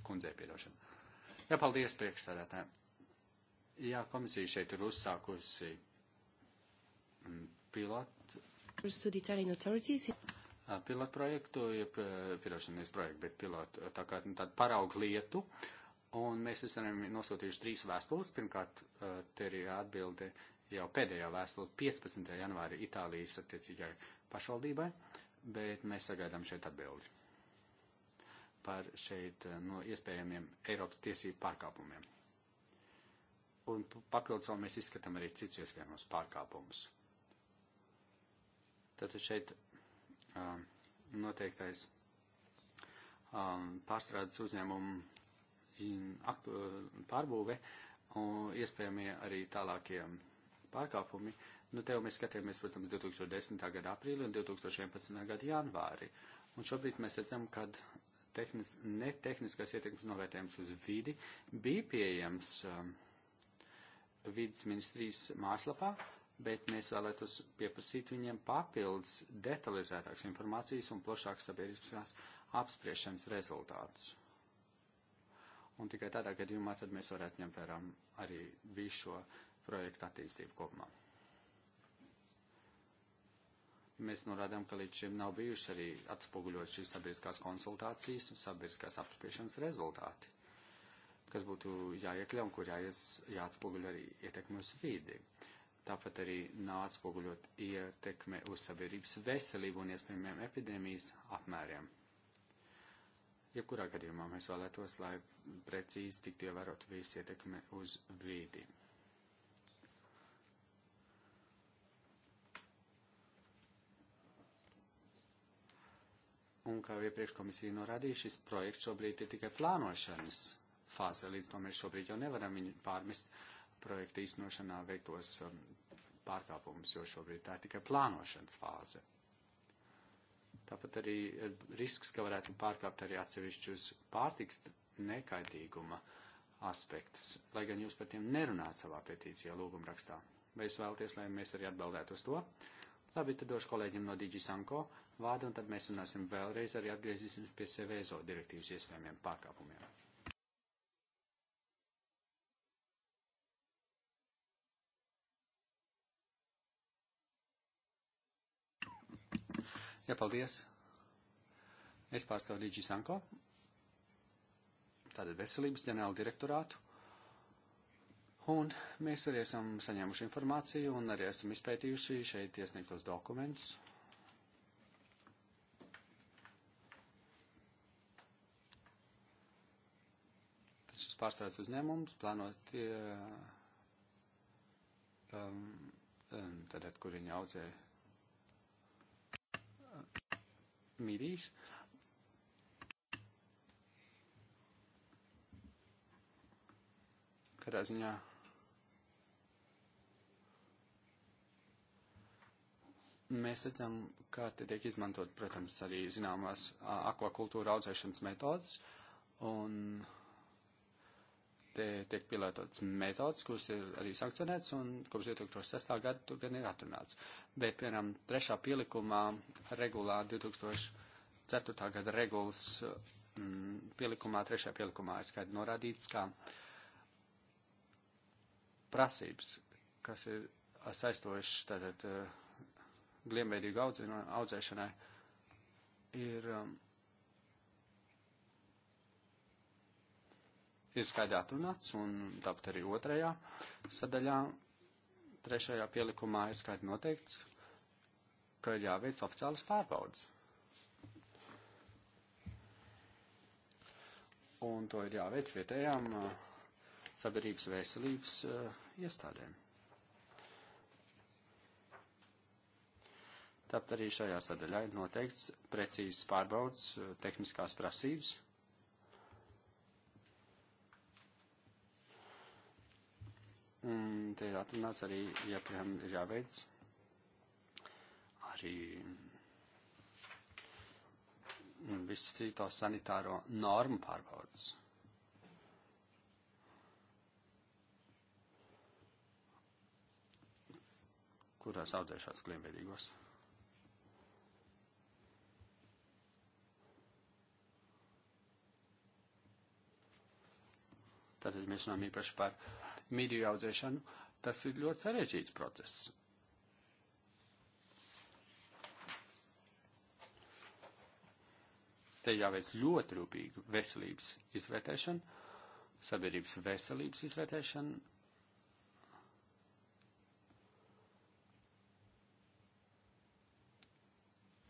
Kundzei piedošana. Jā, paldies priekšsādātājiem. Jā, komisija šeit ir uzsākusi mm, pilotu. Pilotu projektu, jeb pirošanas projektu, bet pilotu tā kā nu, tādu paraugu lietu. Un mēs esam nosūtījuši trīs vēstules. Pirmkārt, te ir atbilde jau pēdējā vēstule 15. janvāri Itālijas attiecīgai pašvaldībai, bet mēs sagaidām šeit atbildi par šeit no iespējamiem Eiropas tiesību pārkāpumiem un papildus vēl mēs izskatām arī cits iespējamos pārkāpumus. Tātad šeit um, noteiktais um, pārstrādes uzņēmumu uh, pārbūve un iespējamie arī tālākie pārkāpumi. Nu, te jau mēs skatījāmies, protams, 2010. gada aprīli un 2011. gada janvāri. Un šobrīd mēs redzam, ka tehnis, netehniskais ietekmes novērtējums uz vidi bija pieejams. Um, vidas ministrijas mājaslapā, bet mēs vēlētos pieprasīt viņiem papildus detalizētāks informācijas un plašāks sabiedriskās apspriešanas rezultātus. Un tikai tādā gadījumā tad mēs varētu ņemt vērā arī visu šo projektu attīstību kopumā. Mēs norādām, ka līdz šim nav bijuši arī atspoguļot šīs sabiedriskās konsultācijas un sabiedriskās apspriešanas rezultāti kas būtu jāiekļau un kur jāies, jāatspoguļo arī ietekme uz vidi. Tāpat arī nav atspoguļot ietekme uz sabiedrības veselību un iespējamiem epidēmijas apmēriem. Jebkurā gadījumā mēs vēlētos, lai precīzi tiktu ievērot visi ietekme uz vidi. Un kā iepriekš komisija norādīja, šis projekts šobrīd ir tikai plānošanas fāzē, līdz to mēs šobrīd jau nevaram viņu pārmest projekta īstenošanā veiktos um, pārkāpumus, jo šobrīd tā ir tikai plānošanas fāze. Tāpat arī eh, risks, ka varētu pārkāpt arī atsevišķus pārtiks nekaitīguma aspektus, lai gan jūs par tiem nerunāt savā pētīcijā lūgumrakstā. Vai jūs vēlaties, lai mēs arī atbildētu uz to? Labi, tad došu kolēģim no Digisanko vārdu, un tad mēs runāsim vēlreiz arī atgriezīsimies pie Sevezo direktīvas iespējamiem pārkāpumiem. Jā, paldies. Es pārstāvu Digi Sanko, tātad veselības ģenerāla direktorātu. Un mēs arī esam saņēmuši informāciju un arī esam izpētījuši šeit iesniegtos dokumentus. Tas ir pārstrādes uzņēmums, plānot, eh, um, tātad, eh, kur viņa audzē midijas. Kādā ziņā mēs redzam, kā te tiek izmantot, protams, arī zināmās akvakultūra audzēšanas metodas, un te tiek pielietotas metodas, kuras ir arī sankcionētas un kopš 2006. gada tur gan ir atrunāts. Bet, piemēram, trešā pielikumā regulā 2004. gada regulas mm, pielikumā, trešajā pielikumā ir skaidri norādīts, ka prasības, kas ir saistošas tātad eh, gliemveidīgu audzēšanai, ir. Um, ir skaidri atrunāts, un tāpat arī otrajā sadaļā, trešajā pielikumā ir skaidri noteikts, ka ir jāveic oficiālas pārbaudas. Un to ir jāveic vietējām sabiedrības veselības iestādēm. Tāpat arī šajā sadaļā ir noteikts precīzes pārbaudas, tehniskās prasības Mm, un te ir atrunāts arī, ja, piemēram, ir jāveic arī visu to sanitāro normu pārbaudas. kurās audzē šāds klienveidīgos. Tātad mēs runājam īpaši par mīdiju audzēšanu, tas ir ļoti sarežģīts process. Te jāveic ļoti rūpīgi veselības izvērtēšana, sabiedrības veselības izvērtēšana.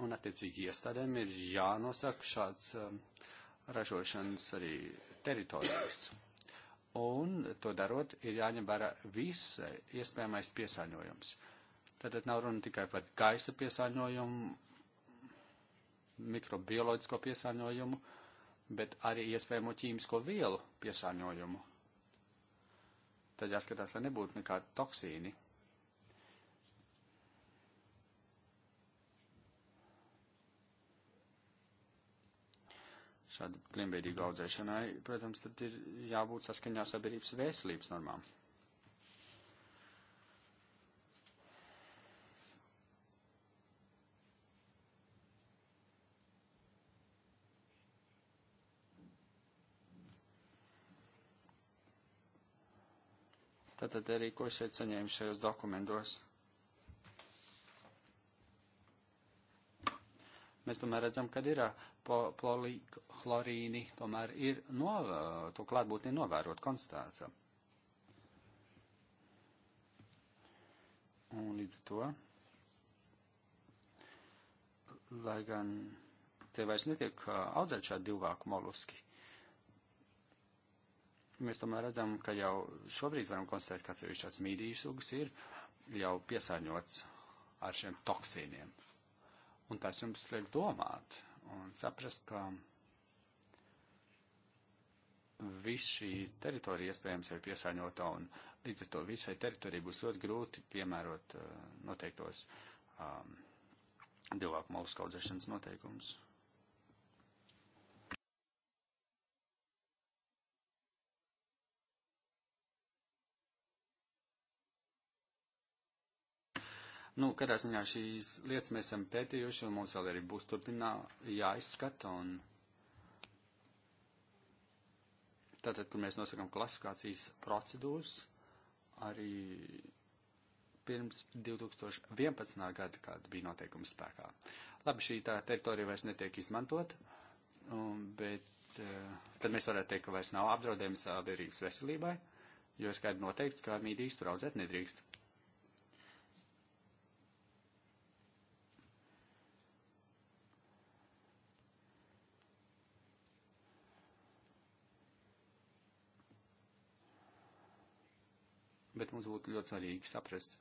Un attiecīgi iestādēm ir jānosaka šāds um, ražošanas arī teritorijas un to darot, ir jāņem vērā viss e, iespējamais piesāņojums. Tātad nav runa tikai par gaisa piesāņojumu, mikrobioloģisko piesāņojumu, bet arī iespējamo ķīmisko vielu piesāņojumu. Tad jāskatās, lai nebūtu nekādi toksīni. šāda klimbērīga audzēšanai, protams, tad ir jābūt saskaņā sabiedrības veselības normām. Tātad arī, ko šeit saņēmu šajos dokumentos, mēs tomēr redzam, ka ir polihlorīni, tomēr ir no, to klātbūtni novērot, konstatēta. Un līdz ar to, lai gan te vairs netiek audzēt šādi divvāku moluski, mēs tomēr redzam, ka jau šobrīd varam konstatēt, ka atsevišķās mīdīšu sugas ir jau piesārņots ar šiem toksīniem. Un tas jums liek domāt un saprast, ka viss šī teritorija iespējams ir piesāņota un līdz ar to visai teritorijai būs ļoti grūti piemērot uh, noteiktos um, divāku molus kaudzēšanas noteikumus. Nu, katrā ziņā šīs lietas mēs esam pētījuši, un mums vēl arī būs turpinā jāizskata. Un... Tātad, kur mēs nosakām klasifikācijas procedūras, arī pirms 2011. gada, kad bija noteikums spēkā. Labi, šī tā teritorija vairs netiek izmantot, un, bet eh, tad mēs varētu teikt, ka vairs nav apdraudējums sabiedrības veselībai, jo skaidri noteikts, ka mīdīs tur audzēt nedrīkst. mums būtu ļoti svarīgi saprast,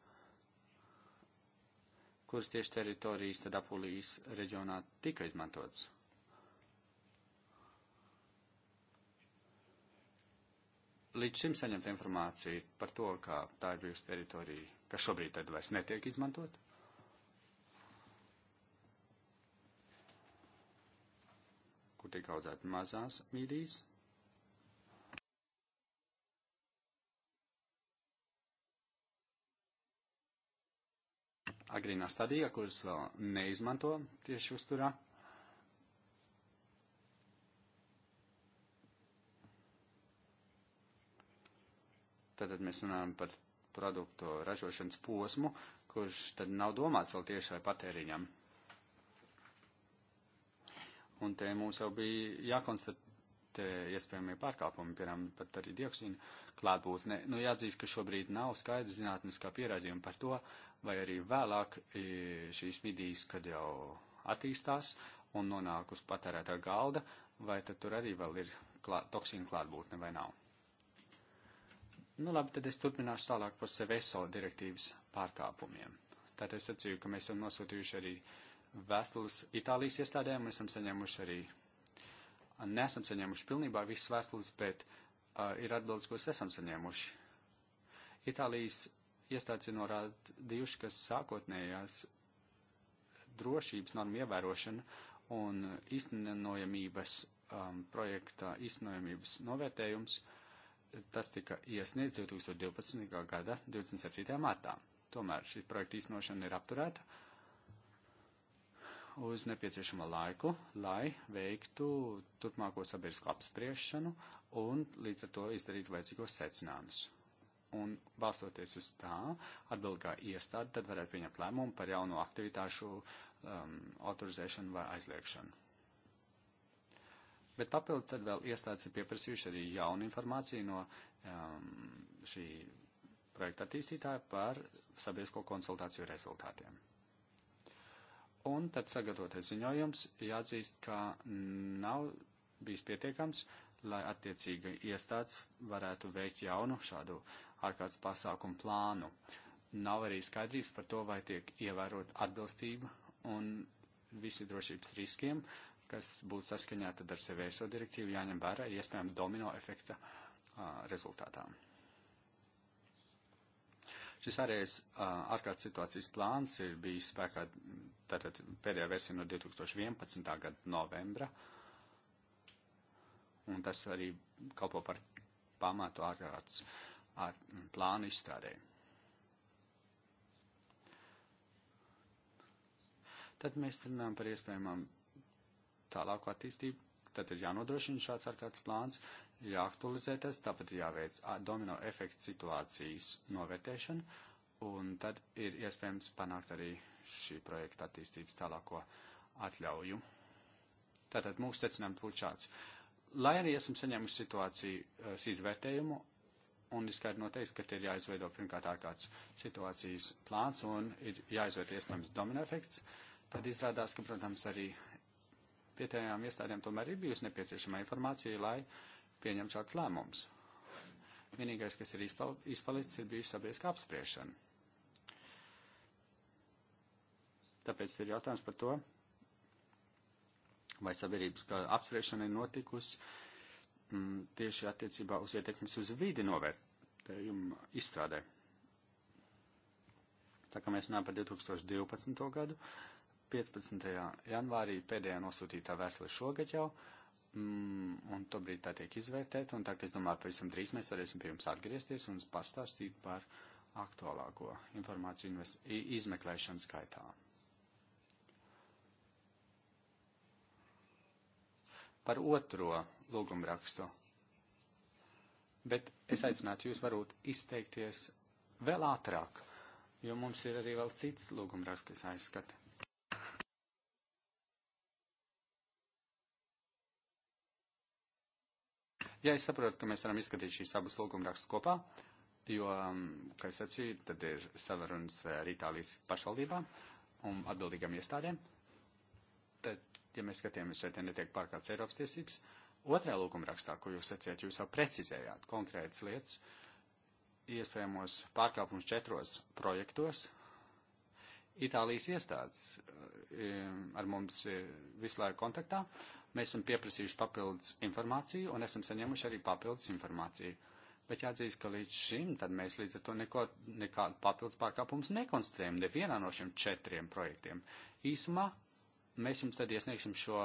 kuras tieši teritorijas tad Apulijas reģionā tika izmantotas. Līdz šim saņemta informācija par to, ka tā ir bijusi teritorija, kas šobrīd tad vairs netiek izmantot. Kur tika audzēta mazās mīdīs, agrīnā stadijā, kuras vēl neizmanto tieši uzturā. Tātad mēs runājam par produktu ražošanas posmu, kurš tad nav domāts vēl tiešai patēriņam. Un te mums jau bija jākonstatē iespējamie pārkāpumi, piemēram, pat arī dioksīna klātbūtne. Nu, jāatzīst, ka šobrīd nav skaidrs zinātniskā pierādījuma par to, vai arī vēlāk e, šīs midijas, kad jau attīstās un nonāk uz patērētāja galda, vai tad tur arī vēl ir klā, toksīna klātbūtne vai nav. Nu labi, tad es turpināšu tālāk par SEVESO direktīvas pārkāpumiem. Tātad es sacīju, ka mēs esam nosūtījuši arī vēstules Itālijas iestādēm, mēs esam saņēmuši arī, nesam saņēmuši pilnībā visas vēstules, bet uh, ir atbildes, kuras esam saņēmuši. Itālijas iestādes ir norādījuši, ka sākotnējās drošības norma ievērošana un īstenojamības um, projekta īstenojamības novērtējums, tas tika iesniegts 2012. gada 27. martā. Tomēr šī projekta īstenošana ir apturēta uz nepieciešamo laiku, lai veiktu turpmāko sabiedrisko apspriešanu un līdz ar to izdarītu vajadzīgos secinājumus un balstoties uz tā atbildīgā iestāde tad varētu pieņemt lēmumu par jauno aktivitāšu um, autorizēšanu vai aizliekšanu. Bet papildus tad vēl iestādes ir pieprasījuši arī jaunu informāciju no um, šī projekta attīstītāja par sabiedrisko konsultāciju rezultātiem. Un tad sagatavotais ziņojums jāatzīst, ka nav bijis pietiekams, lai attiecīgi iestādes varētu veikt jaunu šādu uh, ārkārtas pasākumu plānu. Nav arī skaidrības par to, vai tiek ievērot atbilstība un visi drošības riskiem, kas būtu saskaņā tad ar CVSO direktīvu jāņem vērā iespējams domino efekta a, rezultātā. Šis ārējais ārkārtas situācijas plāns ir bijis spēkā tātad pēdējā versija no 2011. gada novembra, un tas arī kalpo par pamatu ārkārtas uh, ar plānu izstrādē. Tad mēs runājam par iespējamām tālāku attīstību. Tad ir jānodrošina šāds ārkārtas plāns, jāaktualizē tas, tāpat ir jāveic domino efekta situācijas novērtēšana, un tad ir iespējams panākt arī šī projekta attīstības tālāko atļauju. Tātad mūsu secinājums būtu šāds. Lai arī esam saņēmuši situācijas eh, izvērtējumu, un ir skaidri noteikts, ka ir jāizveido pirmkārt ārkārtas situācijas plāns un ir jāizveido iespējams domino efekts, tad izrādās, ka, protams, arī vietējām iestādēm tomēr ir bijusi nepieciešama informācija, lai pieņemtu šāds lēmums. Vienīgais, kas ir izpal izpalicis, ir bijusi sabiedriskā apspriešana. Tāpēc ir jautājums par to, vai sabiedrības apspriešana ir notikusi mm, tieši attiecībā uz ietekmes uz vidi novērtējumu izstrādē. Tā kā mēs runājam par 2012. gadu, 15. janvārī pēdējā nosūtītā vēstule šogad jau, mm, un tobrīd tā tiek izvērtēta, un tā kā es domāju, pavisam drīz mēs varēsim pie jums atgriezties un pastāstīt par aktuālāko informāciju izmeklēšanas skaitā. par otro lūgumrakstu. Bet es aicinātu jūs varbūt izteikties vēl ātrāk, jo mums ir arī vēl cits lūgumraksts, kas aizskata. Jā, es saprotu, ka mēs varam izskatīt šīs abas lūgumrakstus kopā, jo, mm, kā es sacīju, tad ir savarunas eh, ar Itālijas pašvaldībām un atbildīgām iestādēm. Tad ja mēs skatāmies, vai te netiek pārkāpts Eiropas tiesības. Otrajā lūgumrakstā, ko jūs sacījāt, jūs jau precizējāt konkrētas lietas, iespējamos pārkāpumus četros projektos. Itālijas iestādes eh, ar mums eh, visu laiku kontaktā. Mēs esam pieprasījuši papildus informāciju un esam saņēmuši arī papildus informāciju. Bet jāatzīst, ka līdz šim tad mēs līdz ar to neko, nekādu papildus pārkāpumus nekonstatējam nevienā no šiem četriem projektiem. Īsumā mēs jums tad iesniegsim šo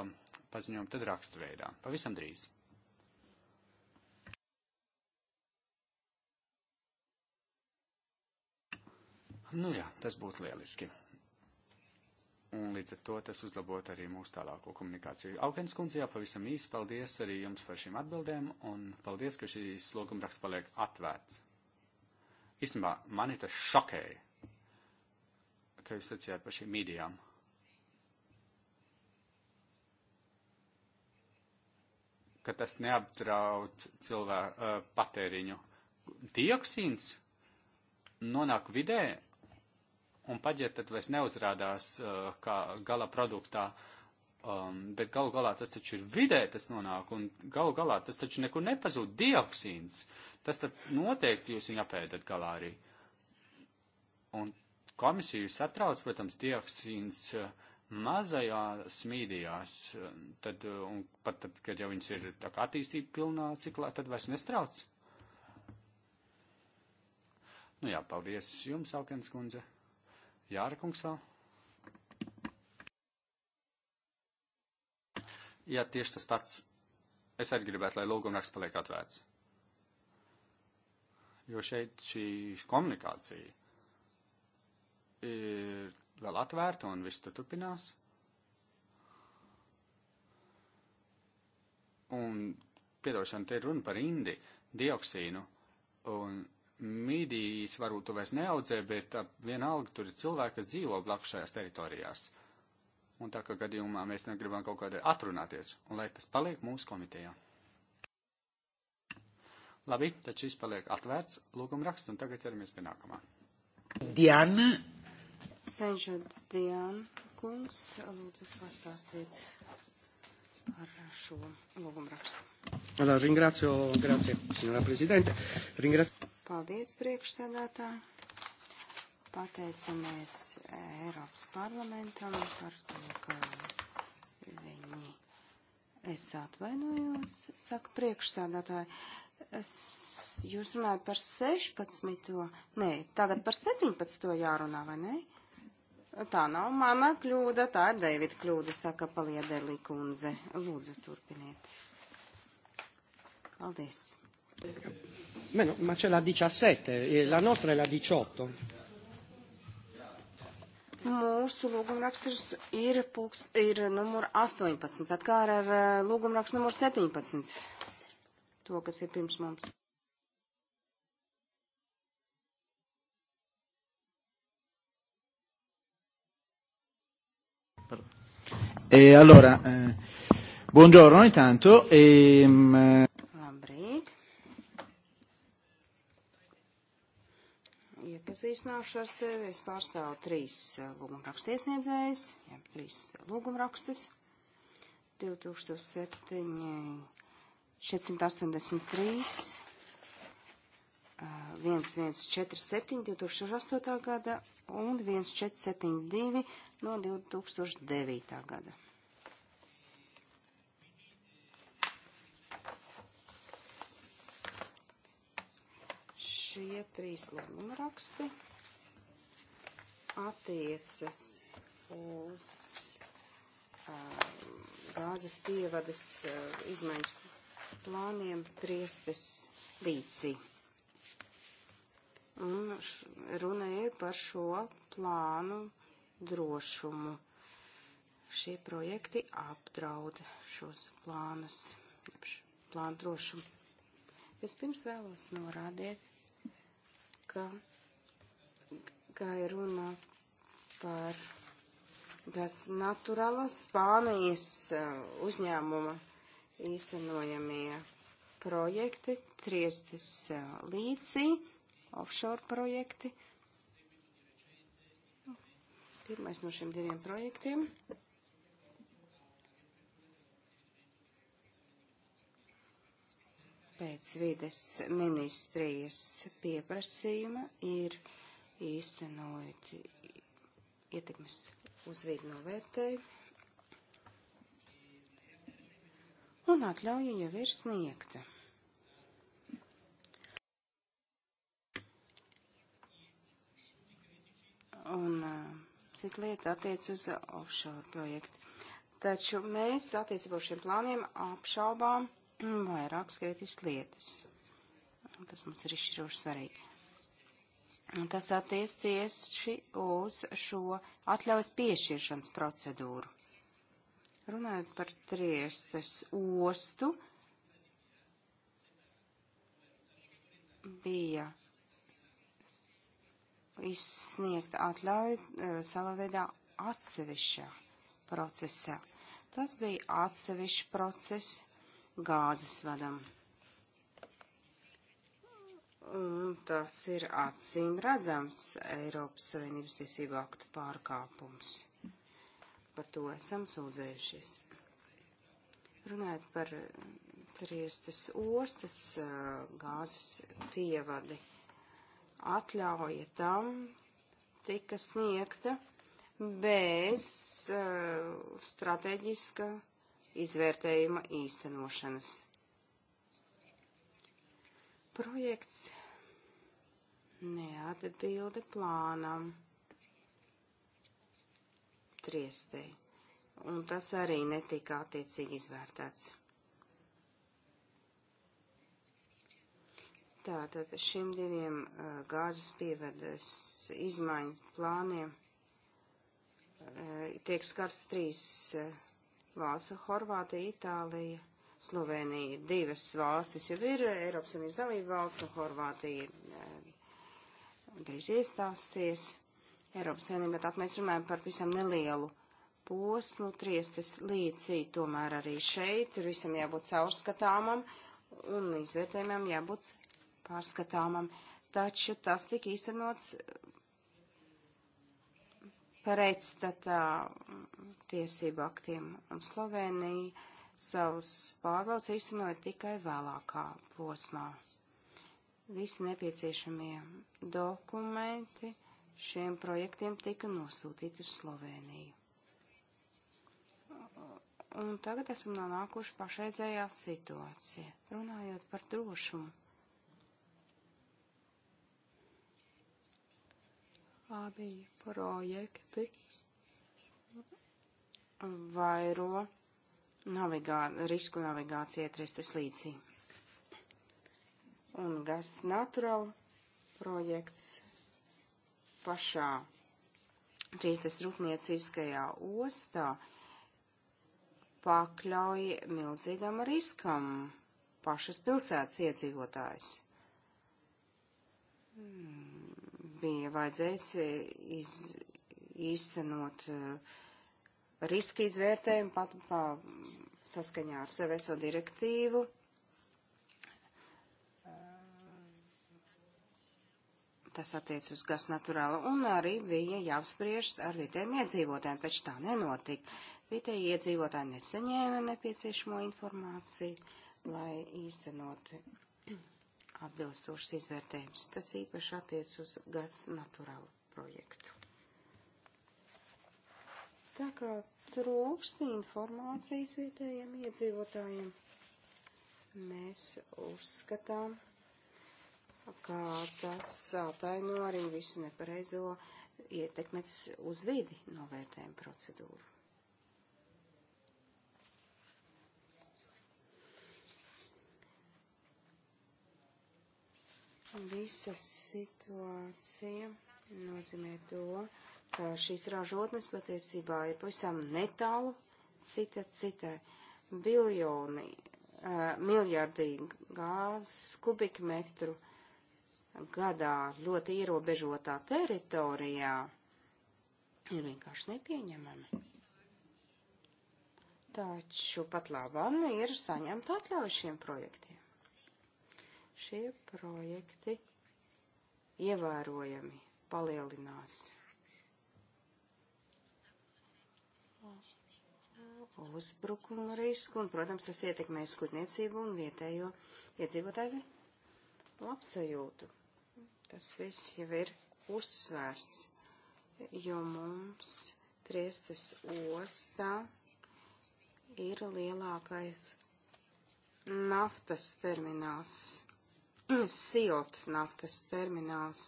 paziņojumu tad raksturveidā, pavisam drīz. Nu jā, tas būtu lieliski. Un līdz ar to tas uzlabot arī mūsu tālāko komunikāciju. Augens kundze, jā, pavisam īsi paldies arī jums par šīm atbildēm un paldies, ka šīs logumraksts paliek atvērts. Īstenībā mani tas šokēja, ka jūs sacījāt par šīm mīdijām. ka tas neapdraud cilvēku uh, patēriņu. Dioksīns nonāk vidē un paģiet tad vairs neuzrādās uh, kā gala produktā, um, bet galu galā tas taču ir vidē tas nonāk un galu galā tas taču nekur nepazūd dioksīns. Tas tad noteikti jūs viņu apēdat galā arī. Un komisiju satrauc, protams, dioksīns. Uh, mazajās mīdijās, tad, un pat tad, kad jau viņas ir tā kā attīstība pilnā ciklā, tad vairs nestrauc. Nu jā, paldies jums, Aukens kundze. Jāra kungs vēl. Jā, tieši tas pats. Es arī gribētu, lai lūgumraksts paliek atvērts. Jo šeit šī komunikācija ir vēl atvērta un viss tur turpinās. Un, piedošana, te ir runa par indi, dioksīnu, un mīdijas varbūt tu vairs neaudzē, bet vienalga tur ir cilvēki, kas dzīvo blakus šajās teritorijās. Un tā kā gadījumā mēs negribam kaut kādā atrunāties, un lai tas paliek mūsu komitejā. Labi, tad šis paliek atvērts lūgumraksts, un tagad ķeramies pie nākamā. Diana Senžadijān kungs, lūdzu pastāstīt par šo lūgumrakstu. Allora, ringrazio, grazie, signora Presidente. Ringrazio. Paldies, priekšsēdētā. Pateicamies Eiropas parlamentam par to, ka viņi. Es atvainojos, saka priekšsēdētāji. Es, jūs runājat par 16. Nē, tagad par 17. jārunā, vai ne? Tā nav mana kļūda, tā ir Deivida kļūda, saka Paliederlī kundze. Lūdzu, turpiniet. Paldies. Meno, ma c'è la 17, e la nostra è la 18. Mūsu lūgumraksts ir, pulks, ir numur 18, tad kā ar eh, lūgumrakstu numur 17, to, kas ir pirms mums. E allora, eh, buongiorno intanto. E, mh, mm, Labrīt. Iepazīstināšu ar sevi. Es pārstāvu trīs eh, lūgumrakstu iesniedzējus, jā, trīs lūgumrakstus. 2007 483 1147 2008. gada un 1472 no 2009. gada. šie trīs lēmuma raksti attiecas uz um, gāzes pievades uh, izmaiņas plāniem Triestes līcī. Un runa ir par šo plānu drošumu. Šie projekti apdraud šos plānus, plānu drošumu. Vispirms vēlos norādīt, ka gāja runa par gaz naturāla Spānijas uh, uzņēmuma īstenojamie projekti, Triestis uh, līcī, offshore projekti. Pirmais no šiem diviem projektiem. pēc vides ministrijas pieprasījuma ir īstenojot ietekmes uz vidu novērtējumu. Un atļauja jau ir sniegta. Un cita lieta attiec uz offshore projektu. Taču mēs attiecībā uz šiem plāniem apšaubām vairākas kritiskas lietas. Tas mums ir izšķiroši svarīgi. Tas attiec tieši uz šo atļaujas piešķiršanas procedūru. Runājot par Triestes ostu, bija izsniegta atļauja e, savā veidā atsevišķā procesā. Tas bija atsevišķs process, gāzes vadam. Un tas ir acīm redzams Eiropas Savienības tiesību aktu pārkāpums. Par to esam sūdzējušies. Runājot par Triestas ostas gāzes pievadi, atļauja tam tika sniegta bez uh, strateģiska izvērtējuma īstenošanas. Projekts neatbilda plānam triestei, un tas arī netika attiecīgi izvērtēts. Tātad šim diviem uh, gāzes pievedes izmaiņu plāniem uh, tiek skarts trīs uh, Vāca, Horvātija, Itālija, Slovenija. Divas valstis jau ir Eiropas Savienības dalība valsts, un Horvātija drīz eh, iestāsies Eiropas Savienībā. Tātad mēs runājam par visam nelielu posmu, triestes līdzī. Tomēr arī šeit visam jābūt caurskatāmam un izvērtējumam jābūt pārskatāmam. Taču tas tika īstenots pretstatā tiesību aktiem, un Slovenija savus pārvaldes īstenoja tikai vēlākā posmā. Visi nepieciešamie dokumenti šiem projektiem tika nosūtīti uz Sloveniju. Un tagad esam nonākuši pašreizējā situācija, runājot par drošumu. Abi projekti vairo navigā, risku navigācija ietristas līdzī. Un Gas Natural projekts pašā Trīsdesmit rūpnieciskajā ostā pakļauj milzīgam riskam pašas pilsētas iedzīvotājs. Hmm bija vajadzējis eh, iz, īstenot eh, riska izvērtējumu pat pa, saskaņā ar SVSO direktīvu. Eh, tas attiec uz gas naturālu un arī bija jāapspriežas ar vietējiem iedzīvotājiem, taču tā nenotika. Vietējie iedzīvotāji nesaņēma nepieciešamo informāciju, lai īstenot atbilstošs izvērtējums. Tas īpaši attiec uz gas naturālu projektu. Tā kā trūkst informācijas vietējiem iedzīvotājiem, mēs uzskatām, kā tas ataino arī visu nepareizo ietekmes uz vidi novērtējumu procedūru. Visa situācija nozīmē to, ka šīs ražotnes patiesībā ir pavisam netālu cita citai. Biljoni, uh, miljardi gāzes kubikmetru gadā ļoti ierobežotā teritorijā ir vienkārši nepieņemami. Taču pat labam ir saņemta atļauja šiem projektiem. Šie projekti ievērojami palielinās uzbrukuma risku, un, protams, tas ietekmēs kuģniecību un vietējo iedzīvotāju labsajūtu. Tas viss jau ir uzsvērts, jo mums Triestas ostā ir lielākais naftas termināls siltnaftas termināls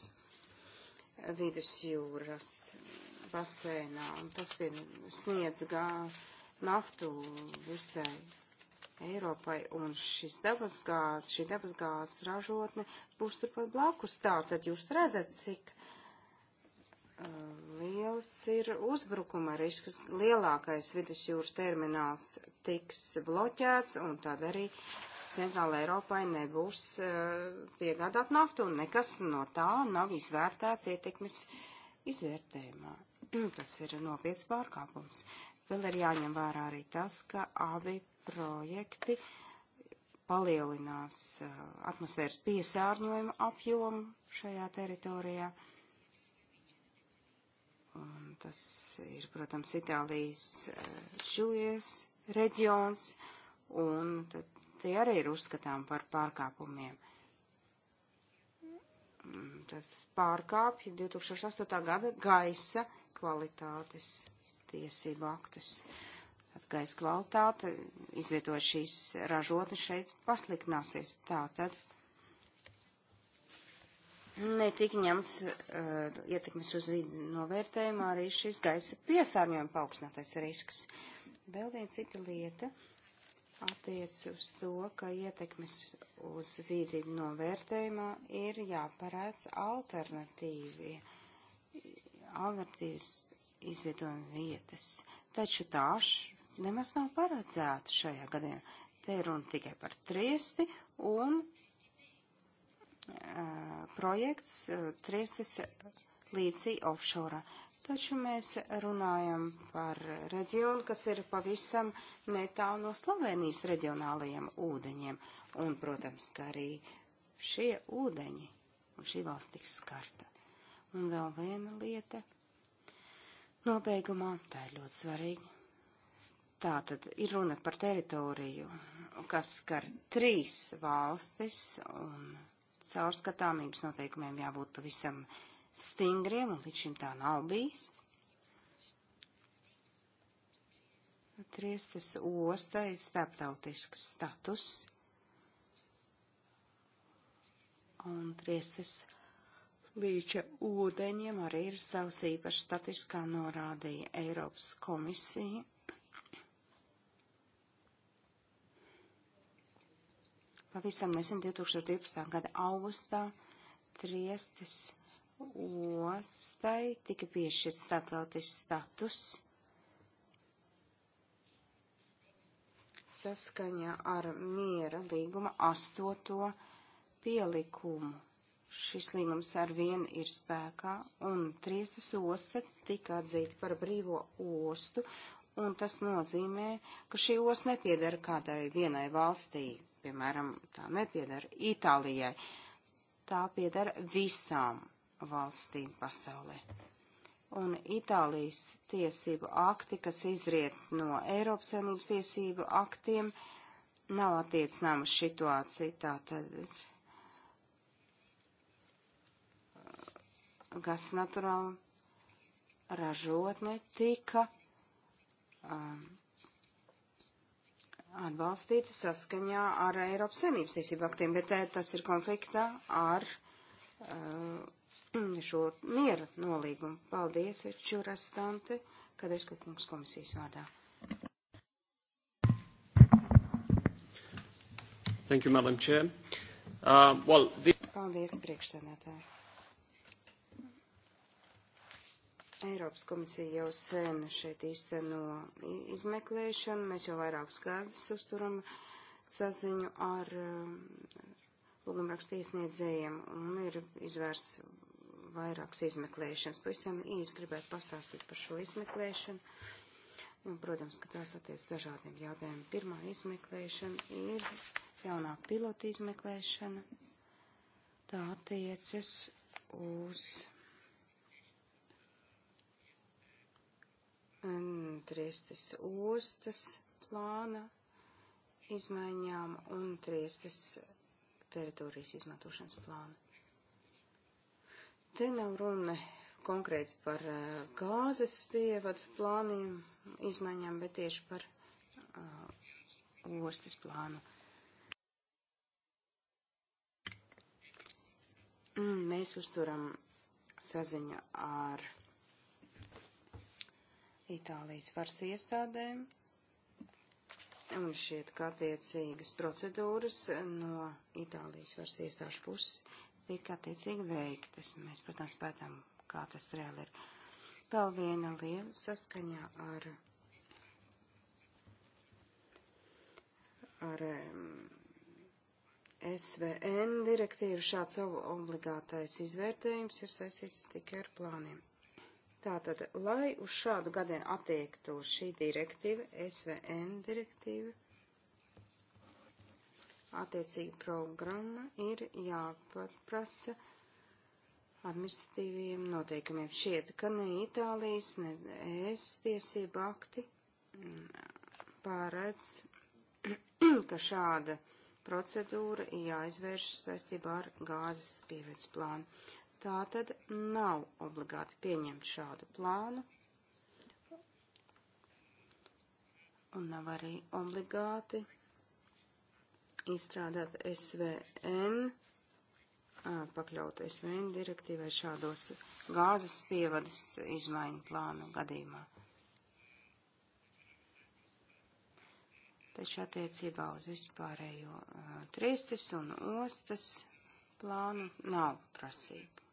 vidusjūras basēnā, un tas vien sniedz gā naftu visai Eiropai, un šis dabasgāzes, šī dabasgāzes ražotne būs turpat blakus tā, tad jūs redzat, cik uh, liels ir uzbrukuma risks, lielākais vidusjūras termināls tiks bloķēts, un tad arī uh, Centrāla Eiropai nebūs eh, piegādāt naftu, un nekas no tā nav izvērtēts ietekmes izvērtējumā. Tas ir nopietns pārkāpums. Vēl ir jāņem vērā arī tas, ka abi projekti palielinās eh, atmosfēras piesārņojuma apjomu šajā teritorijā. Un tas ir, protams, Itālijas šujies eh, reģions, un tad tie arī ir uzskatām par pārkāpumiem. Mm, tas pārkāpja 2008. gada gaisa kvalitātes tiesību aktus. Tad gaisa kvalitāte, izvietot šīs ražotnes šeit, pasliktināsies. Tātad netika ņemts uh, ietekmes uz vidi novērtējumā arī šis gaisa piesārņojuma paaugstinātais risks. Vēl viena cita lieta. Uh, attiec uz to, ka ietekmes uz vidi novērtējumā ir jāparāds alternatīvi, alternatīvas izvietojuma vietas. Taču tāš nemaz nav paredzēta šajā gadienā. Te ir runa tikai par triesti un uh, projekts uh, triestis līdzī offshore. Uh, Taču mēs runājam par reģionu, kas ir pavisam netālu no Slovenijas reģionālajiem ūdeņiem. Un, protams, ka arī šie ūdeņi un šī valsts tiks skarta. Un vēl viena lieta. Nobeigumā tā ir ļoti svarīga. Tā tad ir runa par teritoriju, kas skar trīs valstis un caurskatāmības noteikumiem jābūt pavisam uh, stingriem, un līdz šim tā nav bijis. Triestas ostai starptautisks status un Triestas līča ūdeņiem arī ir savs īpašs status, kā norādīja Eiropas komisija. Pavisam nesen 2012. gada augustā Triestas ostai tika piešķirts starptautisks status saskaņā ar miera līguma astoto pielikumu. Šis līgums ar vienu ir spēkā, un Triesas osta tika atzīta par brīvo ostu, un tas nozīmē, ka šī osta nepiedara kādai vienai valstī, piemēram, tā nepiedara Itālijai, tā piedara visām valstīm pasaulē. Un Itālijas tiesību akti, kas izriet no Eiropas Savienības tiesību aktiem, nav attiecināma situācija. Tātad uh, gas naturāli ražotne tika um, atbalstīta saskaņā ar Eiropas Savienības tiesību aktiem, bet tā, uh, tas ir konfliktā ar uh, Mm, šo miera nolīgumu. Paldies, Čuras Tante, Kadešku kungs komisijas vārdā. Thank you, Madam Chair. Uh, well, the... Paldies, priekšsēdētāji. Eiropas komisija jau sen šeit īsteno izmeklēšanu. Mēs jau vairākus gadus uzturam saziņu ar um, lūgumrakstu iesniedzējiem un ir izvērs vairākas izmeklēšanas. Pavisam īsi gribētu pastāstīt par šo izmeklēšanu. Un, nu, protams, ka tās attiec dažādiem jautājumiem. Pirmā izmeklēšana ir jaunā pilota izmeklēšana. Tā attiecas uz Triestes ostas plāna izmaiņām un Triestes teritorijas izmantošanas plānu. Te nav runa konkrēti par eh, gāzes pievadu plāniem, izmaiņām, bet tieši par uh, ostas plānu. Mm, mēs uzturam saziņu ar Itālijas varas iestādēm, un šķiet, ka attiecīgas procedūras no Itālijas varas iestāžu puses tika attiecīgi veiktas. Mēs, protams, pētām, kā tas reāli ir. Vēl viena lieta saskaņā ar, ar SVN direktīvu šāds obligātais izvērtējums ir saistīts tikai ar plāniem. Tātad, lai uz šādu gadienu attiektu šī direktīva, SVN direktīva, attiecīga programma ir jāprasa administratīviem noteikumiem. Šiet, ka ne Itālijas, ne ES tiesība akti mm, pārēdz, ka šāda procedūra jāizvērš saistībā ar gāzes pievedes plānu. Tā tad nav obligāti pieņemt šādu plānu, un nav arī obligāti izstrādāt SVN, pakļaut SVN direktīvai šādos gāzes pievadas izmaiņu plānu gadījumā. Taču attiecībā uz vispārējo trīstis un ostas plānu nav prasību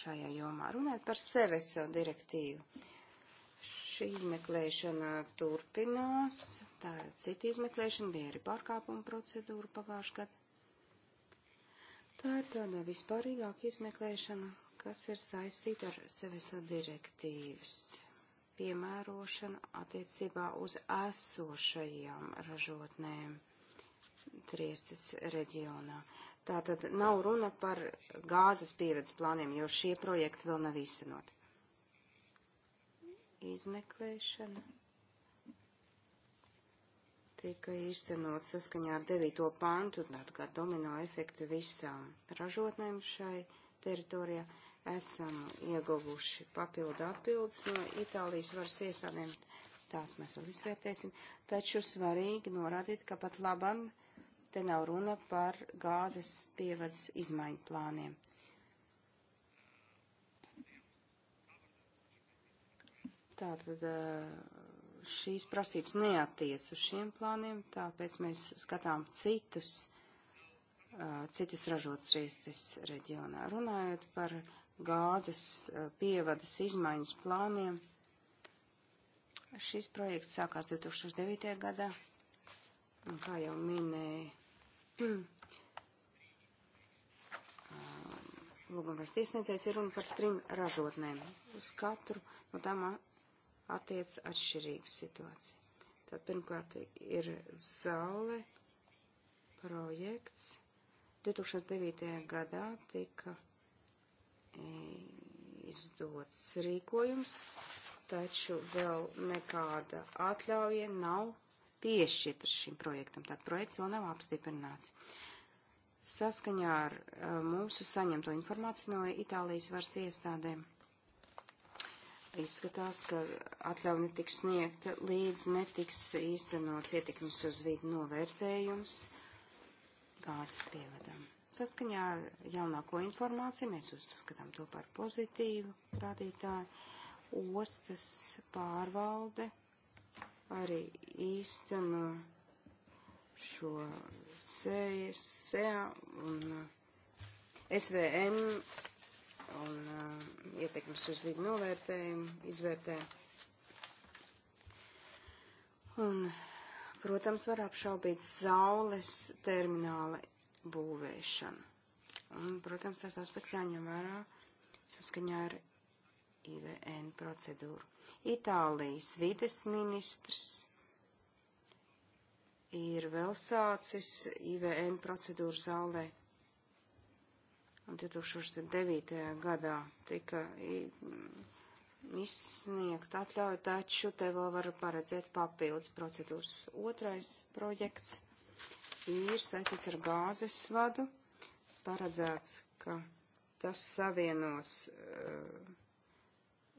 šajā jomā. Runājot par sevi savu direktīvu. Uh, šī izmeklēšana turpinās. Tā ir cita izmeklēšana, bija arī pārkāpuma procedūra pagājušajā gadā. Tā ir tāda vispārīgāka izmeklēšana, kas ir saistīta ar sevis direktīvas piemērošanu attiecībā uz esošajām ražotnēm Triestas reģionā. Tātad nav runa par gāzes pievedes plāniem, jo šie projekti vēl nav īstenoti izmeklēšana tika īstenot saskaņā ar 9. pantu, tad kā domino efektu visām ražotnēm šai teritorijā. Esam ieguvuši papildu atbildes no Itālijas varas iestādēm, tās mēs vēl izvērtēsim, taču svarīgi norādīt, ka pat labam te nav runa par gāzes pievadas izmaiņu plāniem. Tātad šīs prasības neatiec uz šiem plāniem, tāpēc mēs skatām citus, citas ražotas riestis reģionā. Runājot par gāzes pievadas izmaiņas plāniem, šis projekts sākās 2009. gadā, un kā jau minēja, lūgumais tiesniedzējs ir runa par trim ražotnēm. Uz katru no tām attiec atšķirīgu situāciju. Tad pirmkārt ir saule projekts. 2009. gadā tika e, izdots rīkojums, taču vēl nekāda atļauja nav piešķirta šim projektam. Tātad projekts vēl nav apstiprināts. Saskaņā ar e, mūsu saņemto informāciju no Itālijas varas iestādēm Izskatās, ka atļauna tiks sniegta, līdz netiks īstenots ietekmes uz vidu novērtējums gāzes pievadam. Saskaņā ar jaunāko informāciju mēs uzskatām to par pozitīvu rādītāju. Ostas pārvalde arī īsteno šo SEA un SVN un uh, ietekmes uz vidu novērtējumu izvērtē. Un, protams, var apšaubīt saules termināla būvēšanu. Un, protams, tas aspekts jāņem vērā saskaņā ar IVN procedūru. Itālijas vides ministrs ir vēl sācis IVN procedūru zālē un 2009. gadā tika mm, izsniegt atļauju, taču te vēl var paredzēt papildus procedūras. Otrais projekts ir saistīts ar gāzes vadu, paredzēts, ka tas savienos eh,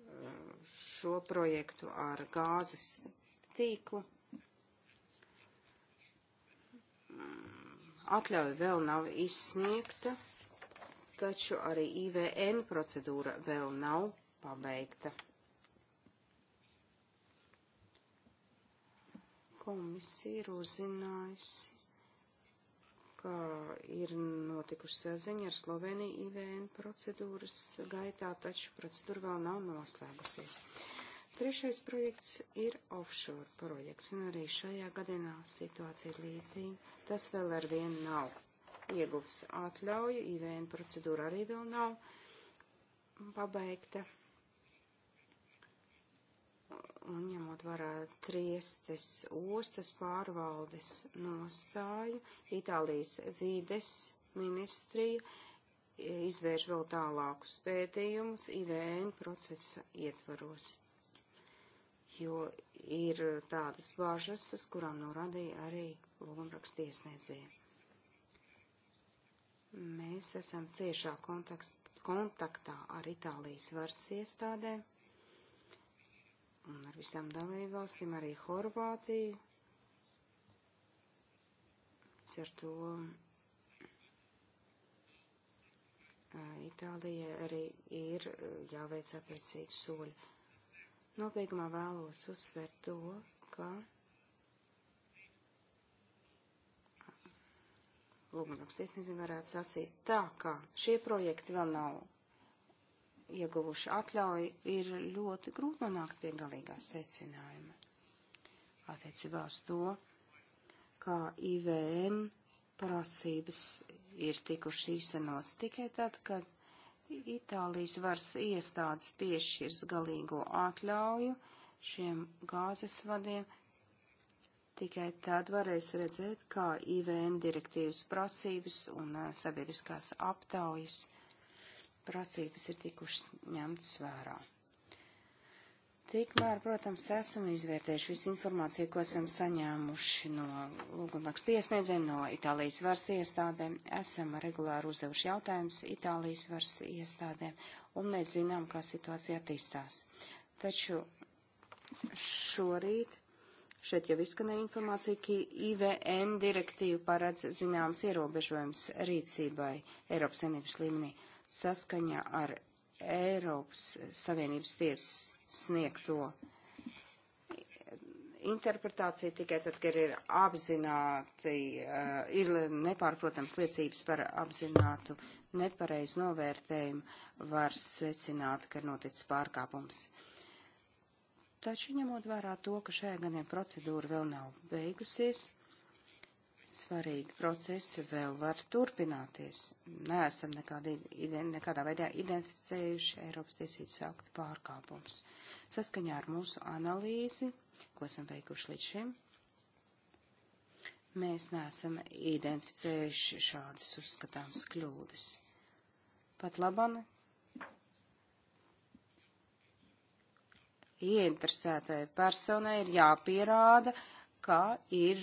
eh, šo projektu ar gāzes tīklu. Mm, atļauja vēl nav izsniegta, taču arī IVN procedūra vēl nav pabeigta. Komisija ir uzzinājusi, ka ir notikuši saziņa ar Sloveniju IVN procedūras gaitā, taču procedūra vēl nav noslēgusies. Trešais projekts ir offshore projekts, un arī šajā gadienā situācija ir līdzīga. Tas vēl ar vienu nav ieguvis atļauju, IVN procedūra arī vēl nav pabeigta. Un ņemot vērā triestes ostas pārvaldes nostāju, Itālijas vides ministrija izvērš vēl tālākus pētījumus IVN procesa ietvaros, jo ir tādas bažas, uz kurām norādīja arī lūgumrakstiesniedzēji. Mēs esam ciešā kontekst, kontaktā ar Itālijas varas iestādēm un ar visām dalībvalstīm, arī Horvātiju. Es ar to Itālija arī ir jāveic attiecīgi soļi. Nobeigumā vēlos uzsvērt to, ka lūgumrakstu iesniedzējiem varētu sacīt. Tā kā šie projekti vēl nav ieguvuši atļauju, ir ļoti grūti nonākt pie galīgā secinājuma. Attiecībā uz to, kā IVN prasības ir tikuši īstenots tikai tad, kad Itālijas varas iestādes piešķirs galīgo atļauju šiem gāzes vadiem Tikai tad varēs redzēt, kā IVN direktīvas prasības un sabiedriskās aptaujas prasības ir tikušas ņemtas vērā. Tikmēr, protams, esam izvērtējuši visu informāciju, ko esam saņēmuši no lūgumraksta iesniedzējiem, no Itālijas varas iestādēm. Esam regulāri uzdevuši jautājumus Itālijas varas iestādēm, un mēs zinām, kā situācija attīstās. Taču šorīt Šeit jau izskanēja informācija, ka IVN direktīva paredz zināms ierobežojums rīcībai Eiropas Savienības līmenī saskaņā ar Eiropas Savienības tiesas sniegto interpretācija tikai tad, kad ir apzināti, uh, ir nepārprotams liecības par apzinātu nepareizu novērtējumu, var secināt, ka ir noticis pārkāpums. Uh, Taču ņemot vērā to, ka šajā gadiem procedūra vēl nav beigusies, svarīgi procesi vēl var turpināties. Neesam nekādi, nekādā veidā identificējuši Eiropas tiesības aktu pārkāpums. Saskaņā ar mūsu analīzi, ko esam veikuši līdz šim, mēs neesam identificējuši šādas uzskatāmas kļūdas. Pat labam ieinteresētai personai ir jāpierāda, ka ir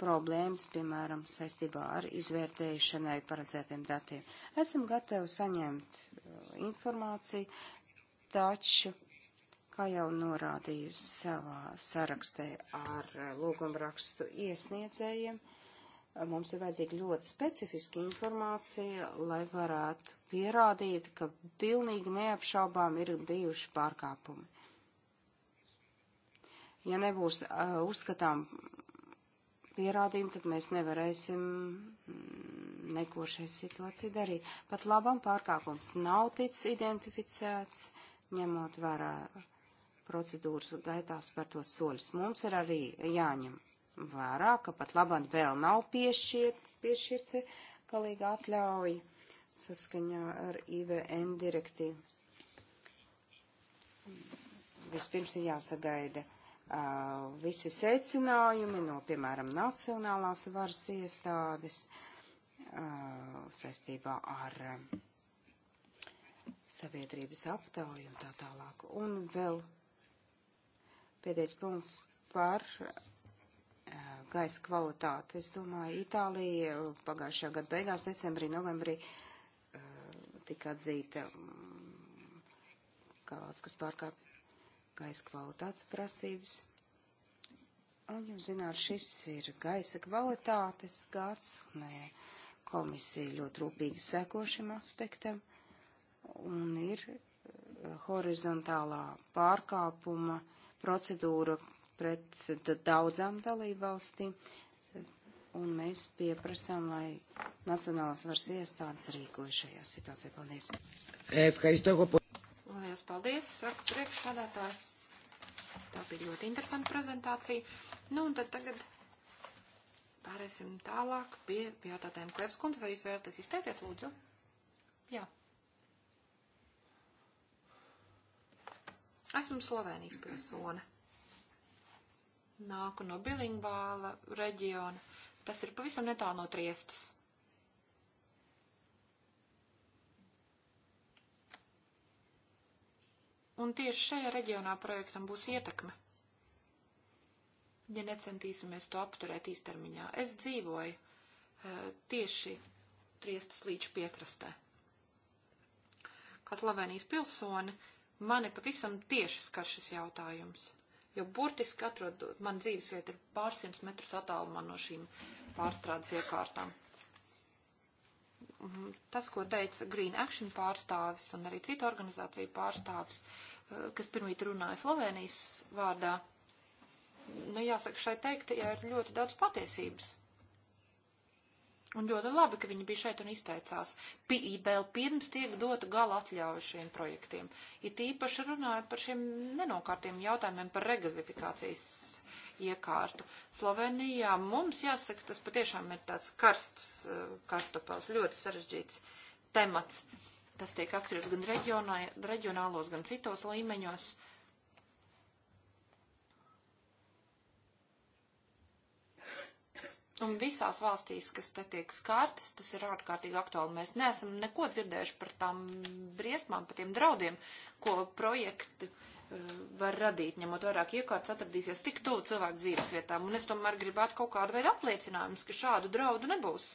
problēmas, piemēram, saistībā ar izvērtēšanai paredzētiem datiem. Esam gatavi saņemt uh, informāciju, taču, kā jau norādīju savā sarakstē ar uh, lūgumrakstu iesniedzējiem, uh, mums ir vajadzīga ļoti specifiska informācija, lai varētu pierādīt, ka pilnīgi neapšaubām ir bijuši pārkāpumi. Ja nebūs uh, uzskatām pierādījumi, tad mēs nevarēsim mm, neko šai situācijai darīt. Pat labam pārkāpums nav ticis identificēts, ņemot vērā procedūras gaitās par to soļus. Mums ir arī jāņem vērā, ka pat labam vēl nav piešķirt, piešķirti galīga atļauja saskaņā ar IVN direktīvu. Vispirms ir jāsagaida visi secinājumi no, piemēram, nacionālās varas iestādes saistībā ar sabiedrības aptauju un tā tālāk. Un vēl pēdējais punkts par gaisa kvalitāti. Es domāju, Itālija pagājušā gada beigās, decembrī, novembrī tika atzīta kā valsts, kas pārkāp gaisa kvalitātes prasības. Un jūs zināt, šis ir gaisa kvalitātes gads, nē, komisija ļoti rūpīgi seko šim aspektam, un ir eh, horizontālā pārkāpuma procedūra pret daudzām dalībvalstīm, un mēs pieprasām, lai Nacionālās varas iestādes rīkoja šajā situācijā. Paldies! Liels paldies, saka priekšsādātāji. Tā bija ļoti interesanta prezentācija. Nu, un tad tagad pārēsim tālāk pie jautājumiem. Klevs kundze, vai jūs vēlaties izteikties, lūdzu? Jā. Esmu Slovenijas pilsone. Nāku no Bilingvāla reģiona. Tas ir pavisam netālu no Triestas. Un tieši šajā reģionā projektam būs ietekme. Ja necentīsimies to apturēt īstermiņā, es dzīvoju e, tieši Triestas līča piekrastē. Kā Slovenijas pilsoni, mani pavisam tieši skar šis jautājums, jo burtiski atrodot, man dzīvesvieta ir pārsimt metrus attālumā no šīm pārstrādes iekārtām. Mhm. tas, ko teica Green Action pārstāvis un arī citu organizāciju pārstāvis, eh, kas pirmīt runāja Slovenijas vārdā, nu, jāsaka, šai teiktajā ir ļoti daudz patiesības. Un ļoti labi, ka viņi bija šeit un izteicās. Vēl pirms tiek dota gala atļauja šiem projektiem. It īpaši runāja par šiem nenokārtiem jautājumiem par regazifikācijas iekārtu. Slovenijā mums jāsaka, tas patiešām ir tāds karsts eh, kartupels, ļoti sarežģīts temats. Tas tiek apspriests gan reģionā, reģionālos, gan citos līmeņos. Un visās valstīs, kas te tiek skārtas, tas ir ārkārtīgi aktuāli. Mēs neesam neko dzirdējuši par tām briesmām, par tiem draudiem, ko projekti uh, Eh, var radīt, ņemot vairāk iekārtas, atradīsies tik tuvu cilvēku dzīves vietām, un es tomēr gribētu kaut kādu veidu apliecinājumus, ka šādu draudu nebūs.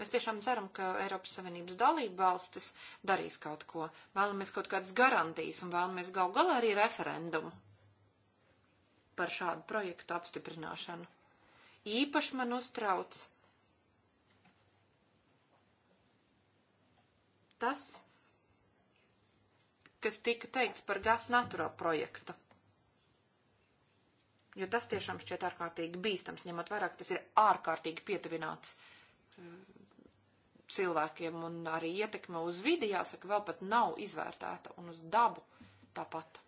Mēs tiešām ceram, ka Eiropas Savienības dalība valstis darīs kaut ko. Vēlamies kaut kādas garantijas un vēlamies gal galā arī referendumu par šādu projektu apstiprināšanu. Īpaši man uztrauc tas, kas tika teikts par gas naturo projektu. Jo tas tiešām šķiet ārkārtīgi bīstams, ņemot vairāk, tas ir ārkārtīgi pietuvināts eh, cilvēkiem un arī ietekme uz vidi, jāsaka, vēl pat nav izvērtēta un uz dabu tāpat.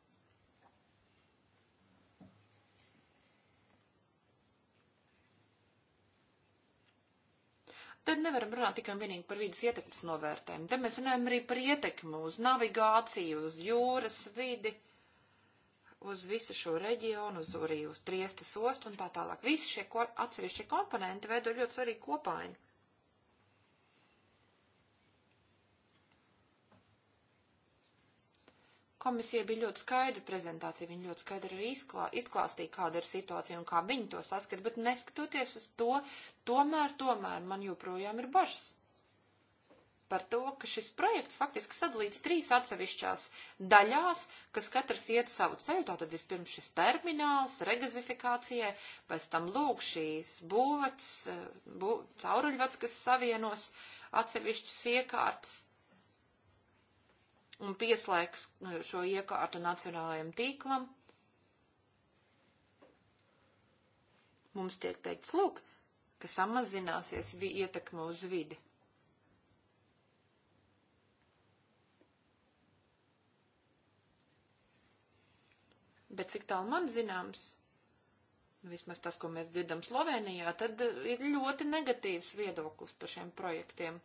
Te nevaram runāt tikai un vienīgi par vidas ietekmes novērtējumu. Te mēs runājam arī par ietekmu uz navigāciju, uz jūras vidi, uz visu šo reģionu, uz arī uz triestas ostu un tā tālāk. Visi šie ko, atsevišķi komponenti veido ļoti svarīgi kopaini. Komisija bija ļoti skaidra prezentācija, viņa ļoti skaidri arī izklā, izklāstīja, kāda ir situācija un kā viņi to saskat, bet neskatoties uz to, tomēr, tomēr man joprojām ir bažas par to, ka šis projekts faktiski sadalīts trīs atsevišķās daļās, kas katrs iet savu ceļu. Tātad vispirms šis termināls regazifikācijai, pēc tam lūk šīs būvats, eh, bū, cauruļvats, kas savienos atsevišķas iekārtas un pieslēgs nu, šo iekārtu nacionālajiem tīklam. Mums tiek teikts, lūk, ka samazināsies ietekme uz vidi. Bet cik tālu man zināms, nu, vismaz tas, ko mēs dzirdam Slovenijā, tad eh, ir ļoti negatīvs viedoklis par šiem projektiem.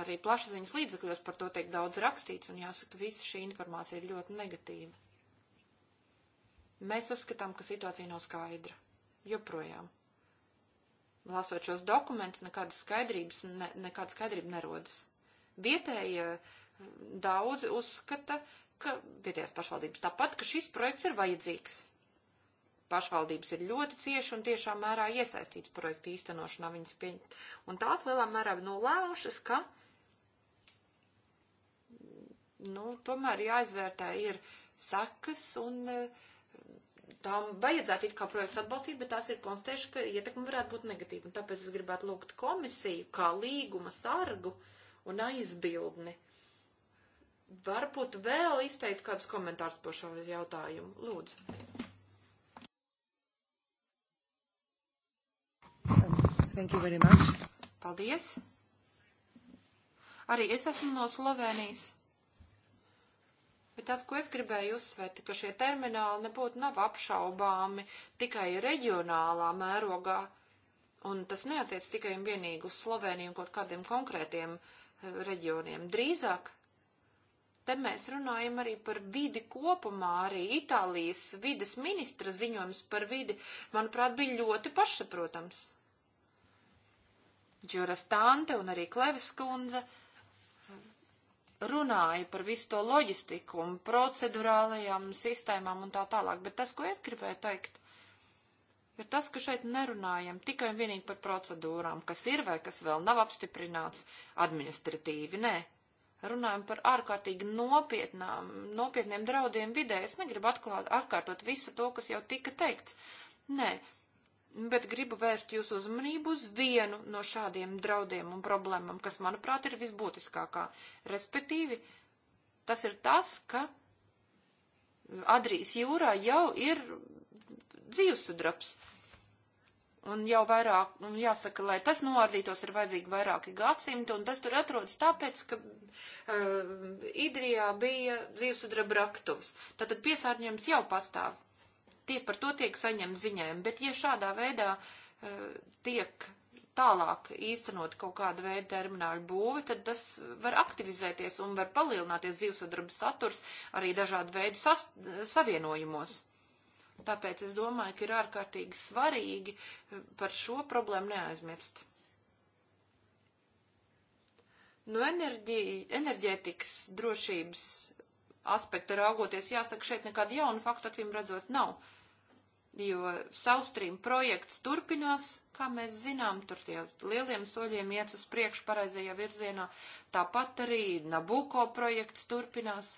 Arī plašsaziņas līdzakļos par to tiek daudz rakstīts, un jāsaka, visa šī informācija ir ļoti negatīva. Mēs uzskatām, ka situācija nav skaidra. Joprojām. Lasot šos dokumentus, nekādas skaidrības, ne, nekāda skaidrība nerodas. Vietējie eh, daudzi uzskata, ka vietējās pašvaldības tāpat, ka šis projekts ir vajadzīgs. Pašvaldības ir ļoti cieši un tiešām mērā iesaistīts projektu īstenošanā viņas pieņem. Un tās lielā mērā nolēmušas, ka uh, nu, tomēr jāizvērtē ir sekas un eh, tām vajadzētu it kā projekts atbalstīt, bet tās ir konstatējuši, ka ietekme varētu būt negatīva. Un tāpēc es gribētu lūgt komisiju kā līguma sargu un aizbildni. Varbūt vēl izteikt kādus komentārus par šo jautājumu. Lūdzu. Thank you very much. Paldies. Arī es esmu no Slovenijas. Bet tas, ko es gribēju uzsvērt, ka šie termināli nebūtu nav apšaubāmi tikai reģionālā mērogā, un tas neatiec tikai un vienīgi uz Sloveniju un kaut kādiem konkrētiem eh, reģioniem. Drīzāk, te mēs runājam arī par vidi kopumā, arī Itālijas vides ministra ziņojums par vidi, manuprāt, bija ļoti pašsaprotams. Džurastante un arī Klevis kundze runāja par visu to loģistiku un procedurālajām sistēmām un tā tālāk, bet tas, ko es gribēju teikt, ir tas, ka šeit nerunājam tikai un vienīgi par procedūrām, kas ir vai kas vēl nav apstiprināts administratīvi, nē. Runājam par ārkārtīgi nopietnām, nopietniem draudiem vidē. Es negribu atklāt, atkārtot visu to, kas jau tika teikts. Nē, bet gribu vērst jūsu uzmanību uz vienu no šādiem draudiem un problēmām, kas, manuprāt, ir visbūtiskākā. Respektīvi, tas ir tas, ka Adrijas jūrā jau ir dzīvesudraps. Un jau vairāk, un jāsaka, lai tas noardītos, ir vajadzīgi vairāki gadsimti, un tas tur atrodas tāpēc, ka uh, Idrijā bija dzīvesudraba raktuvs. Tātad piesārņojums jau pastāv tie par to tiek saņemt ziņojumi. Bet ja šādā veidā eh, tiek tālāk īstenot kaut kādu veidu termināļu būvi, tad tas var aktivizēties un var palielināties dzīvesudraba saturs arī dažādu veidu sas, savienojumos. Tāpēc es domāju, ka ir ārkārtīgi svarīgi eh, par šo problēmu neaizmirst. No nu, enerģi, enerģētikas drošības aspekta raugoties, jāsaka, šeit nekāda jauna fakta acīm redzot nav. Jo Saustrīm projekts turpinās, kā mēs zinām, tur tie lieliem soļiem iet uz priekšu pareizajā virzienā. Tāpat arī Nabuko projekts turpinās.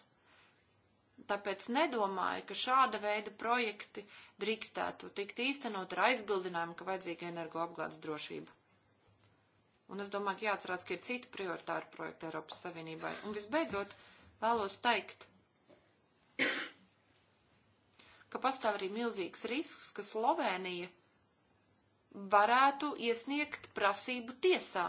Tāpēc nedomāju, ka šāda veida projekti drīkstētu tikt īstenot ar aizbildinājumu, ka vajadzīga energoapgādes drošība. Un es domāju, ka jāatcerās, ka ir citi prioritāri projekti Eiropas Savienībai. Un visbeidzot, vēlos teikt, ka pastāv arī milzīgs risks, ka Slovēnija varētu iesniegt prasību tiesā.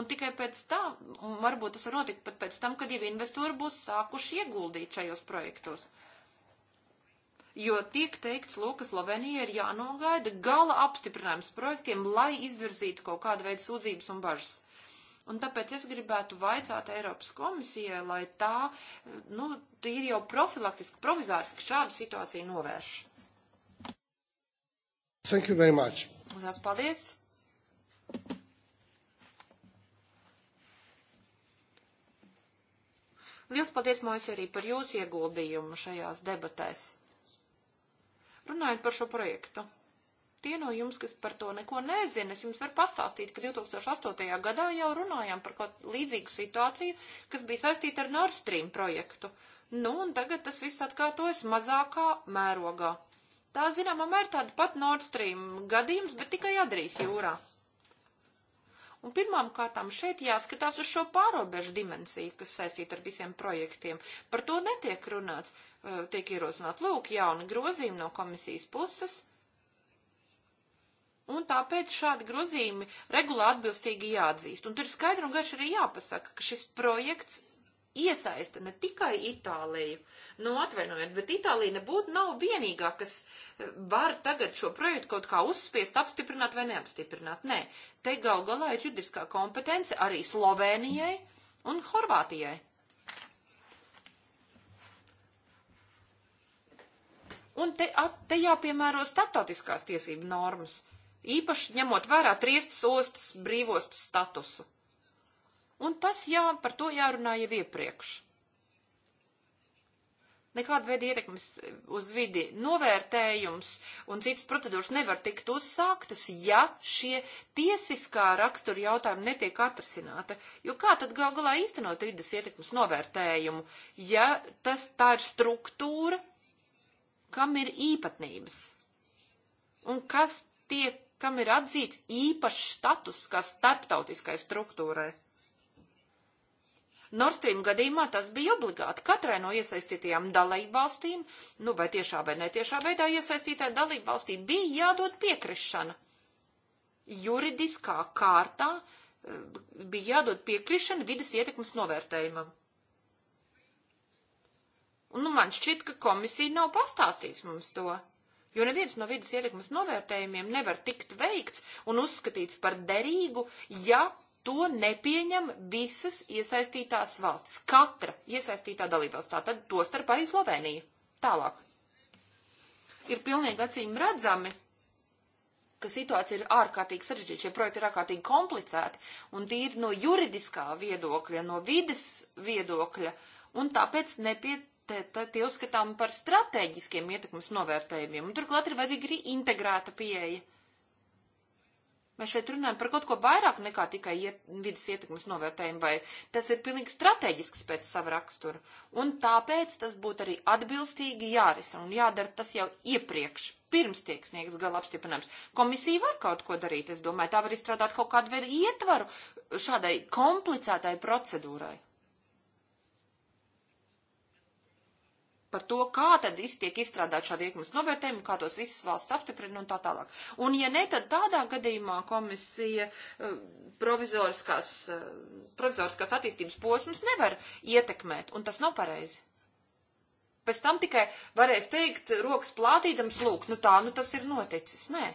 Un tikai pēc tam, un varbūt tas var notikt pat pēc tam, kad jau investori būs sākuši ieguldīt šajos projektos. Jo tiek teikts, lūk, ka Slovenija ir jānogaida gala apstiprinājums projektiem, lai izvirzītu kaut kādu veidu sūdzības un bažas. Un tāpēc es gribētu vaicāt Eiropas komisijai, lai tā, nu, ir jau profilaktiski, provizāriski šādu situāciju novērš. Thank you very much. Uzāc, paldies. Liels paldies, Mojas, arī par jūsu ieguldījumu šajās debatēs. Runājot par šo projektu. Tie no jums, kas par to neko nezina, es jums varu pastāstīt, ka 2008. gadā jau runājām par kaut līdzīgu situāciju, kas bija saistīta ar Nord Stream projektu. Nu, un tagad tas viss atkārtojas mazākā mērogā. Tā, zināmā mērā, tāda pat Nord Stream gadījums, bet tikai Adrijas jūrā. Un pirmām kārtām šeit jāskatās uz šo pārobežu dimensiju, kas saistīta ar visiem projektiem. Par to netiek runāts, tiek ierosināt lūk jauni grozījumi no komisijas puses – Un tāpēc šādi grozījumi regulā atbilstīgi jāatzīst. Un tur skaidri un gaiši arī jāpasaka, ka šis projekts iesaista ne tikai Itāliju, nu atvainojiet, bet Itālija nebūtu nav vienīgā, kas eh, var tagad šo projektu kaut kā uzspiest, apstiprināt vai neapstiprināt. Nē, te gal galā ir juridiskā kompetence arī Slovenijai un Horvātijai. Un te, at, te jāpiemēro starptautiskās tiesību normas īpaši ņemot vērā triestas ostas brīvostas statusu. Un tas jā, par to jārunā jau iepriekš. Nekāda veida ietekmes uz vidi novērtējums un citas procedūras nevar tikt uzsāktas, ja šie tiesiskā rakstura jautājumi netiek atrisināti. Jo kā tad gal galā īstenot vidas ietekmes novērtējumu, ja tas tā ir struktūra, kam ir īpatnības? Un kas tiek kam ir atzīts īpašs status kā starptautiskai struktūrai. Nord Stream gadījumā tas bija obligāti. Katrai no iesaistītajām dalībvalstīm, nu vai tiešā vai netiešā veidā iesaistītāja dalībvalstī, bija jādod piekrišana. Juridiskā kārtā eh, bija jādod piekrišana vidas ietekmes novērtējumam. Un nu, man šķiet, ka komisija nav pastāstījusi mums to jo neviens no vidas ietekmes novērtējumiem nevar tikt veikts un uzskatīts par derīgu, ja to nepieņem visas iesaistītās valsts, katra iesaistītā dalībvalsts, tātad to starp arī Slovenija. Tālāk. Ir pilnīgi acīm redzami, ka situācija ir ārkārtīgi sarežģīta, šie projekti ir ārkārtīgi komplicēti, un tīri no juridiskā viedokļa, no vides viedokļa, un tāpēc nepiet te, te, tie uzskatām par strateģiskiem ietekmes novērtējumiem, un turklāt ir vajadzīga arī integrēta pieeja. Mēs šeit runājam par kaut ko vairāk nekā tikai iet, vidas ietekmes novērtējumu, vai tas ir pilnīgi strateģisks pēc sava rakstura. Un tāpēc tas būtu arī atbilstīgi jārisina un jādara tas jau iepriekš, pirms tiek sniegts gala apstiprinājums. Komisija var kaut ko darīt, es domāju, tā var izstrādāt kaut kādu veidu ietvaru šādai komplicētai procedūrai. par to, kā tad tiek izstrādāt šādi iekmes novērtējumi, kā tos visas valsts apstiprina un tā tālāk. Un ja ne, tad tādā gadījumā komisija eh, provizoriskās, eh, provizoriskās attīstības posmus nevar ietekmēt, un tas nav pareizi. Pēc tam tikai varēs teikt, rokas plātīdams, lūk, nu tā, nu tas ir noticis. Nē.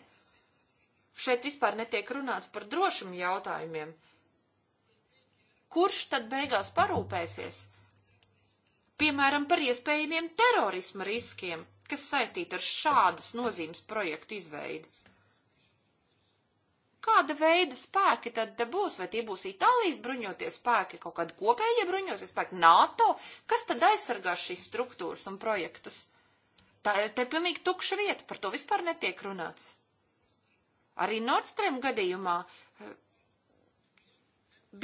Šeit vispār netiek runāts par drošumu jautājumiem. Kurš tad beigās parūpēsies? piemēram, par iespējamiem terorisma riskiem, kas saistīti ar šādas nozīmes projektu izveidi. Kāda veida spēki tad būs? Vai tie būs Itālijas bruņoties spēki, kaut kāda kopēja bruņoties spēki, NATO? Kas tad aizsargās šīs struktūras un projektus? Tā ir te pilnīgi tukša vieta, par to vispār netiek runāts. Arī Nord Stream gadījumā eh,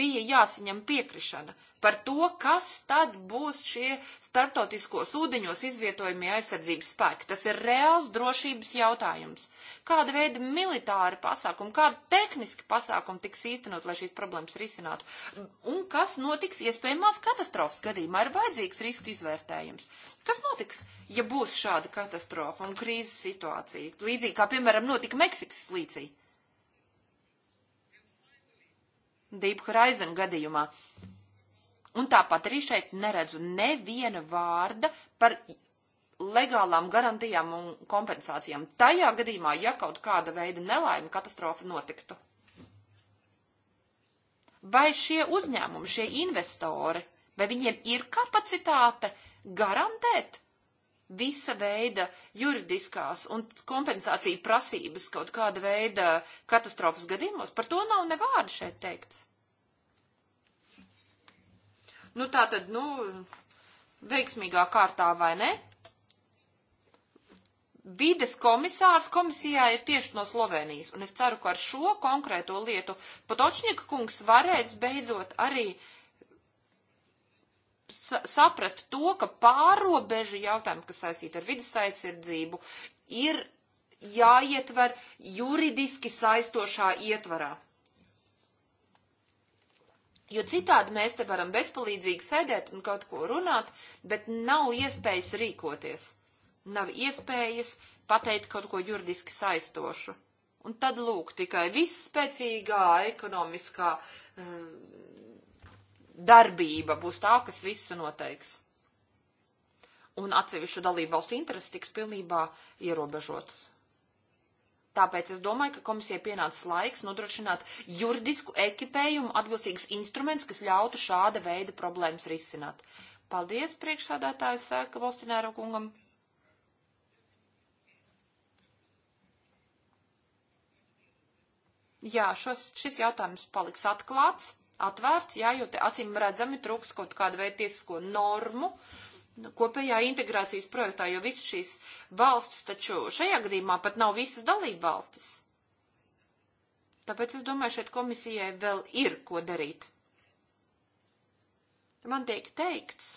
bija jāsaņem piekrišana par to, kas tad būs šie starptautiskos ūdeņos izvietojumie aizsardzības spēki. Tas ir reāls drošības jautājums. Kāda veida militāri pasākumi, kāda tehniski pasākumi tiks īstenot, lai šīs problēmas risinātu? Un kas notiks iespējamās katastrofas gadījumā? Ir vajadzīgs risku izvērtējums. Kas notiks, ja būs šāda katastrofa un krīzes situācija? Līdzīgi kā, piemēram, notika Meksikas līcī. Deep Horizon gadījumā. Un tāpat arī šeit neredzu neviena vārda par legālām garantijām un kompensācijām. Tajā gadījumā, ja kaut kāda veida nelaime katastrofa notiktu. Vai šie uzņēmumi, šie investori, vai viņiem ir kapacitāte garantēt visa veida juridiskās un kompensācija prasības kaut kāda veida katastrofas gadījumos? Par to nav ne vārdu šeit teikts. Nu, tā tad, nu, veiksmīgā kārtā vai ne? Vides komisārs komisijā ir tieši no Slovenijas, un es ceru, ka ar šo konkrēto lietu Potočņika kungs varēs beidzot arī sa saprast to, ka pārobežu jautājumi, kas saistīti ar vidas aizsardzību, ir jāietver juridiski saistošā ietvarā. Jo citādi mēs te varam bezpalīdzīgi sēdēt un kaut ko runāt, bet nav iespējas rīkoties. Nav iespējas pateikt kaut ko juridiski saistošu. Un tad lūk, tikai viss spēcīgā ekonomiskā uh, darbība būs tā, kas visu noteiks. Un atsevišķu dalību valstu intereses tiks pilnībā ierobežotas. Tāpēc es domāju, ka komisijai pienācis laiks nodrošināt juridisku ekipējumu, atbilstīgus instrumentus, kas ļautu šāda veida problēmas risināt. Paldies, priekšsādātāju sēka Vostināru kungam. Jā, šos, šis jautājums paliks atklāts, atvērts, jā, jo te acīm redzami trūks kaut kādu veidu tiesisko normu. Uh, kopējā integrācijas projektā, jo visas šīs valstis taču šajā gadījumā pat nav visas dalība valstis. Tāpēc es domāju, šeit komisijai vēl ir ko darīt. Man tiek teikts,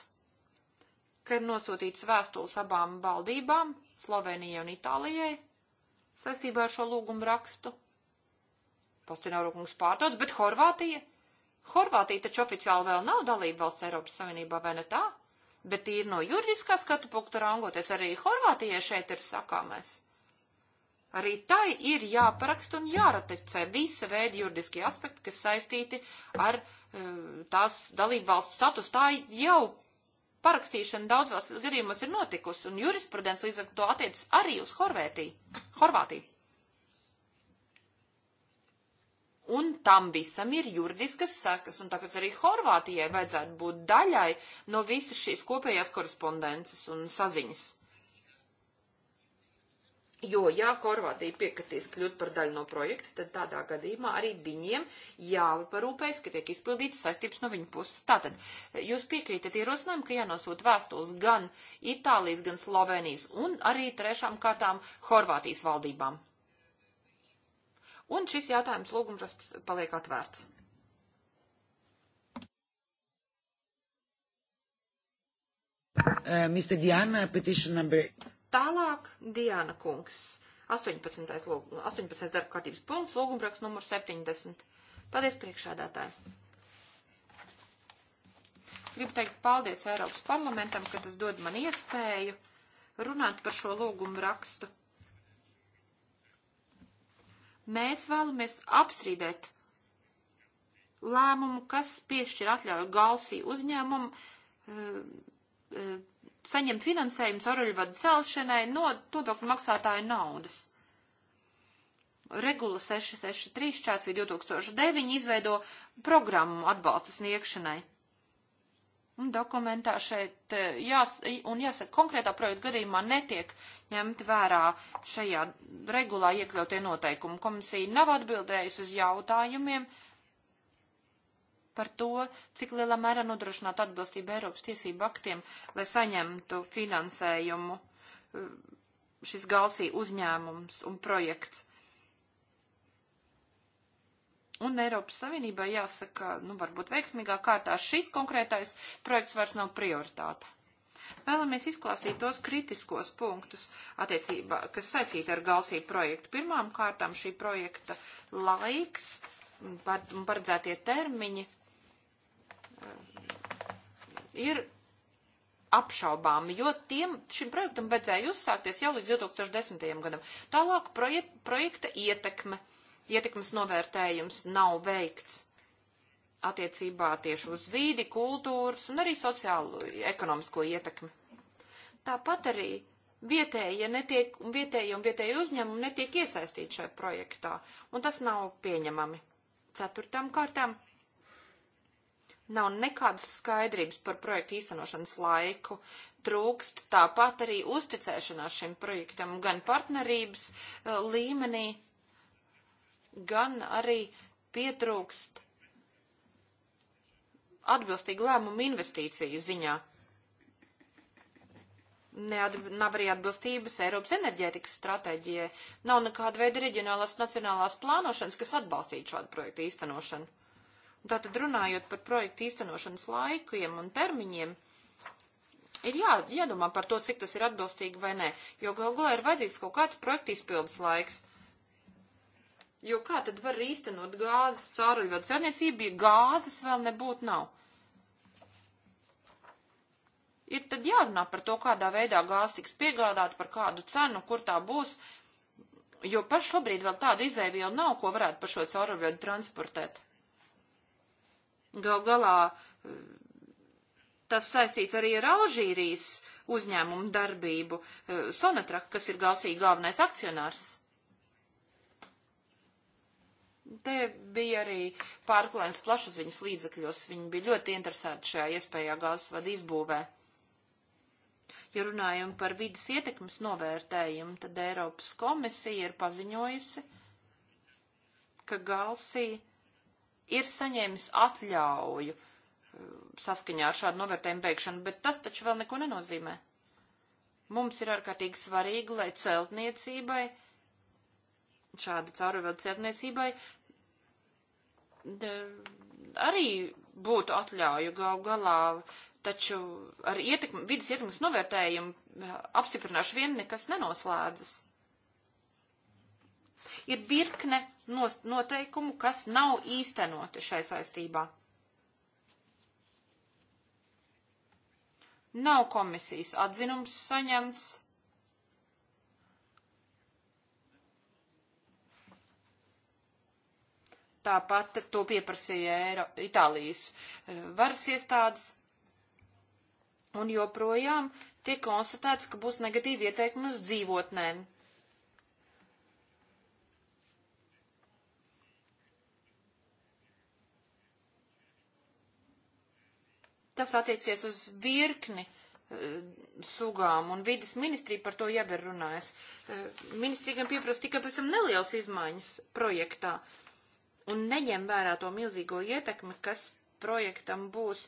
ka ir nosūtīts vēstules abām valdībām, Slovenijai un Itālijai, saistībā ar šo lūgumu rakstu. Postinārukungs pārtauc, bet Horvātija? Horvātija taču oficiāli vēl nav dalība valsts Eiropas Savienībā, vai ne tā? bet tīri no juridiskā skatu punktu rangoties arī Horvātijai šeit ir sakāmais. Arī tai ir jāparaksta un jāratificē visa veida juridiskie aspekti, kas saistīti ar eh, tās dalību valsts status. Tā jau parakstīšana daudzos gadījumos ir notikusi, un jurisprudence līdz ar to attiecas arī uz Horvētiju. Horvātiju. un tam visam ir juridiskas sekas, un tāpēc arī Horvātijai vajadzētu būt daļai no visas šīs kopējās korespondences un saziņas. Jo, ja Horvātija piekritīs kļūt par daļu no projekta, tad tādā gadījumā arī viņiem jāparūpējas, ka tiek izpildītas saistības no viņu puses. Tātad, jūs piekrītat ierosinājumu, ka jānosūt vēstules gan Itālijas, gan Slovenijas un arī trešām kārtām Horvātijas valdībām. Un šis jautājums lūgumrasts paliek atvērts. Uh, Mr. Diana, petition number. Tālāk Diana kungs. 18. Lūg, 18. darba kārtības punkts, lūgumraksts numur 70. Paldies priekšādātāji. Gribu teikt paldies Eiropas parlamentam, ka tas dod man iespēju runāt par šo lūgumu rakstu Mēs vēlamies apstrīdēt lēmumu, kas piešķir atļauju Galsī uzņēmumu e, eh, e, eh, saņemt finansējumu cauruļvadu celšanai no nodokļu maksātāju naudas. Regula 663 čāts 2009 izveido programmu atbalsta sniegšanai. Un dokumentā šeit eh, jās, un jāsaka, konkrētā projekta gadījumā netiek ņemti vērā šajā regulā iekļautie noteikumi. Komisija nav atbildējusi uz jautājumiem par to, cik lielā mērā nodrošināt atbilstību Eiropas tiesību aktiem, lai saņemtu finansējumu eh, šis galsī uzņēmums un projekts. Un Eiropas Savienībai jāsaka, nu, varbūt veiksmīgā kārtā šis konkrētais projekts vairs nav prioritāte. Vēlamies izklāstīt tos kritiskos punktus, attiecībā, kas saistīti ar Galsī projektu. Pirmām kārtām šī projekta laiks, par, paredzētie termiņi eh, ir apšaubāmi, jo tiem, šim projektam vajadzēja uzsākties jau līdz 2010. gadam. Tālāk projek projekta ietekme. Uh, ietekmes novērtējums nav veikts attiecībā tieši uz vīdi, kultūras un arī sociālo ekonomisko ietekmi. Tāpat arī vietējie, netiek, vietējie un vietējie uzņēmumi netiek iesaistīti šajā projektā, un tas nav pieņemami. Ceturtām kārtām nav nekādas skaidrības par projektu īstenošanas laiku, trūkst tāpat arī uzticēšanās šim projektam gan partnerības eh, līmenī, gan arī pietrūkst atbilstīgu lēmumu investīciju ziņā. Neat, nav arī atbilstības Eiropas enerģētikas stratēģijai, nav nekāda veida reģionālās nacionālās plānošanas, kas atbalstītu šādu projektu īstenošanu. Un tātad runājot par projektu īstenošanas laikiem un termiņiem, ir jā, jādomā par to, cik tas ir atbilstīgi vai nē, jo galgulē ir vajadzīgs kaut kāds projekta izpildes laiks. Jo kā tad var īstenot gāzes cauruļvadu saimniecību, ja gāzes vēl nebūtu nav? Ir tad jārunā par to, kādā veidā gāze tiks piegādāta, par kādu cenu, kur tā būs, jo paš šobrīd vēl tādu izēvielu nav, ko varētu par šo cauruļvadu transportēt. Gal galā eh, tas saistīts arī ar Alžīrijas uzņēmumu darbību, eh, Sonatraka, kas ir Galsī galvenais akcionārs. Te bija arī pārklājums plašas viņas līdzakļos. Viņa bija ļoti interesēta šajā iespējā gāzesvada izbūvē. Ja runājam par vidas ietekmes novērtējumu, tad Eiropas komisija ir paziņojusi, ka Galsī ir saņēmis atļauju uh, saskaņā ar šādu novērtējumu beigšanu, bet tas taču vēl neko nenozīmē. Mums ir ārkārtīgi svarīgi, lai celtniecībai šāda caurvada celtniecībai da, arī būtu atļauju gal galā, taču ar ietekmi, vidas ietekmes novērtējumu eh, apstiprināšu vien nekas nenoslēdzas. Ir virkne noteikumu, kas nav īstenoti šai saistībā. Nav komisijas atzinums saņemts tāpat to pieprasīja Eiro, Itālijas eh, varas iestādes. Un joprojām tiek konstatēts, ka būs negatīvi ieteikumi uz dzīvotnēm. Tas attiecies uz virkni eh, sugām, un vidas ministrija par to jau ir runājusi. Eh, ministrija gan pieprasa tikai pēc tam nelielas izmaiņas projektā, un neņem vērā to milzīgo ietekmi, kas projektam būs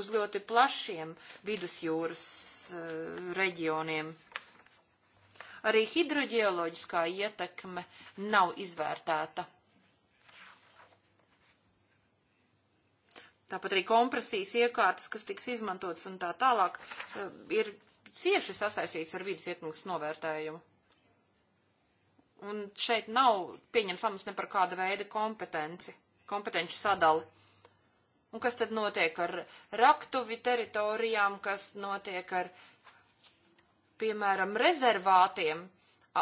uz ļoti plašiem vidusjūras uh, reģioniem. Arī hidroģeoloģiskā ietekme nav izvērtēta. Tāpat arī kompresijas iekārtas, kas tiks izmantotas un tā tālāk, uh, ir cieši sasaistīts ar vidas ietekmes novērtējumu. Un šeit nav pieņems lēmums ne par kāda veida kompetenci, kompetenci sadali. Un kas tad notiek ar raktuvi teritorijām, kas notiek ar, piemēram, rezervātiem,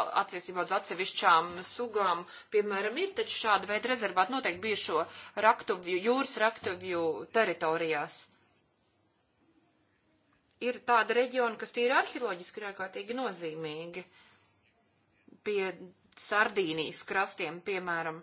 attiecībā uz atsevišķām sugām, piemēram, ir taču šāda veida rezervāti noteikti bijušo raktuvju, jūras raktuvju teritorijās. Ir tāda reģiona, kas tīri arheoloģiski ir ārkārtīgi nozīmīgi. Pie Sardīnijas krastiem, piemēram.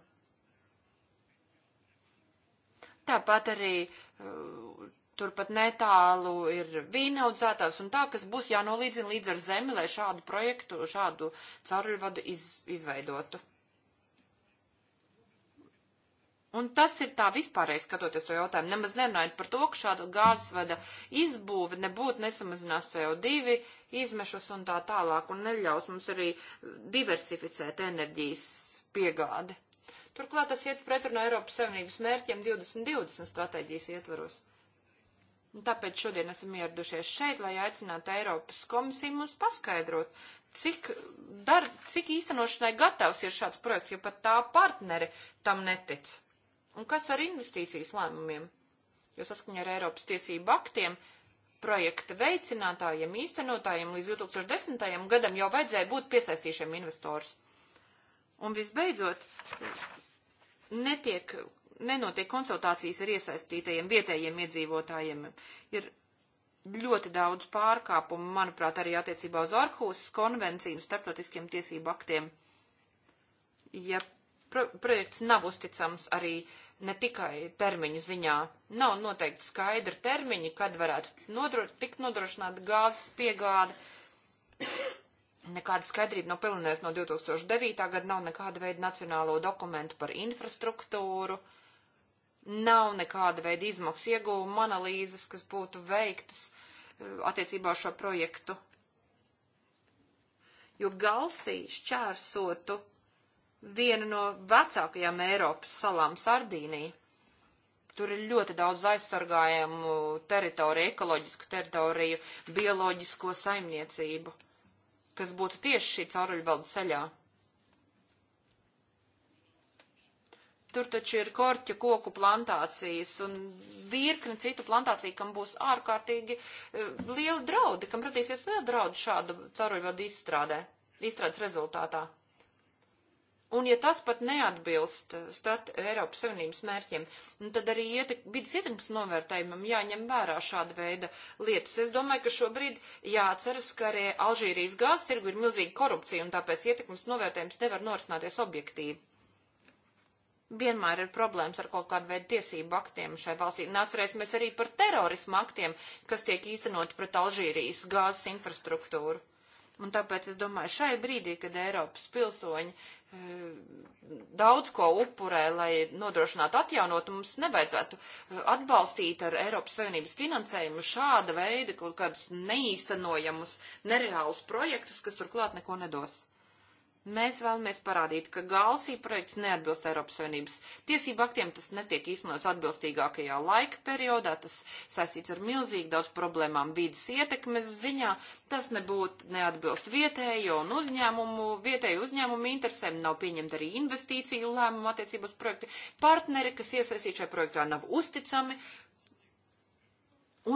Tāpat arī uh, turpat netālu ir vīna audzētājs un tā, kas būs jānolīdzina līdz ar zemi, lai šādu projektu, šādu cauruļvadu iz, izveidotu. Un tas ir tā vispārēji skatoties to jautājumu. Nemaz nerunājot par to, ka šāda gāzesvada izbūve nebūtu nesamazinās CO2 izmešus un tā tālāk un neļaus mums arī diversificēt enerģijas piegādi. Turklāt tas iet pretrunā Eiropas Savienības mērķiem 2020 stratēģijas ietvaros. Un tāpēc šodien esam ieradušies šeit, lai aicinātu Eiropas komisiju mums paskaidrot, cik, dar, cik īstenošanai gatavs ir šāds projekts, ja pat tā partneri tam netic. Un kas ar investīcijas lēmumiem? Jo saskaņā ar Eiropas tiesību aktiem projekta veicinātājiem, īstenotājiem līdz 2010. gadam jau vajadzēja būt piesaistīšiem investors. Un visbeidzot, netiek, nenotiek konsultācijas ar iesaistītajiem vietējiem iedzīvotājiem. Ir ļoti daudz pārkāpumu, manuprāt, arī attiecībā uz Orhusas konvenciju un starptautiskiem tiesību aktiem. Ja pro projekts nav uzticams arī ne tikai termiņu ziņā. Nav noteikti skaidri termiņi, kad varētu nodro tikt nodrošināta gāzes piegāde. Nekāda skaidrība nav pilnēs no 2009. gada, nav nekāda veida nacionālo dokumentu par infrastruktūru, nav nekāda veida izmaksu ieguvuma analīzes, kas būtu veiktas e, attiecībā uz šo projektu. Jo galsī šķērsotu viena no vecākajām Eiropas salām - Sardīnija. Tur ir ļoti daudz aizsargājumu teritoriju, ekoloģisku teritoriju, bioloģisko saimniecību, kas būtu tieši šī cauruļvalda ceļā. Tur taču ir korķa koku plantācijas un virkni citu plantāciju, kam būs ārkārtīgi eh, liela draudi, kam radīsies liela draudi šādu cauruļvaldu izstrādē, izstrādes rezultātā. Un ja tas pat neatbilst eh, stat Eiropas Savienības mērķiem, nu, tad arī ietek, vidas ietekmes novērtējumam jāņem vērā šāda veida lietas. Es domāju, ka šobrīd jāatceras, ka arī Alžīrijas gāzes tirgu ir milzīga korupcija, un tāpēc ietekmes novērtējums nevar norisināties objektīvi. Vienmēr ir problēmas ar kaut kādu veidu tiesību aktiem šai valstī. Nācerēsimies arī par terorismu aktiem, kas tiek īstenoti pret Alžīrijas gāzes infrastruktūru. Un tāpēc es domāju, šai brīdī, kad Eiropas pilsoņi daudz ko upurē, lai nodrošinātu atjaunot, mums nevajadzētu eh, atbalstīt ar Eiropas Savienības finansējumu šāda veida kaut kādus neīstenojamus, nereālus projektus, kas turklāt neko nedos. Mēs vēlamies parādīt, ka Galsī projekts neatbilst Eiropas Savienības tiesību aktiem, tas netiek īstenots atbilstīgākajā laika periodā, tas saistīts ar milzīgi daudz problēmām vidas ietekmes ziņā, tas nebūtu neatbilst vietējo un uzņēmumu, vietēju uzņēmumu interesēm, nav pieņemta arī investīciju lēmumu attiecībos projekti, partneri, kas iesaistīti šajā projektā, nav uzticami.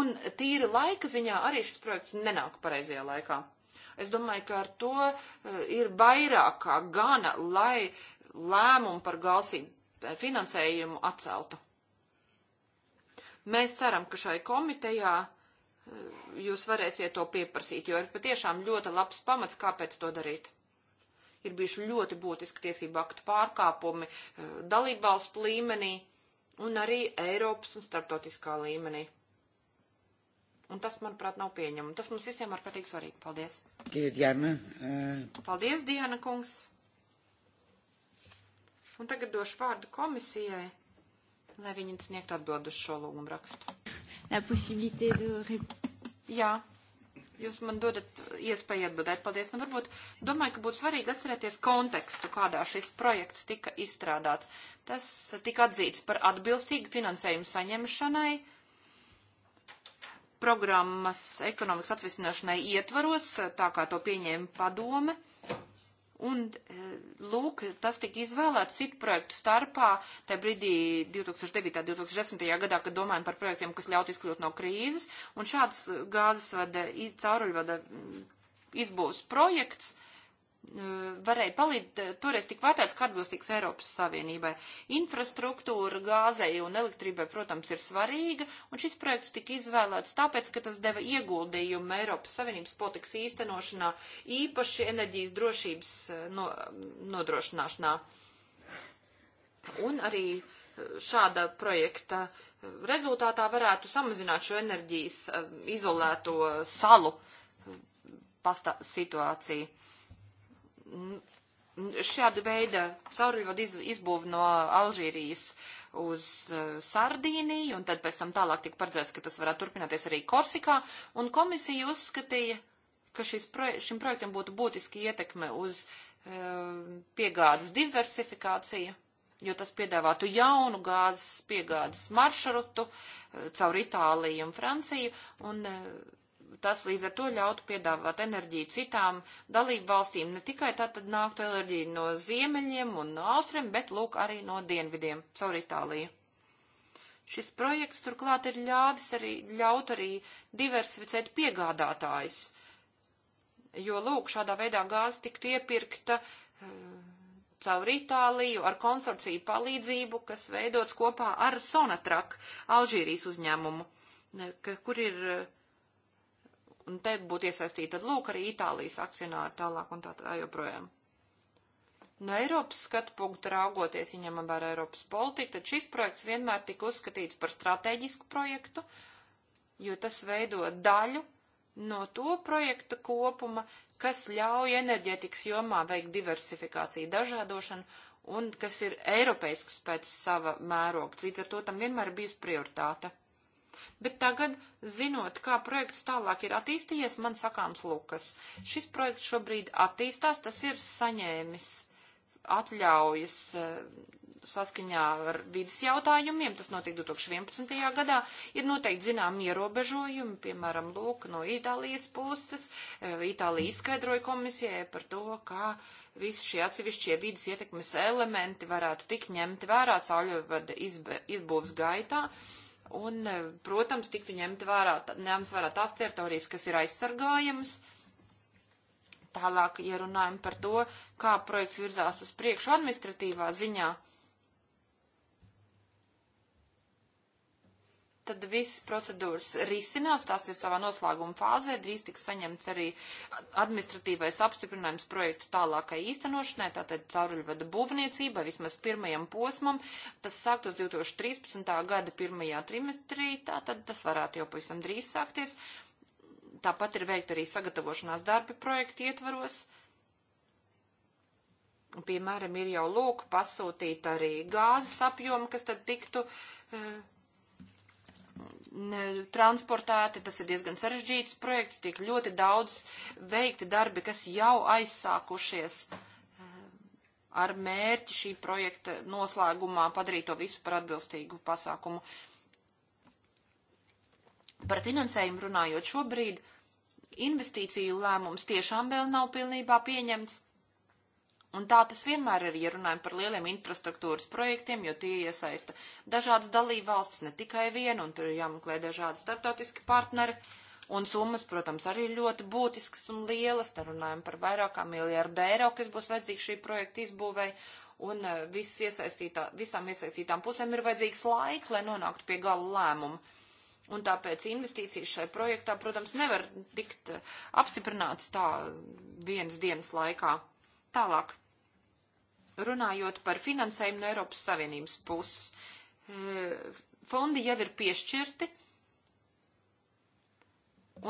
Un tīri laika ziņā arī šis projekts nenāk pareizajā laikā. Es domāju, ka ar to eh, ir vairāk kā gana, lai lēmumu par galsību eh, finansējumu atceltu. Mēs ceram, ka šai komitejā eh, jūs varēsiet to pieprasīt, jo ir patiešām ļoti labs pamats, kāpēc to darīt. Ir bijuši ļoti būtiski tiesību aktu pārkāpumi dalībvalstu līmenī un arī Eiropas un starptautiskā līmenī. Un tas, manuprāt, nav pieņemami. Tas mums visiem ir patīk svarīgi. Paldies. Diana, uh... Paldies, Diana kungs. Un tagad došu vārdu komisijai, lai viņi sniegtu atbildu uz šo lūgumu rakstu. De... Jā, jūs man dodat iespēju atbildēt. Paldies. Nu, varbūt domāju, ka būtu svarīgi atcerēties kontekstu, kādā šis projekts tika izstrādāts. Tas tika atzīts par atbilstīgu finansējumu saņemšanai programmas ekonomikas atvisināšanai ietvaros, tā kā to pieņēma padome. Un, eh, lūk, tas tika izvēlēts citu projektu starpā, tajā brīdī 2009. 2010. gadā, kad domājam par projektiem, kas ļautu izkļūt no krīzes, un šāds eh, gāzes vada, cauruļvada mm, izbūs projekts, uh, Uh, varēja palīd, uh, toreiz tik vērtēts, kā atbilstīgs Eiropas Savienībai. Infrastruktūra gāzei un elektrībai, protams, ir svarīga, un šis projekts tika izvēlēts tāpēc, ka tas deva ieguldījumu Eiropas Savienības politikas īstenošanā, īpaši enerģijas drošības uh, no, nodrošināšanā. Un arī šāda projekta rezultātā varētu samazināt šo enerģijas izolēto salu situāciju šāda veida caurvīvadu izbūvu no Alžīrijas uz uh, Sardīniju, un tad pēc tam tālāk tika paredzēts, ka tas varētu turpināties arī Korsikā, un komisija uzskatīja, ka proje šim projektam būtu būtiski ietekme uz uh, piegādes diversifikāciju, jo tas piedāvātu jaunu gāzes piegādes maršrutu uh, caur Itāliju un Franciju, un uh, tas līdz ar to ļautu piedāvāt enerģiju citām dalību valstīm. Ne tikai tā tad nāktu enerģija no ziemeļiem un no austriem, bet lūk arī no dienvidiem caur Itāliju. Šis projekts turklāt ir ļāvis arī, ļaut arī diversificēt piegādātājus, jo lūk šādā veidā gāze tiktu iepirkta. Uh, caur Itāliju ar konsorciju palīdzību, kas veidots kopā ar Sonatrak, Alžīrijas uzņēmumu, kur ir eh, Un te būtu iesaistīta tad lūk arī Itālijas akcionāri tālāk un tā, tā joprojām. No Eiropas skatu punkta raugoties, ja ņemam vērā Eiropas politiku, tad šis projekts vienmēr tika uzskatīts par strateģisku projektu, jo tas veido daļu no to projekta kopuma, kas ļauj enerģētikas jomā veikt diversifikāciju, dažādošanu un kas ir eiropeisks pēc sava mēroga. Līdz ar to tam vienmēr ir bijusi prioritāte. Bet tagad, zinot, kā projekts tālāk ir attīstījies, man sakāms Lukas. Šis projekts šobrīd attīstās, tas ir saņēmis atļaujas eh, saskaņā ar vidas jautājumiem, tas notika 2011. gadā, ir noteikti zinām ierobežojumi, piemēram, lūk, no Itālijas puses. Eh, Itālija izskaidroja komisijai par to, kā visi šie atsevišķie vidas ietekmes elementi varētu tik ņemti vērā cauļovada izbūvas gaitā. Uh, un, e, protams, tiktu ņemt vērā, ņemts vērā tās teritorijas, kas ir aizsargājamas. Tālāk, ja runājam par to, kā projekts virzās uz priekšu administratīvā ziņā, tad visas procedūras risinās, tās ir savā noslēguma fāzē, drīz tiks saņemts arī administratīvais apstiprinājums projektu tālākai īstenošanai, tātad cauruļvada būvniecība, vismaz pirmajam posmam, tas sāktos 2013. gada pirmajā trimestrī, tātad tas varētu jau pavisam drīz sākties. Tāpat ir veikta arī sagatavošanās darbi projektu ietvaros. Piemēram, ir jau lūk pasūtīta arī gāzes apjoma, kas tad tiktu uh, transportēti, tas ir diezgan sarežģīts projekts, tiek ļoti daudz veikti darbi, kas jau aizsākušies eh, ar mērķi šī projekta noslēgumā padarīt to visu par atbilstīgu pasākumu. Par finansējumu runājot šobrīd, investīciju lēmums tiešām vēl nav pilnībā pieņemts. Un tā tas vienmēr ir, ja runājam par lieliem infrastruktūras projektiem, jo tie iesaista dažādas dalībvalstis, ne tikai vienu, un tur ir jāmeklē dažādi starptautiski partneri. Un summas, protams, arī ļoti būtiskas un lielas. Te runājam par vairākām miljārdu eiro, kas būs vajadzīgs šī projekta izbūvēi. Un eh, iesaistītā, visām iesaistītām pusēm ir vajadzīgs laiks, lai nonāktu pie gala lēmumu. Un tāpēc investīcijas šai projektā, protams, nevar tikt eh, apstiprināts tā vienas dienas laikā. Tālāk, runājot par finansējumu no Eiropas Savienības puses, eh, fondi jau ir piešķirti,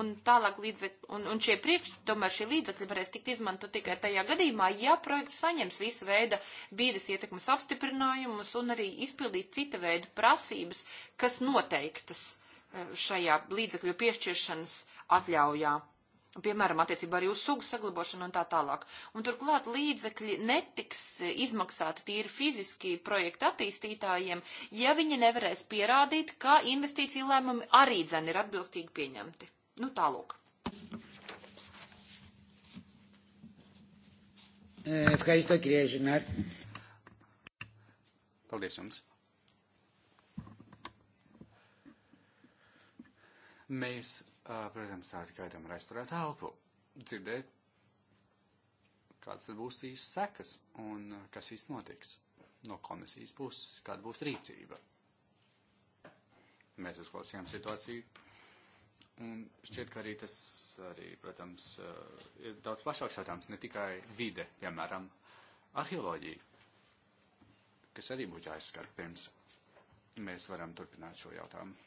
un tālāk līdzekļi, un, un šie priekš, tomēr šie līdzekļi varēs tikt izmantot tikai tajā gadījumā, ja projekts saņems visu veidu bīdas ietekmes apstiprinājumus un arī izpildīs cita veida prasības, kas noteiktas eh, šajā līdzekļu piešķiršanas atļaujā piemēram, attiecībā arī uz sugu saglabāšanu un tā tālāk. Un turklāt līdzekļi netiks eh, izmaksāti tīri fiziski projekta attīstītājiem, ja viņi nevarēs pierādīt, ka investīcija lēmumi arī dzen ir atbilstīgi pieņemti. Nu tālūk. Eh, Paldies jums. Mēs Protams, tā tikai tam varēs turēt elpu, dzirdēt, kāds tad būs īsti sekas un kas īsti notiks no komisijas puses, kāda būs rīcība. Mēs uzklausījām situāciju un šķiet, ka arī tas, arī, protams, ir daudz plašāks jautājums, ne tikai vide, piemēram, arheoloģija, kas arī būtu jāizskar pirms mēs varam turpināt šo jautājumu.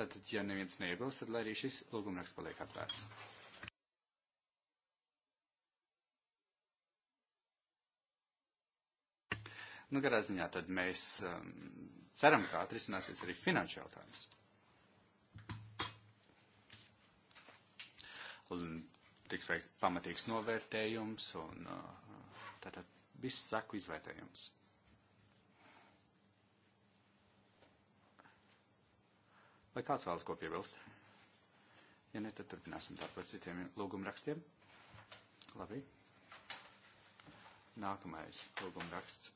Tātad, ja neviens neiebilst, tad lai arī šis lūgumraksts paliek atvērts. Nu, garā ziņā tad mēs um, ceram, ka atrisināsies arī finanšu jautājums. Un tiks veikts pamatīgs novērtējums un uh, tātad viss saku izvērtējums. Vai kāds vēlas ko piebilst? Ja ne, tad turpināsim tāpat citiem lūgumrakstiem. Labi. Nākamais lūgumraksts.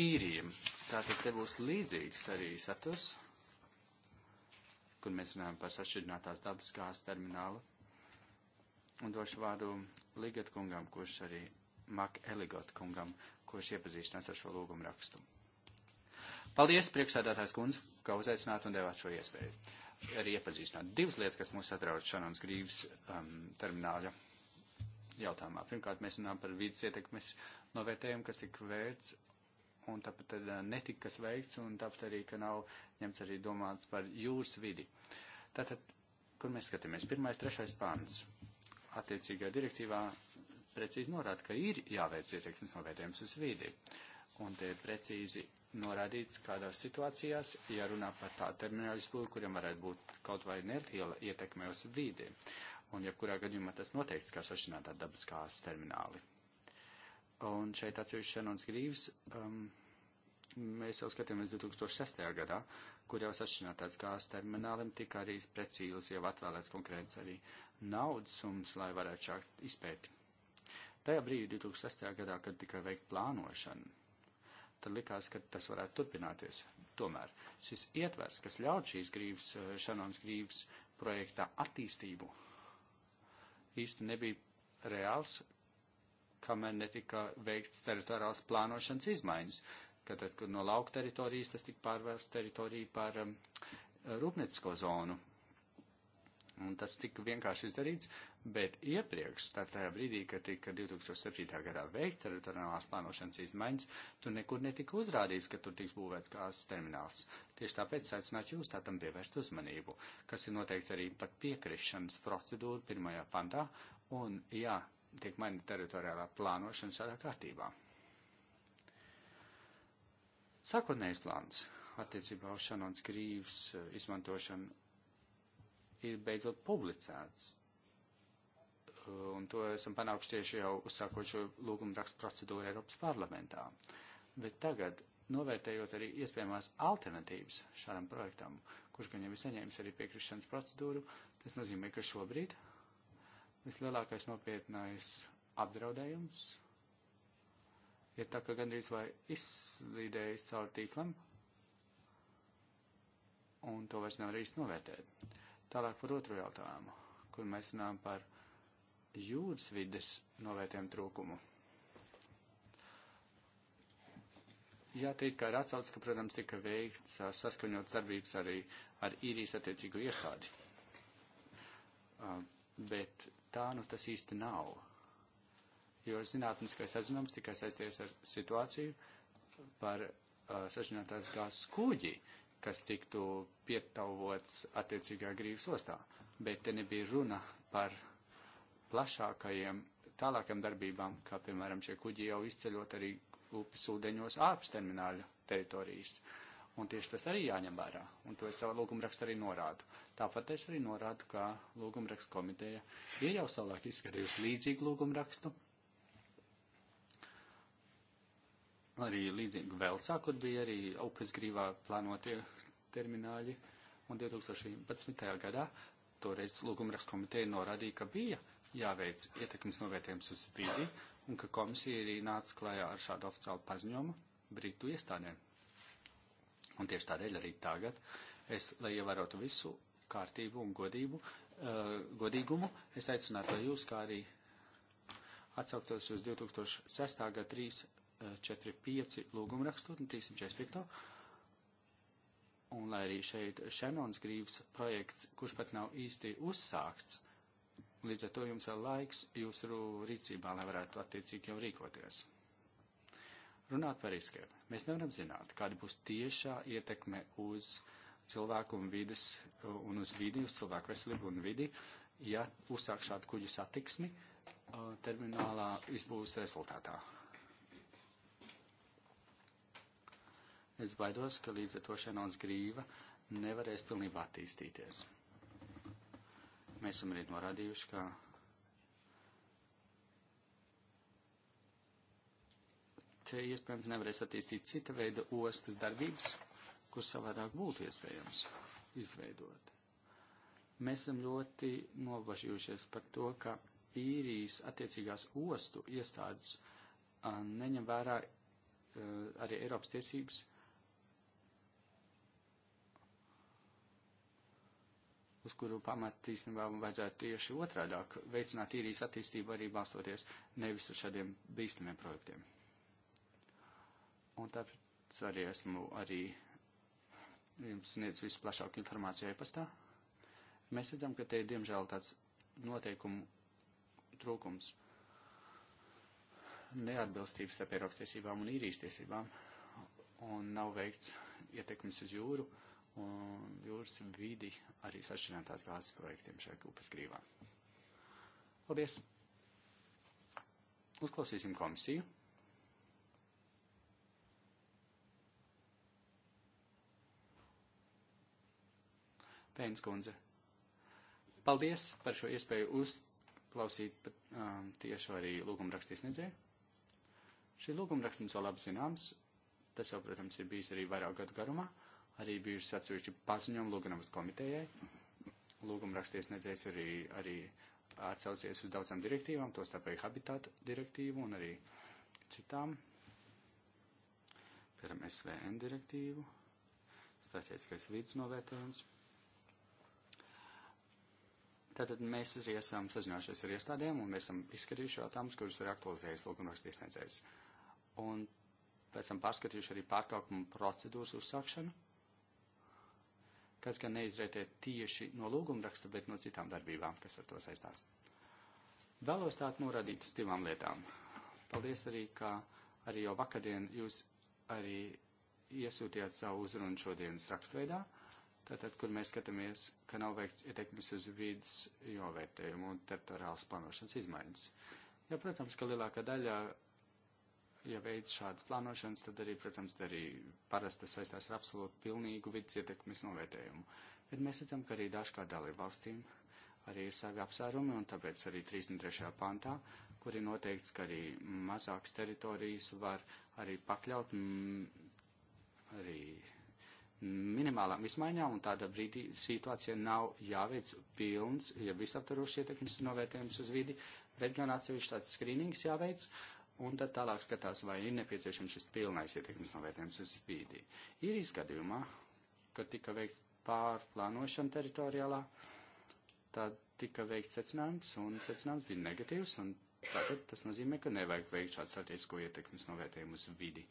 Īrija. Tātad te būs līdzīgs arī saturs, kur mēs runājam par sašķidrinātās dabas gāzes terminālu. Un došu vārdu Ligat kungam, kurš arī Mak Eligot kungam, kurš iepazīstinās ar šo lūgumu rakstu. Paldies, priekšsēdētājs kundze, ka uzaicināt un devāt šo iespēju. Arī iepazīstināt divas lietas, kas mūs satrauc Šanons Grīvs um, termināļa jautājumā. Pirmkārt, mēs runājam par vidas ietekmes novērtējumu, kas tika vērts un tāpat uh, netika kas veikts, un tāpat arī, ka nav ņemts arī domāts par jūras vidi. Tātad, kur mēs skatāmies? Pirmais, trešais pāns. Attiecīgā direktīvā precīzi norāda, ka ir jāveic ietekmes novērtējums uz vidi. Un te precīzi norādīts, kādās situācijās, ja runā par tādu termināļu spūru, kuriem varētu būt kaut vai neliela ietekme uz vidi. Un jebkurā ja gadījumā tas noteikts kā sašķinātā dabas kāzas termināli. Un šeit atsevišķi Šenons Grīvs, um, mēs jau skatījāmies 2006. gadā, kur jau sašķinātās gāzes terminālim tika arī precīzi jau atvēlēts konkrēts arī naudas sums, lai varētu šākt izpēti. Tajā brīdī, 2006. gadā, kad tika veikt plānošana, tad likās, ka tas varētu turpināties. Tomēr šis ietvers, kas ļaut šīs grīvas, Šanons eh, grīvas projektā attīstību, īsti nebija reāls, kamēr netika veikts teritoriāls plānošanas izmaiņas, kad, kad no lauka teritorijas tas tika pārvērsts teritoriju par um, rūpniecisko zonu, Un tas tika vienkārši izdarīts, bet iepriekš, tā tajā brīdī, kad tika 2007. gadā veikta teritoriālās plānošanas izmaiņas, tur nekur netika uzrādīts, ka tur tiks būvēts gāzes termināls. Tieši tāpēc aicinātu jūs tā tam pievērst uzmanību, kas ir noteikts arī pat piekrišanas procedūra pirmajā pantā, un jā, tiek mainīta teritoriālā plānošana šādā kārtībā. Sākotnējais plāns attiecībā uz Šanons Grīvs eh, izmantošanu ir beidzot publicēts. Uh, un to esam panākuši tieši jau uzsākot šo lūgumu rakstu procedūru Eiropas parlamentā. Bet tagad, novērtējot arī iespējamās alternatīvas šādam projektam, kurš gan jau ir saņēmis arī piekrišanas procedūru, tas nozīmē, ka šobrīd vislielākais nopietnais apdraudējums ir tā, ka gandrīz vai izslīdējis caur tīklam, un to vairs nevar īsti novērtēt. Tālāk par otro jautājumu, kur mēs runājam par jūras vides novērtējumu trūkumu. Jāteikt, ka ir atsauts, ka, protams, tika veikts saskaņots darbības arī ar īrijas attiecīgo iestādi. Bet tā nu tas īsti nav. Jo zinātniskais atzinums tikai saisties ar situāciju par sažņotās gāzes kuģi, kas tiktu pietauvots attiecīgā Grīvas ostā. Bet te nebija runa par plašākajiem, tālākiem darbībām, kā piemēram šie kuģi jau izceļot arī upes ūdeņos ārpus termināļa teritorijas. Un tieši tas arī jāņem vērā, un to es savā lūgumrakstā arī norādu. Tāpat es arī norādu, ka lūgumraksta komiteja ir jau savulaik izskatījusi līdzīgu lūgumrakstu, Arī līdzīgi vēl sākot bija arī upes grīvā plānotie termināļi, un 2011. gadā toreiz lūgumraks komiteja norādīja, ka bija jāveic ietekmes novērtējums uz vidi, un ka komisija arī nāca klājā ar šādu oficiālu paziņojumu Britu iestādēm. Un tieši tādēļ arī tagad es, lai ievērotu visu kārtību un godību, uh, godīgumu, es aicinātu, lai jūs kā arī atsauktos uz 2006. gada 3 345 lūguma rakstot un 345. Un lai arī šeit Šenons Grīvs projekts, kurš pat nav īsti uzsākts, līdz ar to jums vēl laiks jūsu rīcībā, lai varētu attiecīgi jau rīkoties. Runāt par riskiem. Mēs nevaram zināt, kāda būs tiešā ietekme uz cilvēku un vides, un uz vidi, uz cilvēku veselību un vidi, ja uzsāk šādu kuģu satiksmi terminālā izbūves rezultātā. Es baidos, ka līdz ar to Šenons grīva nevarēs pilnībā attīstīties. Mēs esam arī norādījuši, ka te iespējams nevarēs attīstīt cita veida ostas darbības, kur savādāk būtu iespējams izveidot. Mēs esam ļoti nobažījušies par to, ka īrijas attiecīgās ostu iestādes neņem vērā e, arī Eiropas tiesības uz kuru pamat īstenībā vajadzētu tieši otrādāk veicināt īrijas attīstību arī balstoties nevis uz šādiem bīstamiem projektiem. Un tāpēc arī esmu arī jums sniedz visplašāku informāciju e-pastā. Mēs redzam, ka te ir diemžēl tāds noteikumu trūkums neatbilstības starp Eiropas tiesībām un īrijas tiesībām, un nav veikts ietekmes uz jūru un jūras vidi arī sašķirinātās gāzes projektiem šajā grupas grīvā. Paldies! Uzklausīsim komisiju. Pēns kundze. Paldies par šo iespēju uzklausīt pat, um, tieši arī lūgumrakstu iesniedzēju. Šis lūgumraksts mums jau labi zināms, tas jau, protams, ir bijis arī vairāk gadu garumā. Uh, arī bijuši atsevišķi paziņojumi lūgunamas komitejai. Lūguma raksties nedzēs arī, arī atsaucies uz daudzām direktīvām, tos tāpēc habitāta direktīvu un arī citām, piemēram, SVN direktīvu, staķiskais vidas novērtējums. Tātad mēs arī esam sazinājušies ar iestādēm un mēs esam izskatījuši jautājumus, kurus ir aktualizējis lūgumraksta iesniedzējs. Un pēc tam pārskatījuši arī pārkāpumu procedūras uzsākšanu kas gan neizrietē tieši no lūgumraksta, bet no citām darbībām, kas ar to saistās. Vēlos tātad norādīt uz divām lietām. Paldies arī, ka arī jau vakardien jūs arī iesūtījāt savu uzrunu šodienas rakstveidā, tātad, kur mēs skatāmies, ka nav veikts ietekmes uz vidas novērtējumu un teritoriālas plānošanas izmaiņas. Jo, protams, ka lielākā daļa ja veids šādas plānošanas, tad arī, protams, arī parasti saistās ar absolūti pilnīgu vidas ietekmes novērtējumu. Bet mēs redzam, ka arī dažkārt dalību valstīm arī ir savi apsvērumi, un tāpēc arī 33. pantā, kur ir noteikts, ka arī mazākas teritorijas var arī pakļaut mm, arī minimālām izmaiņām, un tādā brīdī situācija nav jāveic pilns, ja visaptarošs ietekmes novērtējums uz vidi, bet gan atsevišķi tāds skrīnings jāveic, uh, un tad tālāk skatās, vai ir nepieciešams šis pilnais ietekmes novērtējums uz vīdi. Ir izgadījumā, kad tika veikts pārplānošana teritoriālā, tad tika veikts secinājums, un secinājums bija negatīvs, un tagad tas nozīmē, ka nevajag veikt šādu strateģisko ietekmes novērtējumu uz vidi.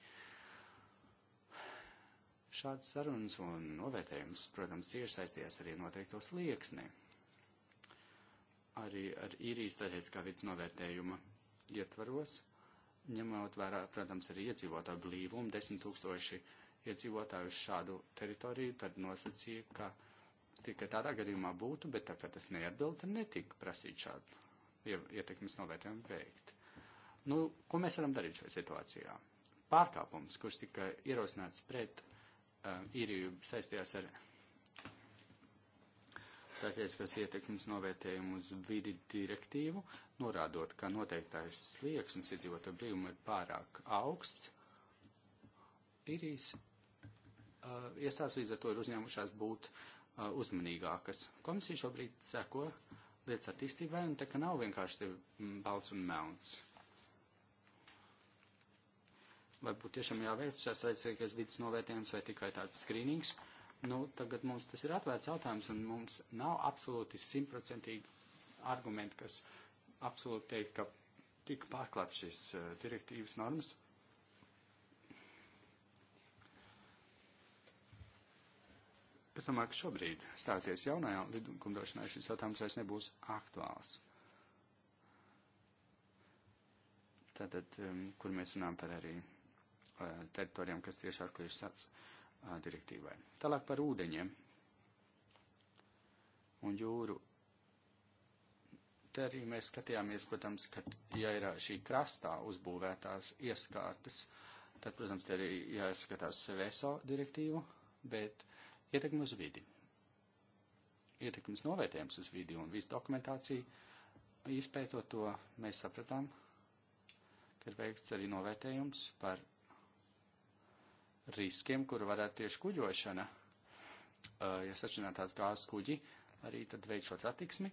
Šāds sarunas un novērtējums, protams, cieši saistījās arī noteiktos lieksni. Arī ar īrijas strateģiskā vidas novērtējuma ietvaros ņemot vērā, protams, arī iedzīvotāju blīvumu, desmit tūkstoši iedzīvotāju uz šādu teritoriju, tad nosacīja, ka tikai tādā gadījumā būtu, bet tā kā tas neatbild, tad netika prasīt šādu ietekmes novērtējumu veikt. Nu, ko mēs varam darīt šajā situācijā? Pārkāpums, kurš tika ierosināts pret uh, īriju saistījās ar strateģiskās ietekmes novērtējumu uz vidi direktīvu, norādot, ka noteiktais slieksnis iedzīvotu brīvumu ir pārāk augsts. Irijas uh, iestādes līdz ar to ir uzņēmušās būt uh, uzmanīgākas. Komisija šobrīd seko lietas attīstībai, un te, ka nav vienkārši balts un melns. Vai būtu tiešām jāveic šāds vajadzīgais vidas novērtējums vai tikai tāds skrīnings? Uh, Nu, tagad mums tas ir atvērts jautājums, un mums nav absolūti simtprocentīgi argumenti, kas absolūti teikt, ka tika pārklāt šīs uh, direktīvas normas. Es domāju, ka šobrīd, stāties jaunajā likumdošanā, šis jautājums vairs nebūs aktuāls. Tātad, um, kur mēs runājam par arī uh, teritorijām, kas tieši atklīšas direktīvai. Tālāk par ūdeņiem un jūru. Te arī mēs skatījāmies, protams, ka, ja ir uh, šī krastā uzbūvētās ieskārtas, tad, protams, te arī jāskatās VSO direktīvu, bet ietekmi uz vidi. Ietekmes novērtējums uz vidi un visu dokumentāciju, izpētot to, mēs sapratām, ka ir veikts arī novērtējums par riskiem, kuru varētu tieši kuģošana, uh, ja sačinātās gāzes kuģi, arī tad veikt šo satiksmi.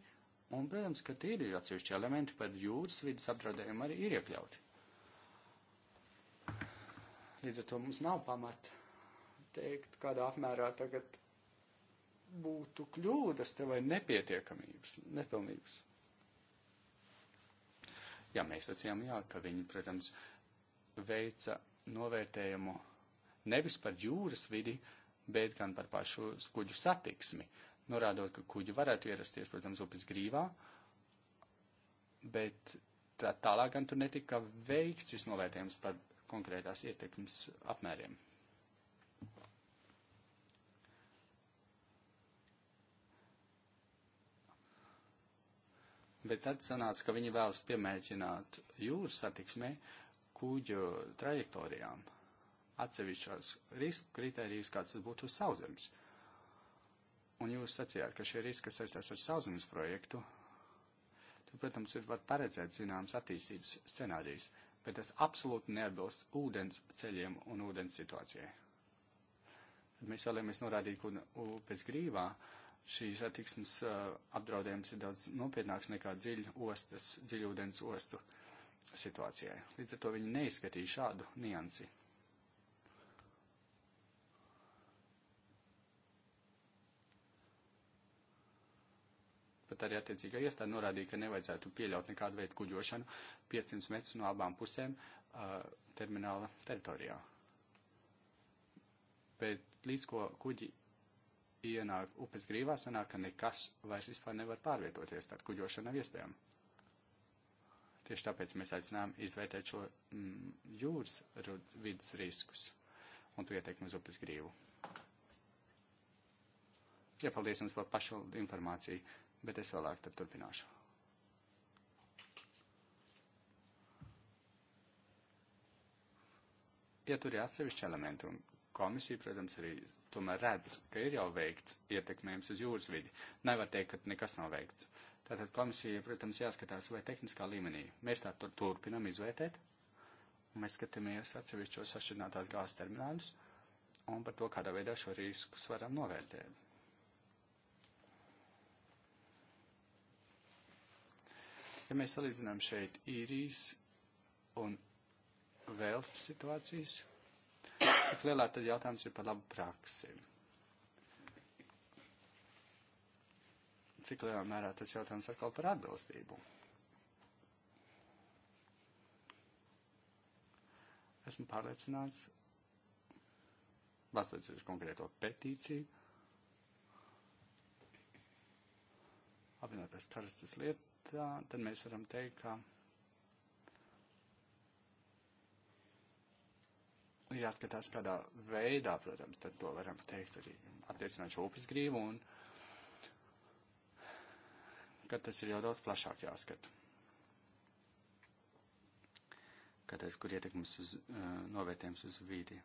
Un, protams, ka tie ir atsevišķi elementi par jūras vidas apdraudējumu arī ir iekļauti. Līdz ar to mums nav pamata teikt, kādā apmērā tagad būtu kļūdas te vai nepietiekamības, nepilnības. Jā, mēs sacījām, jā, ka viņi, protams, veica novērtējumu nevis par jūras vidi, bet gan par pašu kuģu satiksmi, norādot, ka kuģi varētu ierasties, protams, upes grīvā, bet tā, tālāk gan tur netika veikts šis novērtējums par konkrētās ietekmes apmēriem. Bet tad sanāca, ka viņi vēlas piemēķināt jūras satiksmē kuģu trajektorijām atsevišķos risku kritērijus, kāds tas būtu uz sauszemes. Un jūs sacījāt, ka šie riski, kas saistās ar sauszemes projektu, tad, protams, ir var paredzēt zināmas attīstības scenārijas, bet tas absolūti neatbilst ūdens ceļiem un ūdens situācijai. Tad mēs vēlamies norādīt, ka pēc grīvā šīs attīstības uh, apdraudējums ir daudz nopietnāks nekā dziļu ostas, dziļu ūdens ostu situācijai. Līdz ar to viņi neizskatīja šādu niansi. tad arī attiecīgā iestāde norādīja, ka nevajadzētu pieļaut nekādu veidu kuģošanu 500 metrus no abām pusēm uh, termināla teritorijā. Bet līdz ko kuģi ienāk upes grīvā, sanāk, ka nekas vairs vispār nevar pārvietoties, tad kuģošana nav iespējama. Tieši tāpēc mēs aicinām izvērtēt šo mm, jūras vidas riskus un to ietekmi uz upes grīvu. Ja paldies jums par pašu informāciju bet es vēlāk tad turpināšu. Ja tur ir atsevišķi elementi, un komisija, protams, arī tomēr redz, ka ir jau veikts ietekmējums uz jūras vidi, nevar teikt, ka nekas nav veikts. Tātad komisija, protams, jāskatās, vai tehniskā līmenī mēs tā tur turpinam izvērtēt, un mēs skatāmies atsevišķos sašķidrinātās gāzes terminālus, un par to, kādā veidā šo riskus varam novērtēt. Ja mēs salīdzinām šeit īrijas un vēlsas situācijas, cik lielā tad jautājums ir par labu praksi? Cik lielā mērā tas jautājums atkal par atbilstību? Esmu pārliecināts, balstoties uz konkrēto petīciju, apvienotās karastas lietas tā, tad mēs varam teikt, ka ir jāskatās kādā veidā, protams, tad to varam teikt arī attiecināt šo upes grīvu un ka tas ir jau daudz plašāk jāskata. Kad es, kur ietekmes uz, uh, novērtējums uz vīdi.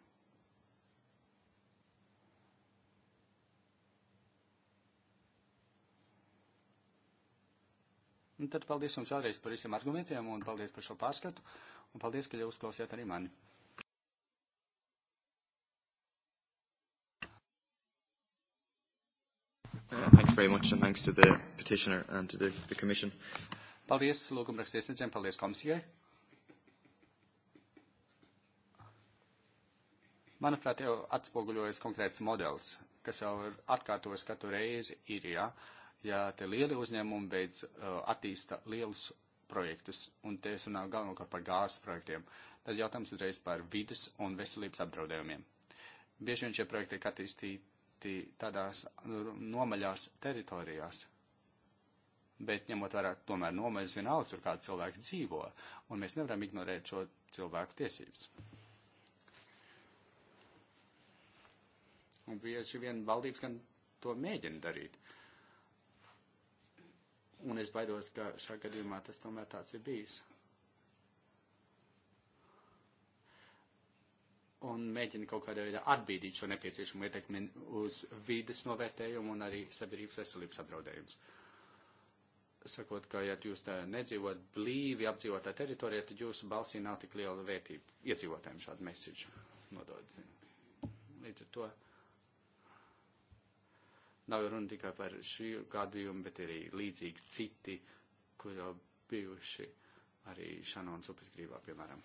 Un tad paldies jums vēlreiz par visiem argumentiem un paldies par šo pārskatu. Un paldies, ka jūs uzklausījāt arī mani. Uh, thanks very much and thanks to the petitioner and to the, the commission. Paldies lūgumrakstiesniedzējiem, paldies komisijai. Manuprāt, jau atspoguļojas konkrēts modelis, kas jau ir atkārtojas katru reizi, ir, ja, uh, ja te lieli uzņēmumi beidz uh, attīsta lielus projektus, un te es runāju galvenokārt par gāzes projektiem, tad jautājums uzreiz par vidas un veselības apdraudējumiem. Bieži vien šie projekti tiek attīstīti tādās nu, nomaļās teritorijās, bet ņemot vērā tomēr nomaļas vienalga, tur kāds cilvēks dzīvo, un mēs nevaram ignorēt šo cilvēku tiesības. Un bieži vien valdības gan to mēģina darīt. Uh, un es baidos, ka šā gadījumā tas tomēr tāds ir bijis. Un mēģina kaut kādā veidā atbīdīt šo nepieciešamo ietekmi uz vīdes novērtējumu un arī sabiedrības veselības apdraudējumus sakot, ka ja jūs nedzīvot blīvi apdzīvotā teritorijā, tad jūsu balsī nav tik liela vērtība iedzīvotājiem šādu mēsīšu nodod. Līdz ar to Nav jau runa tikai par šī gadījumu, bet arī līdzīgi citi, kur jau bijuši arī Šanons upes grībā, piemēram.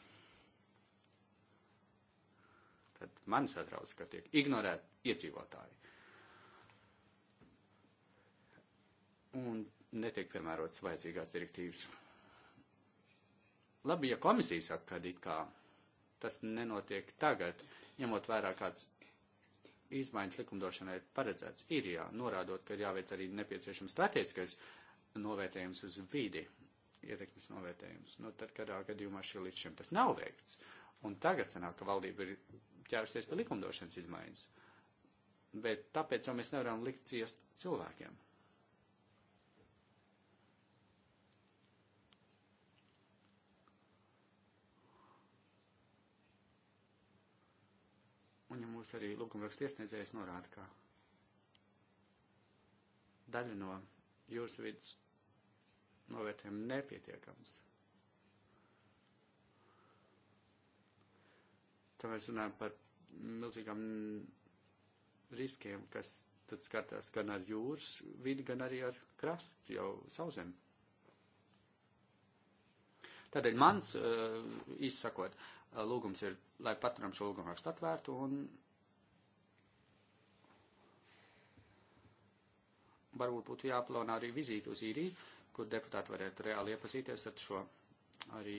Tad man satrauc, ka tiek ignorēti iedzīvotāji. Un netiek piemērotas vajadzīgās direktīvas. Labi, ja komisija saka, ka it kā tas nenotiek tagad, ņemot vērā kāds izmaiņas likumdošanai paredzēts īrijā, norādot, ka ir jāveic arī nepieciešams strateģiskais novērtējums uz vidi, ietekmes novērtējums. Nu, tad, kādā gadījumā šī līdz šim tas nav veikts, un tagad sanāk, ka valdība ir ķērusies pie likumdošanas izmaiņas. Bet tāpēc jau mēs nevaram likt ciest cilvēkiem. mums arī lūgumraksta iesniedzējs norāda, ka daļa no jūras vidas novērtējuma nepietiekams. Tā mēs runājam par milzīgām riskiem, kas tad skatās gan ar jūras vidi, gan arī ar krastu jau sauzemi. Tādēļ mans, īsi eh, sakot, eh, lūgums ir, lai paturam šo lūgumu rakstu atvērtu un varbūt būtu jāplāno arī vizīti uz īriju, kur deputāti varētu reāli iepazīties ar šo arī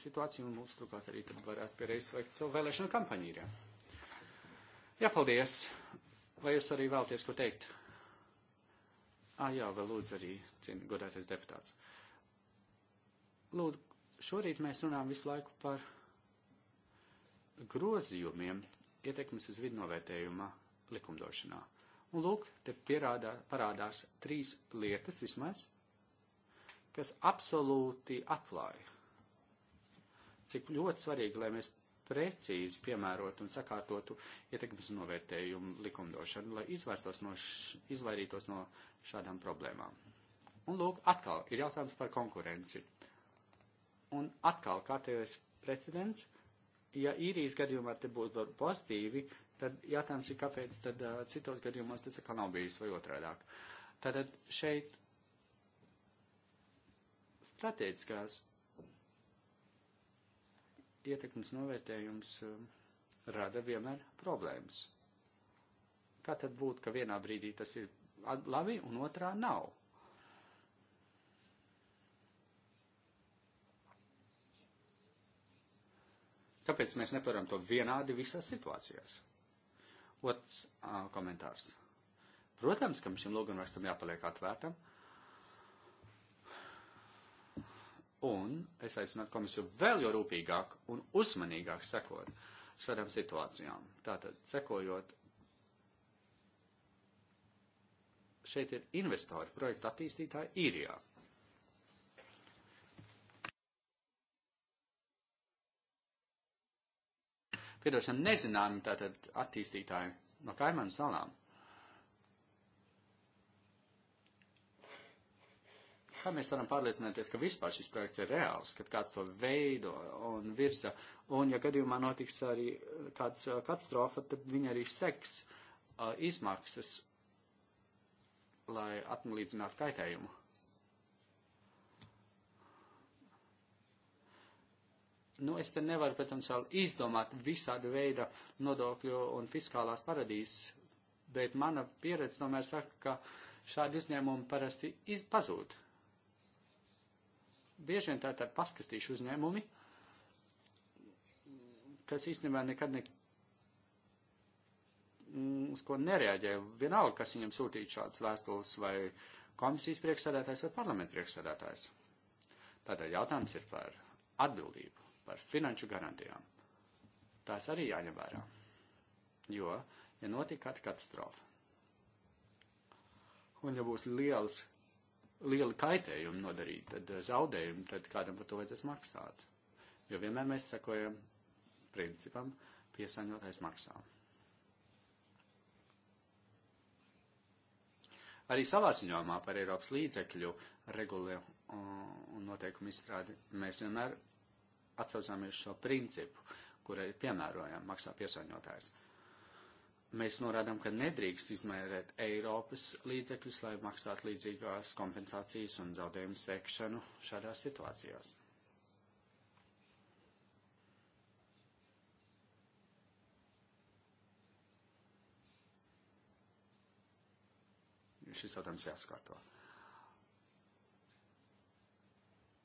situāciju un mums turklāt arī tad varētu piereiz veikt savu vēlēšanu kampaņu īrijā. Jā, paldies! Vai jūs arī vēlties ko teikt? Ā, ah, jā, vēl lūdzu arī, cien, godātais deputāts. Lūdzu, šorīt mēs runājam visu laiku par grozījumiem ietekmes uz vidnovērtējuma likumdošanā. Un lūk, te pierādā, parādās trīs lietas vismaz, kas absolūti atklāja, cik ļoti svarīgi, lai mēs precīzi piemērot un sakārtotu ietekmes novērtējumu likumdošanu, lai izvērstos no š, izvairītos no šādām problēmām. Un lūk, atkal ir jautājums par konkurenci. Un atkal kārtējais precedents, ja īrijas gadījumā te būtu pozitīvi, Tad jautājums ir, kāpēc tad uh, citos gadījumos tas atkal nav bijis vai otrādāk. Tātad šeit strateģiskās ietekmes novērtējums uh, rada vienmēr problēmas. Kā tad būt, ka vienā brīdī tas ir labi un otrā nav? Kāpēc mēs neparam to vienādi visās situācijās? Otrs uh, komentārs. Protams, ka šim lūgumrakstam jāpaliek atvērtam. Un es aicinātu komisiju vēl jau rūpīgāk un uzmanīgāk sekot šādām situācijām. Tātad, sekojot, šeit ir investori, projekta attīstītāji īrijā. Ja piedošana nezināmi tātad attīstītāji no kaimanu salām. Kā mēs varam pārliecināties, ka vispār šis projekts ir reāls, kad kāds to veido un virza, un ja gadījumā notiks arī uh, kāds uh, katastrofa, tad viņa arī seks uh, izmaksas, lai atmalīdzinātu kaitējumu. Nu, es te nevaru, protams, vēl izdomāt visāda veida nodokļu un fiskālās paradīzes, bet mana pieredze tomēr saka, ka šādi uzņēmumi parasti pazūd. Bieži vien tā ir paskatīšu uzņēmumi, kas īstenībā nekad ne, mm, uz ko nereaģē. Vienalga, kas viņam sūtīja šādas vēstules vai komisijas priekšsēdētājs vai parlamenta priekšsēdētājs. Tātad jautājums ir par atbildību par finanšu garantijām. Tās arī jāņem vērā. Jo, ja notika katastrofa, un ja būs liels, liela kaitējuma nodarīta, tad eh, zaudējumi, tad kādam par to vajadzēs maksāt. Jo vienmēr mēs sakojam principam piesaņotais maksā. Arī savā ziņojumā par Eiropas līdzekļu regulē uh, un noteikumu izstrādi mēs vienmēr atsaucamies šo principu, kurai ir piemērojama maksā piesaņotājs. Mēs norādām, ka nedrīkst izmērēt Eiropas līdzekļus, lai maksātu līdzīgās kompensācijas un zaudējumu sekšanu šādās situācijās. Šis jautājums jāskārto.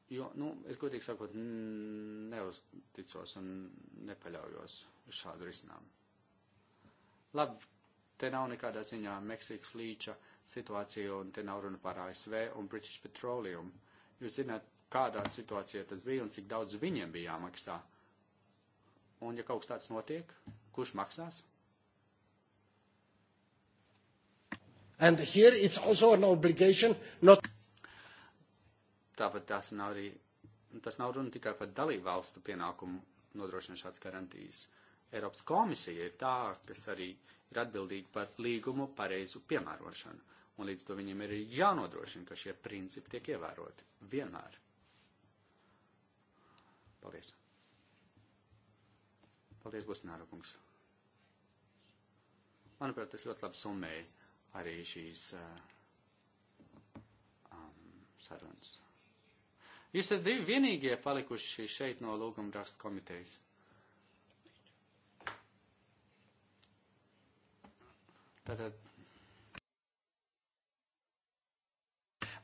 Jo, nu, es godīgi sakot, neusticos un nepaļaujos uz šādu risinājumu. Labi, te nav nekādā ziņā Meksikas līča situācija, un te nav runa par ASV un British Petroleum. Jūs zināt, kādā situācijā tas bija un cik daudz viņiem bija jāmaksā. Un ja kaut kas tāds notiek, kurš maksās? And here it's also an obligation not Tāpat tās nav arī, tas nav runa tikai par dalību valstu pienākumu nodrošināt šāds garantijas. Eiropas komisija ir tā, kas arī ir atbildīga par līgumu pareizu piemērošanu, un līdz to viņiem ir jānodrošina, ka šie principi tiek ievēroti vienmēr. Paldies. Paldies, Bosnāra kungs. Manuprāt, tas ļoti labi summēja arī šīs uh, um, sarunas. Jūs esat divi vienīgie palikuši šeit no lūgumrakstu komitejas. Tātad.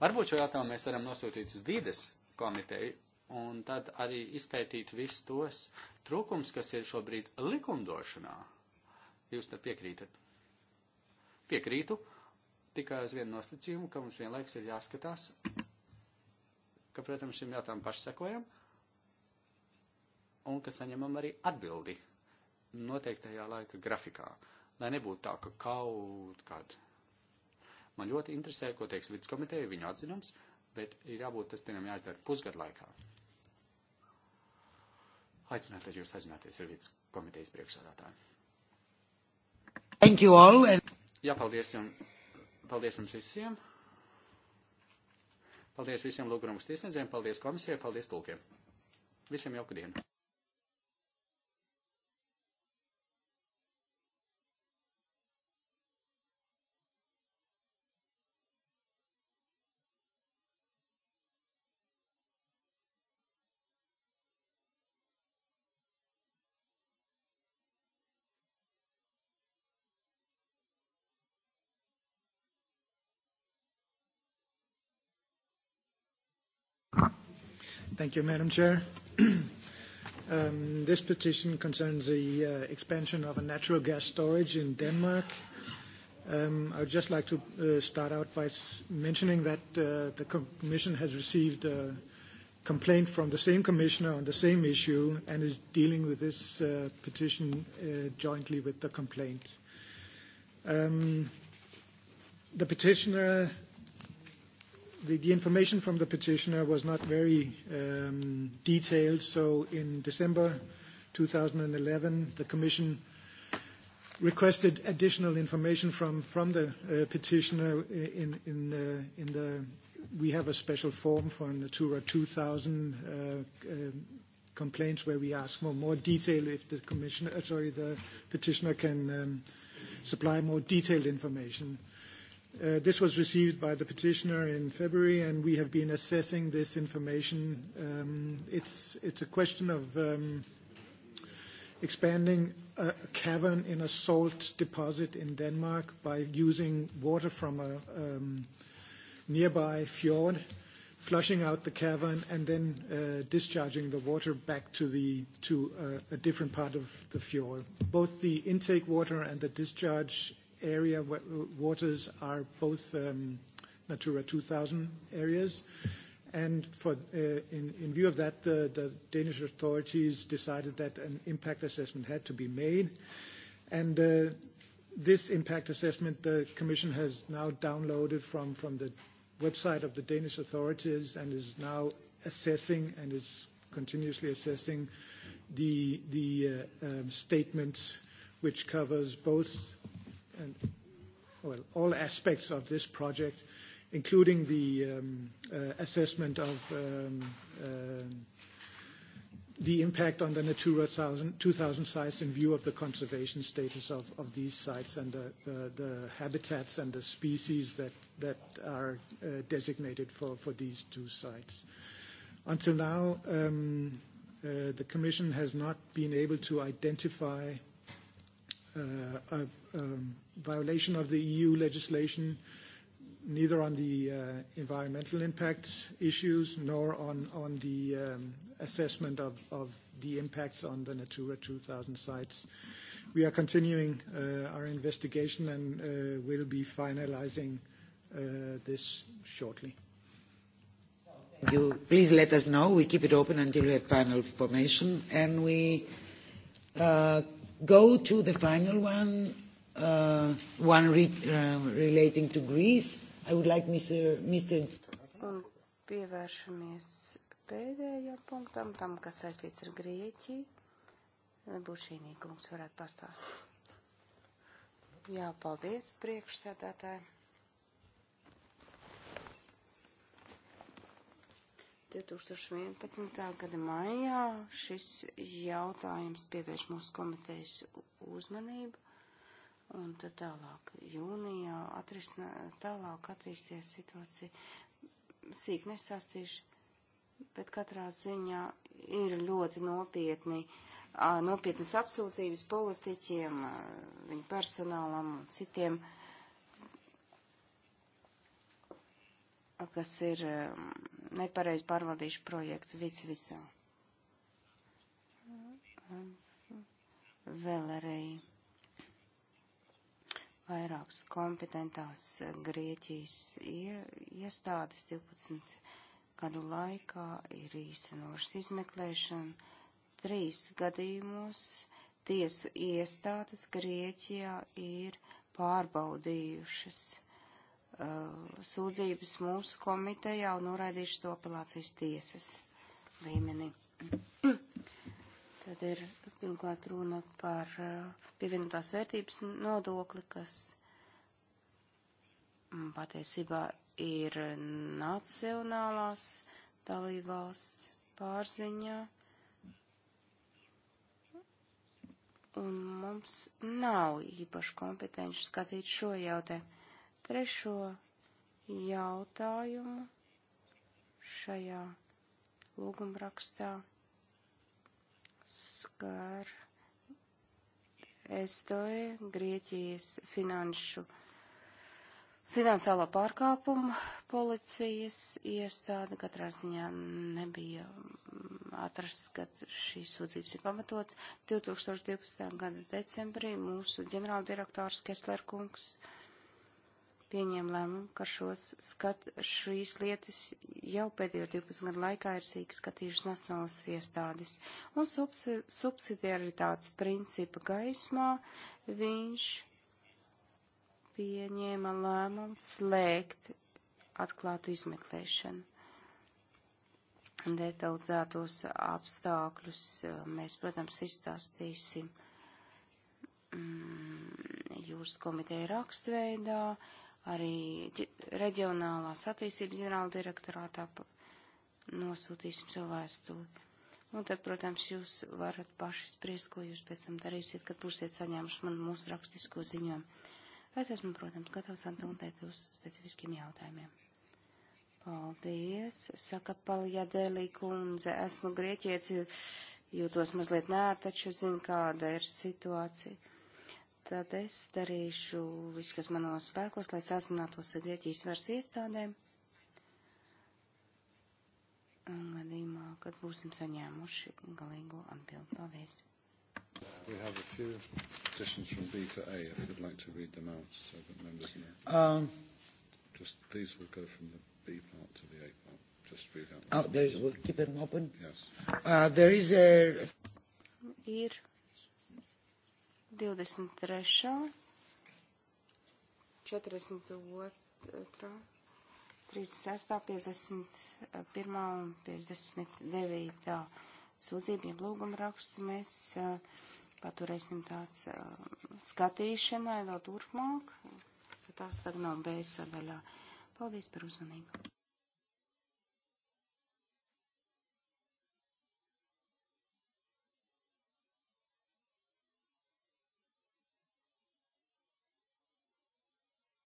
Varbūt šo jautājumu mēs varam nosūtīt uz vides komiteju un tad arī izpētīt visus tos trūkums, kas ir šobrīd likumdošanā. Jūs tad piekrītat? Piekrītu, tikai uz vienu nosacījumu, ka mums vienlaiks ir jāskatās ka, protams, šim jautājumam paši sekojam un ka saņemam arī atbildi noteiktajā laika grafikā, lai nebūtu tā, ka kaut kad. Man ļoti interesē, ko teiks viduskomiteja, viņu atzinums, bet ir jābūt tas tienam jāizdara pusgadu laikā. Aicinātu jūs sazināties ar viduskomitejas priekšsādātāju. Thank you all. And... Jā, paldies jums, paldies jums visiem. Paldies visiem lūgumrakstu iesniedzējiem, paldies komisijai, paldies tulkiem. Visiem jauku dienu! Thank you, Madam Chair. um, this petition concerns the uh, expansion of a natural gas storage in Denmark. Um, I would just like to uh, start out by mentioning that uh, the commission has received a complaint from the same commissioner on the same issue and is dealing with this uh, petition uh, jointly with the complaint. Um, the petitioner the, the information from the petitioner was not very um, detailed, so in December 2011, the Commission requested additional information from, from the uh, petitioner in, in, uh, in the we have a special form for Natura 2000 uh, uh, complaints where we ask for more detail if the commissioner, uh, sorry, the petitioner can um, supply more detailed information. Uh, Uh, this was received by the petitioner in February, and we have been assessing this information. Um, it's, it's a question of um, expanding a, a cavern in a salt deposit in Denmark by using water from a um, nearby fjord, flushing out the cavern, and then uh, discharging the water back to, the, to uh, a different part of the fjord. Both the intake water and the discharge area waters are both um, Natura 2000 areas. And for, uh, in, in view of that, the, the Danish authorities decided that an impact assessment had to be made. And uh, this impact assessment, the commission has now downloaded from, from the website of the Danish authorities and is now assessing and is continuously assessing the, the uh, um, statements which covers both and, well, all aspects of this project, including the um, uh, assessment of um, uh, the impact on the Natura 2000, 2000 sites in view of the conservation status of, of these sites and the, the, the habitats and the species that, that are uh, designated for, for these two sites. Until now, um, uh, the commission has not been able to identify Uh, a, um, violation of the EU legislation, neither on the uh, environmental impact issues nor on, on the um, assessment of, of the impacts on the Natura 2000 sites. We are continuing uh, our investigation and uh, will be finalizing uh, this shortly. Thank you. Please let us know. We keep it open until we have final information, and we uh, go to the final one, uh, one re, uh, relating to Greece. I would like Mr. Mr. Un pievēršamies pēdējam punktam, tam, kas saistīts ar Grieķiju. Bušīnī kungs varētu pastāstīt. Jā, paldies priekšsēdētāji. 2011. gada maijā šis jautājums pievērš mūsu komitejas uzmanību, un tad tālāk jūnijā atrisnā, tālāk attīstīsies situācija. Sīk nesāstīšu, bet katrā ziņā ir ļoti nopietni, nopietnas apsūdzības politiķiem, viņu personālam un citiem, kas ir nepareizi pārvaldīšu projektu vids visā. Vēl arī vairākas kompetentās Grieķijas iestādes 12 gadu laikā ir īstenošas izmeklēšana. Trīs gadījumos tiesu iestādes Grieķijā ir pārbaudījušas Uh, sūdzības mūsu komitejā un noraidīšu to apelācijas tiesas līmenī. Tad ir pirmkārt runa par uh, pievienotās vērtības nodokli, kas mm, patiesībā ir nacionālās dalībvalsts pārziņā. Un mums nav īpaši kompetenci skatīt šo jautājumu trešo jautājumu šajā lūgumrakstā skar Estoja Grieķijas finanšu finansālo pārkāpumu policijas iestāde katrā ziņā nebija mm, atrasts, ka šīs sūdzības ir pamatots. 2012. gada decembrī mūsu ģenerāldirektors Keslerkungs kungs pieņēma lēmumu, ka šos skat, šīs lietas jau pēdējo 12 gadu laikā ir sīk skatījušas nacionālas iestādes. Un subsi, subsidiaritātes principa gaismā viņš pieņēma lēmumu slēgt atklātu izmeklēšanu. Detalizētos apstākļus eh, mēs, protams, izstāstīsim mm, jūsu komiteja rakstveidā. Uh, arī reģionālās attīstības ģenerāla direktorātā nosūtīsim savu vēstuli. Un tad, protams, jūs varat paši spriest, ko jūs pēc tam darīsiet, kad būsiet saņēmuši man mūsu rakstisko ziņojumu. Es esmu, protams, gatavs atbildēt uz specifiskiem jautājumiem. Paldies, saka Paljadēlī kundze, esmu grieķieti, jūtos mazliet nē, taču zinu, kāda ir situācija tad es darīšu visu, kas manos spēkos, lai sazinātos ar Grieķijas varas iestādēm. Gadījumā, kad būsim saņēmuši galīgo atbildi. Paldies! We have a few petitions from B to A, if you'd like to read them out, so that members know. Um, just these will go from the B part to the A part. Just read out. Oh, there's, we'll keep them open? Yes. Uh, there is a... Ir 23. 42. 36. 51. un 59. sūdzību ieblūguma raksts mēs paturēsim tās skatīšanai vēl turpmāk, ka tās tad nav B sadaļā. Paldies par uzmanību!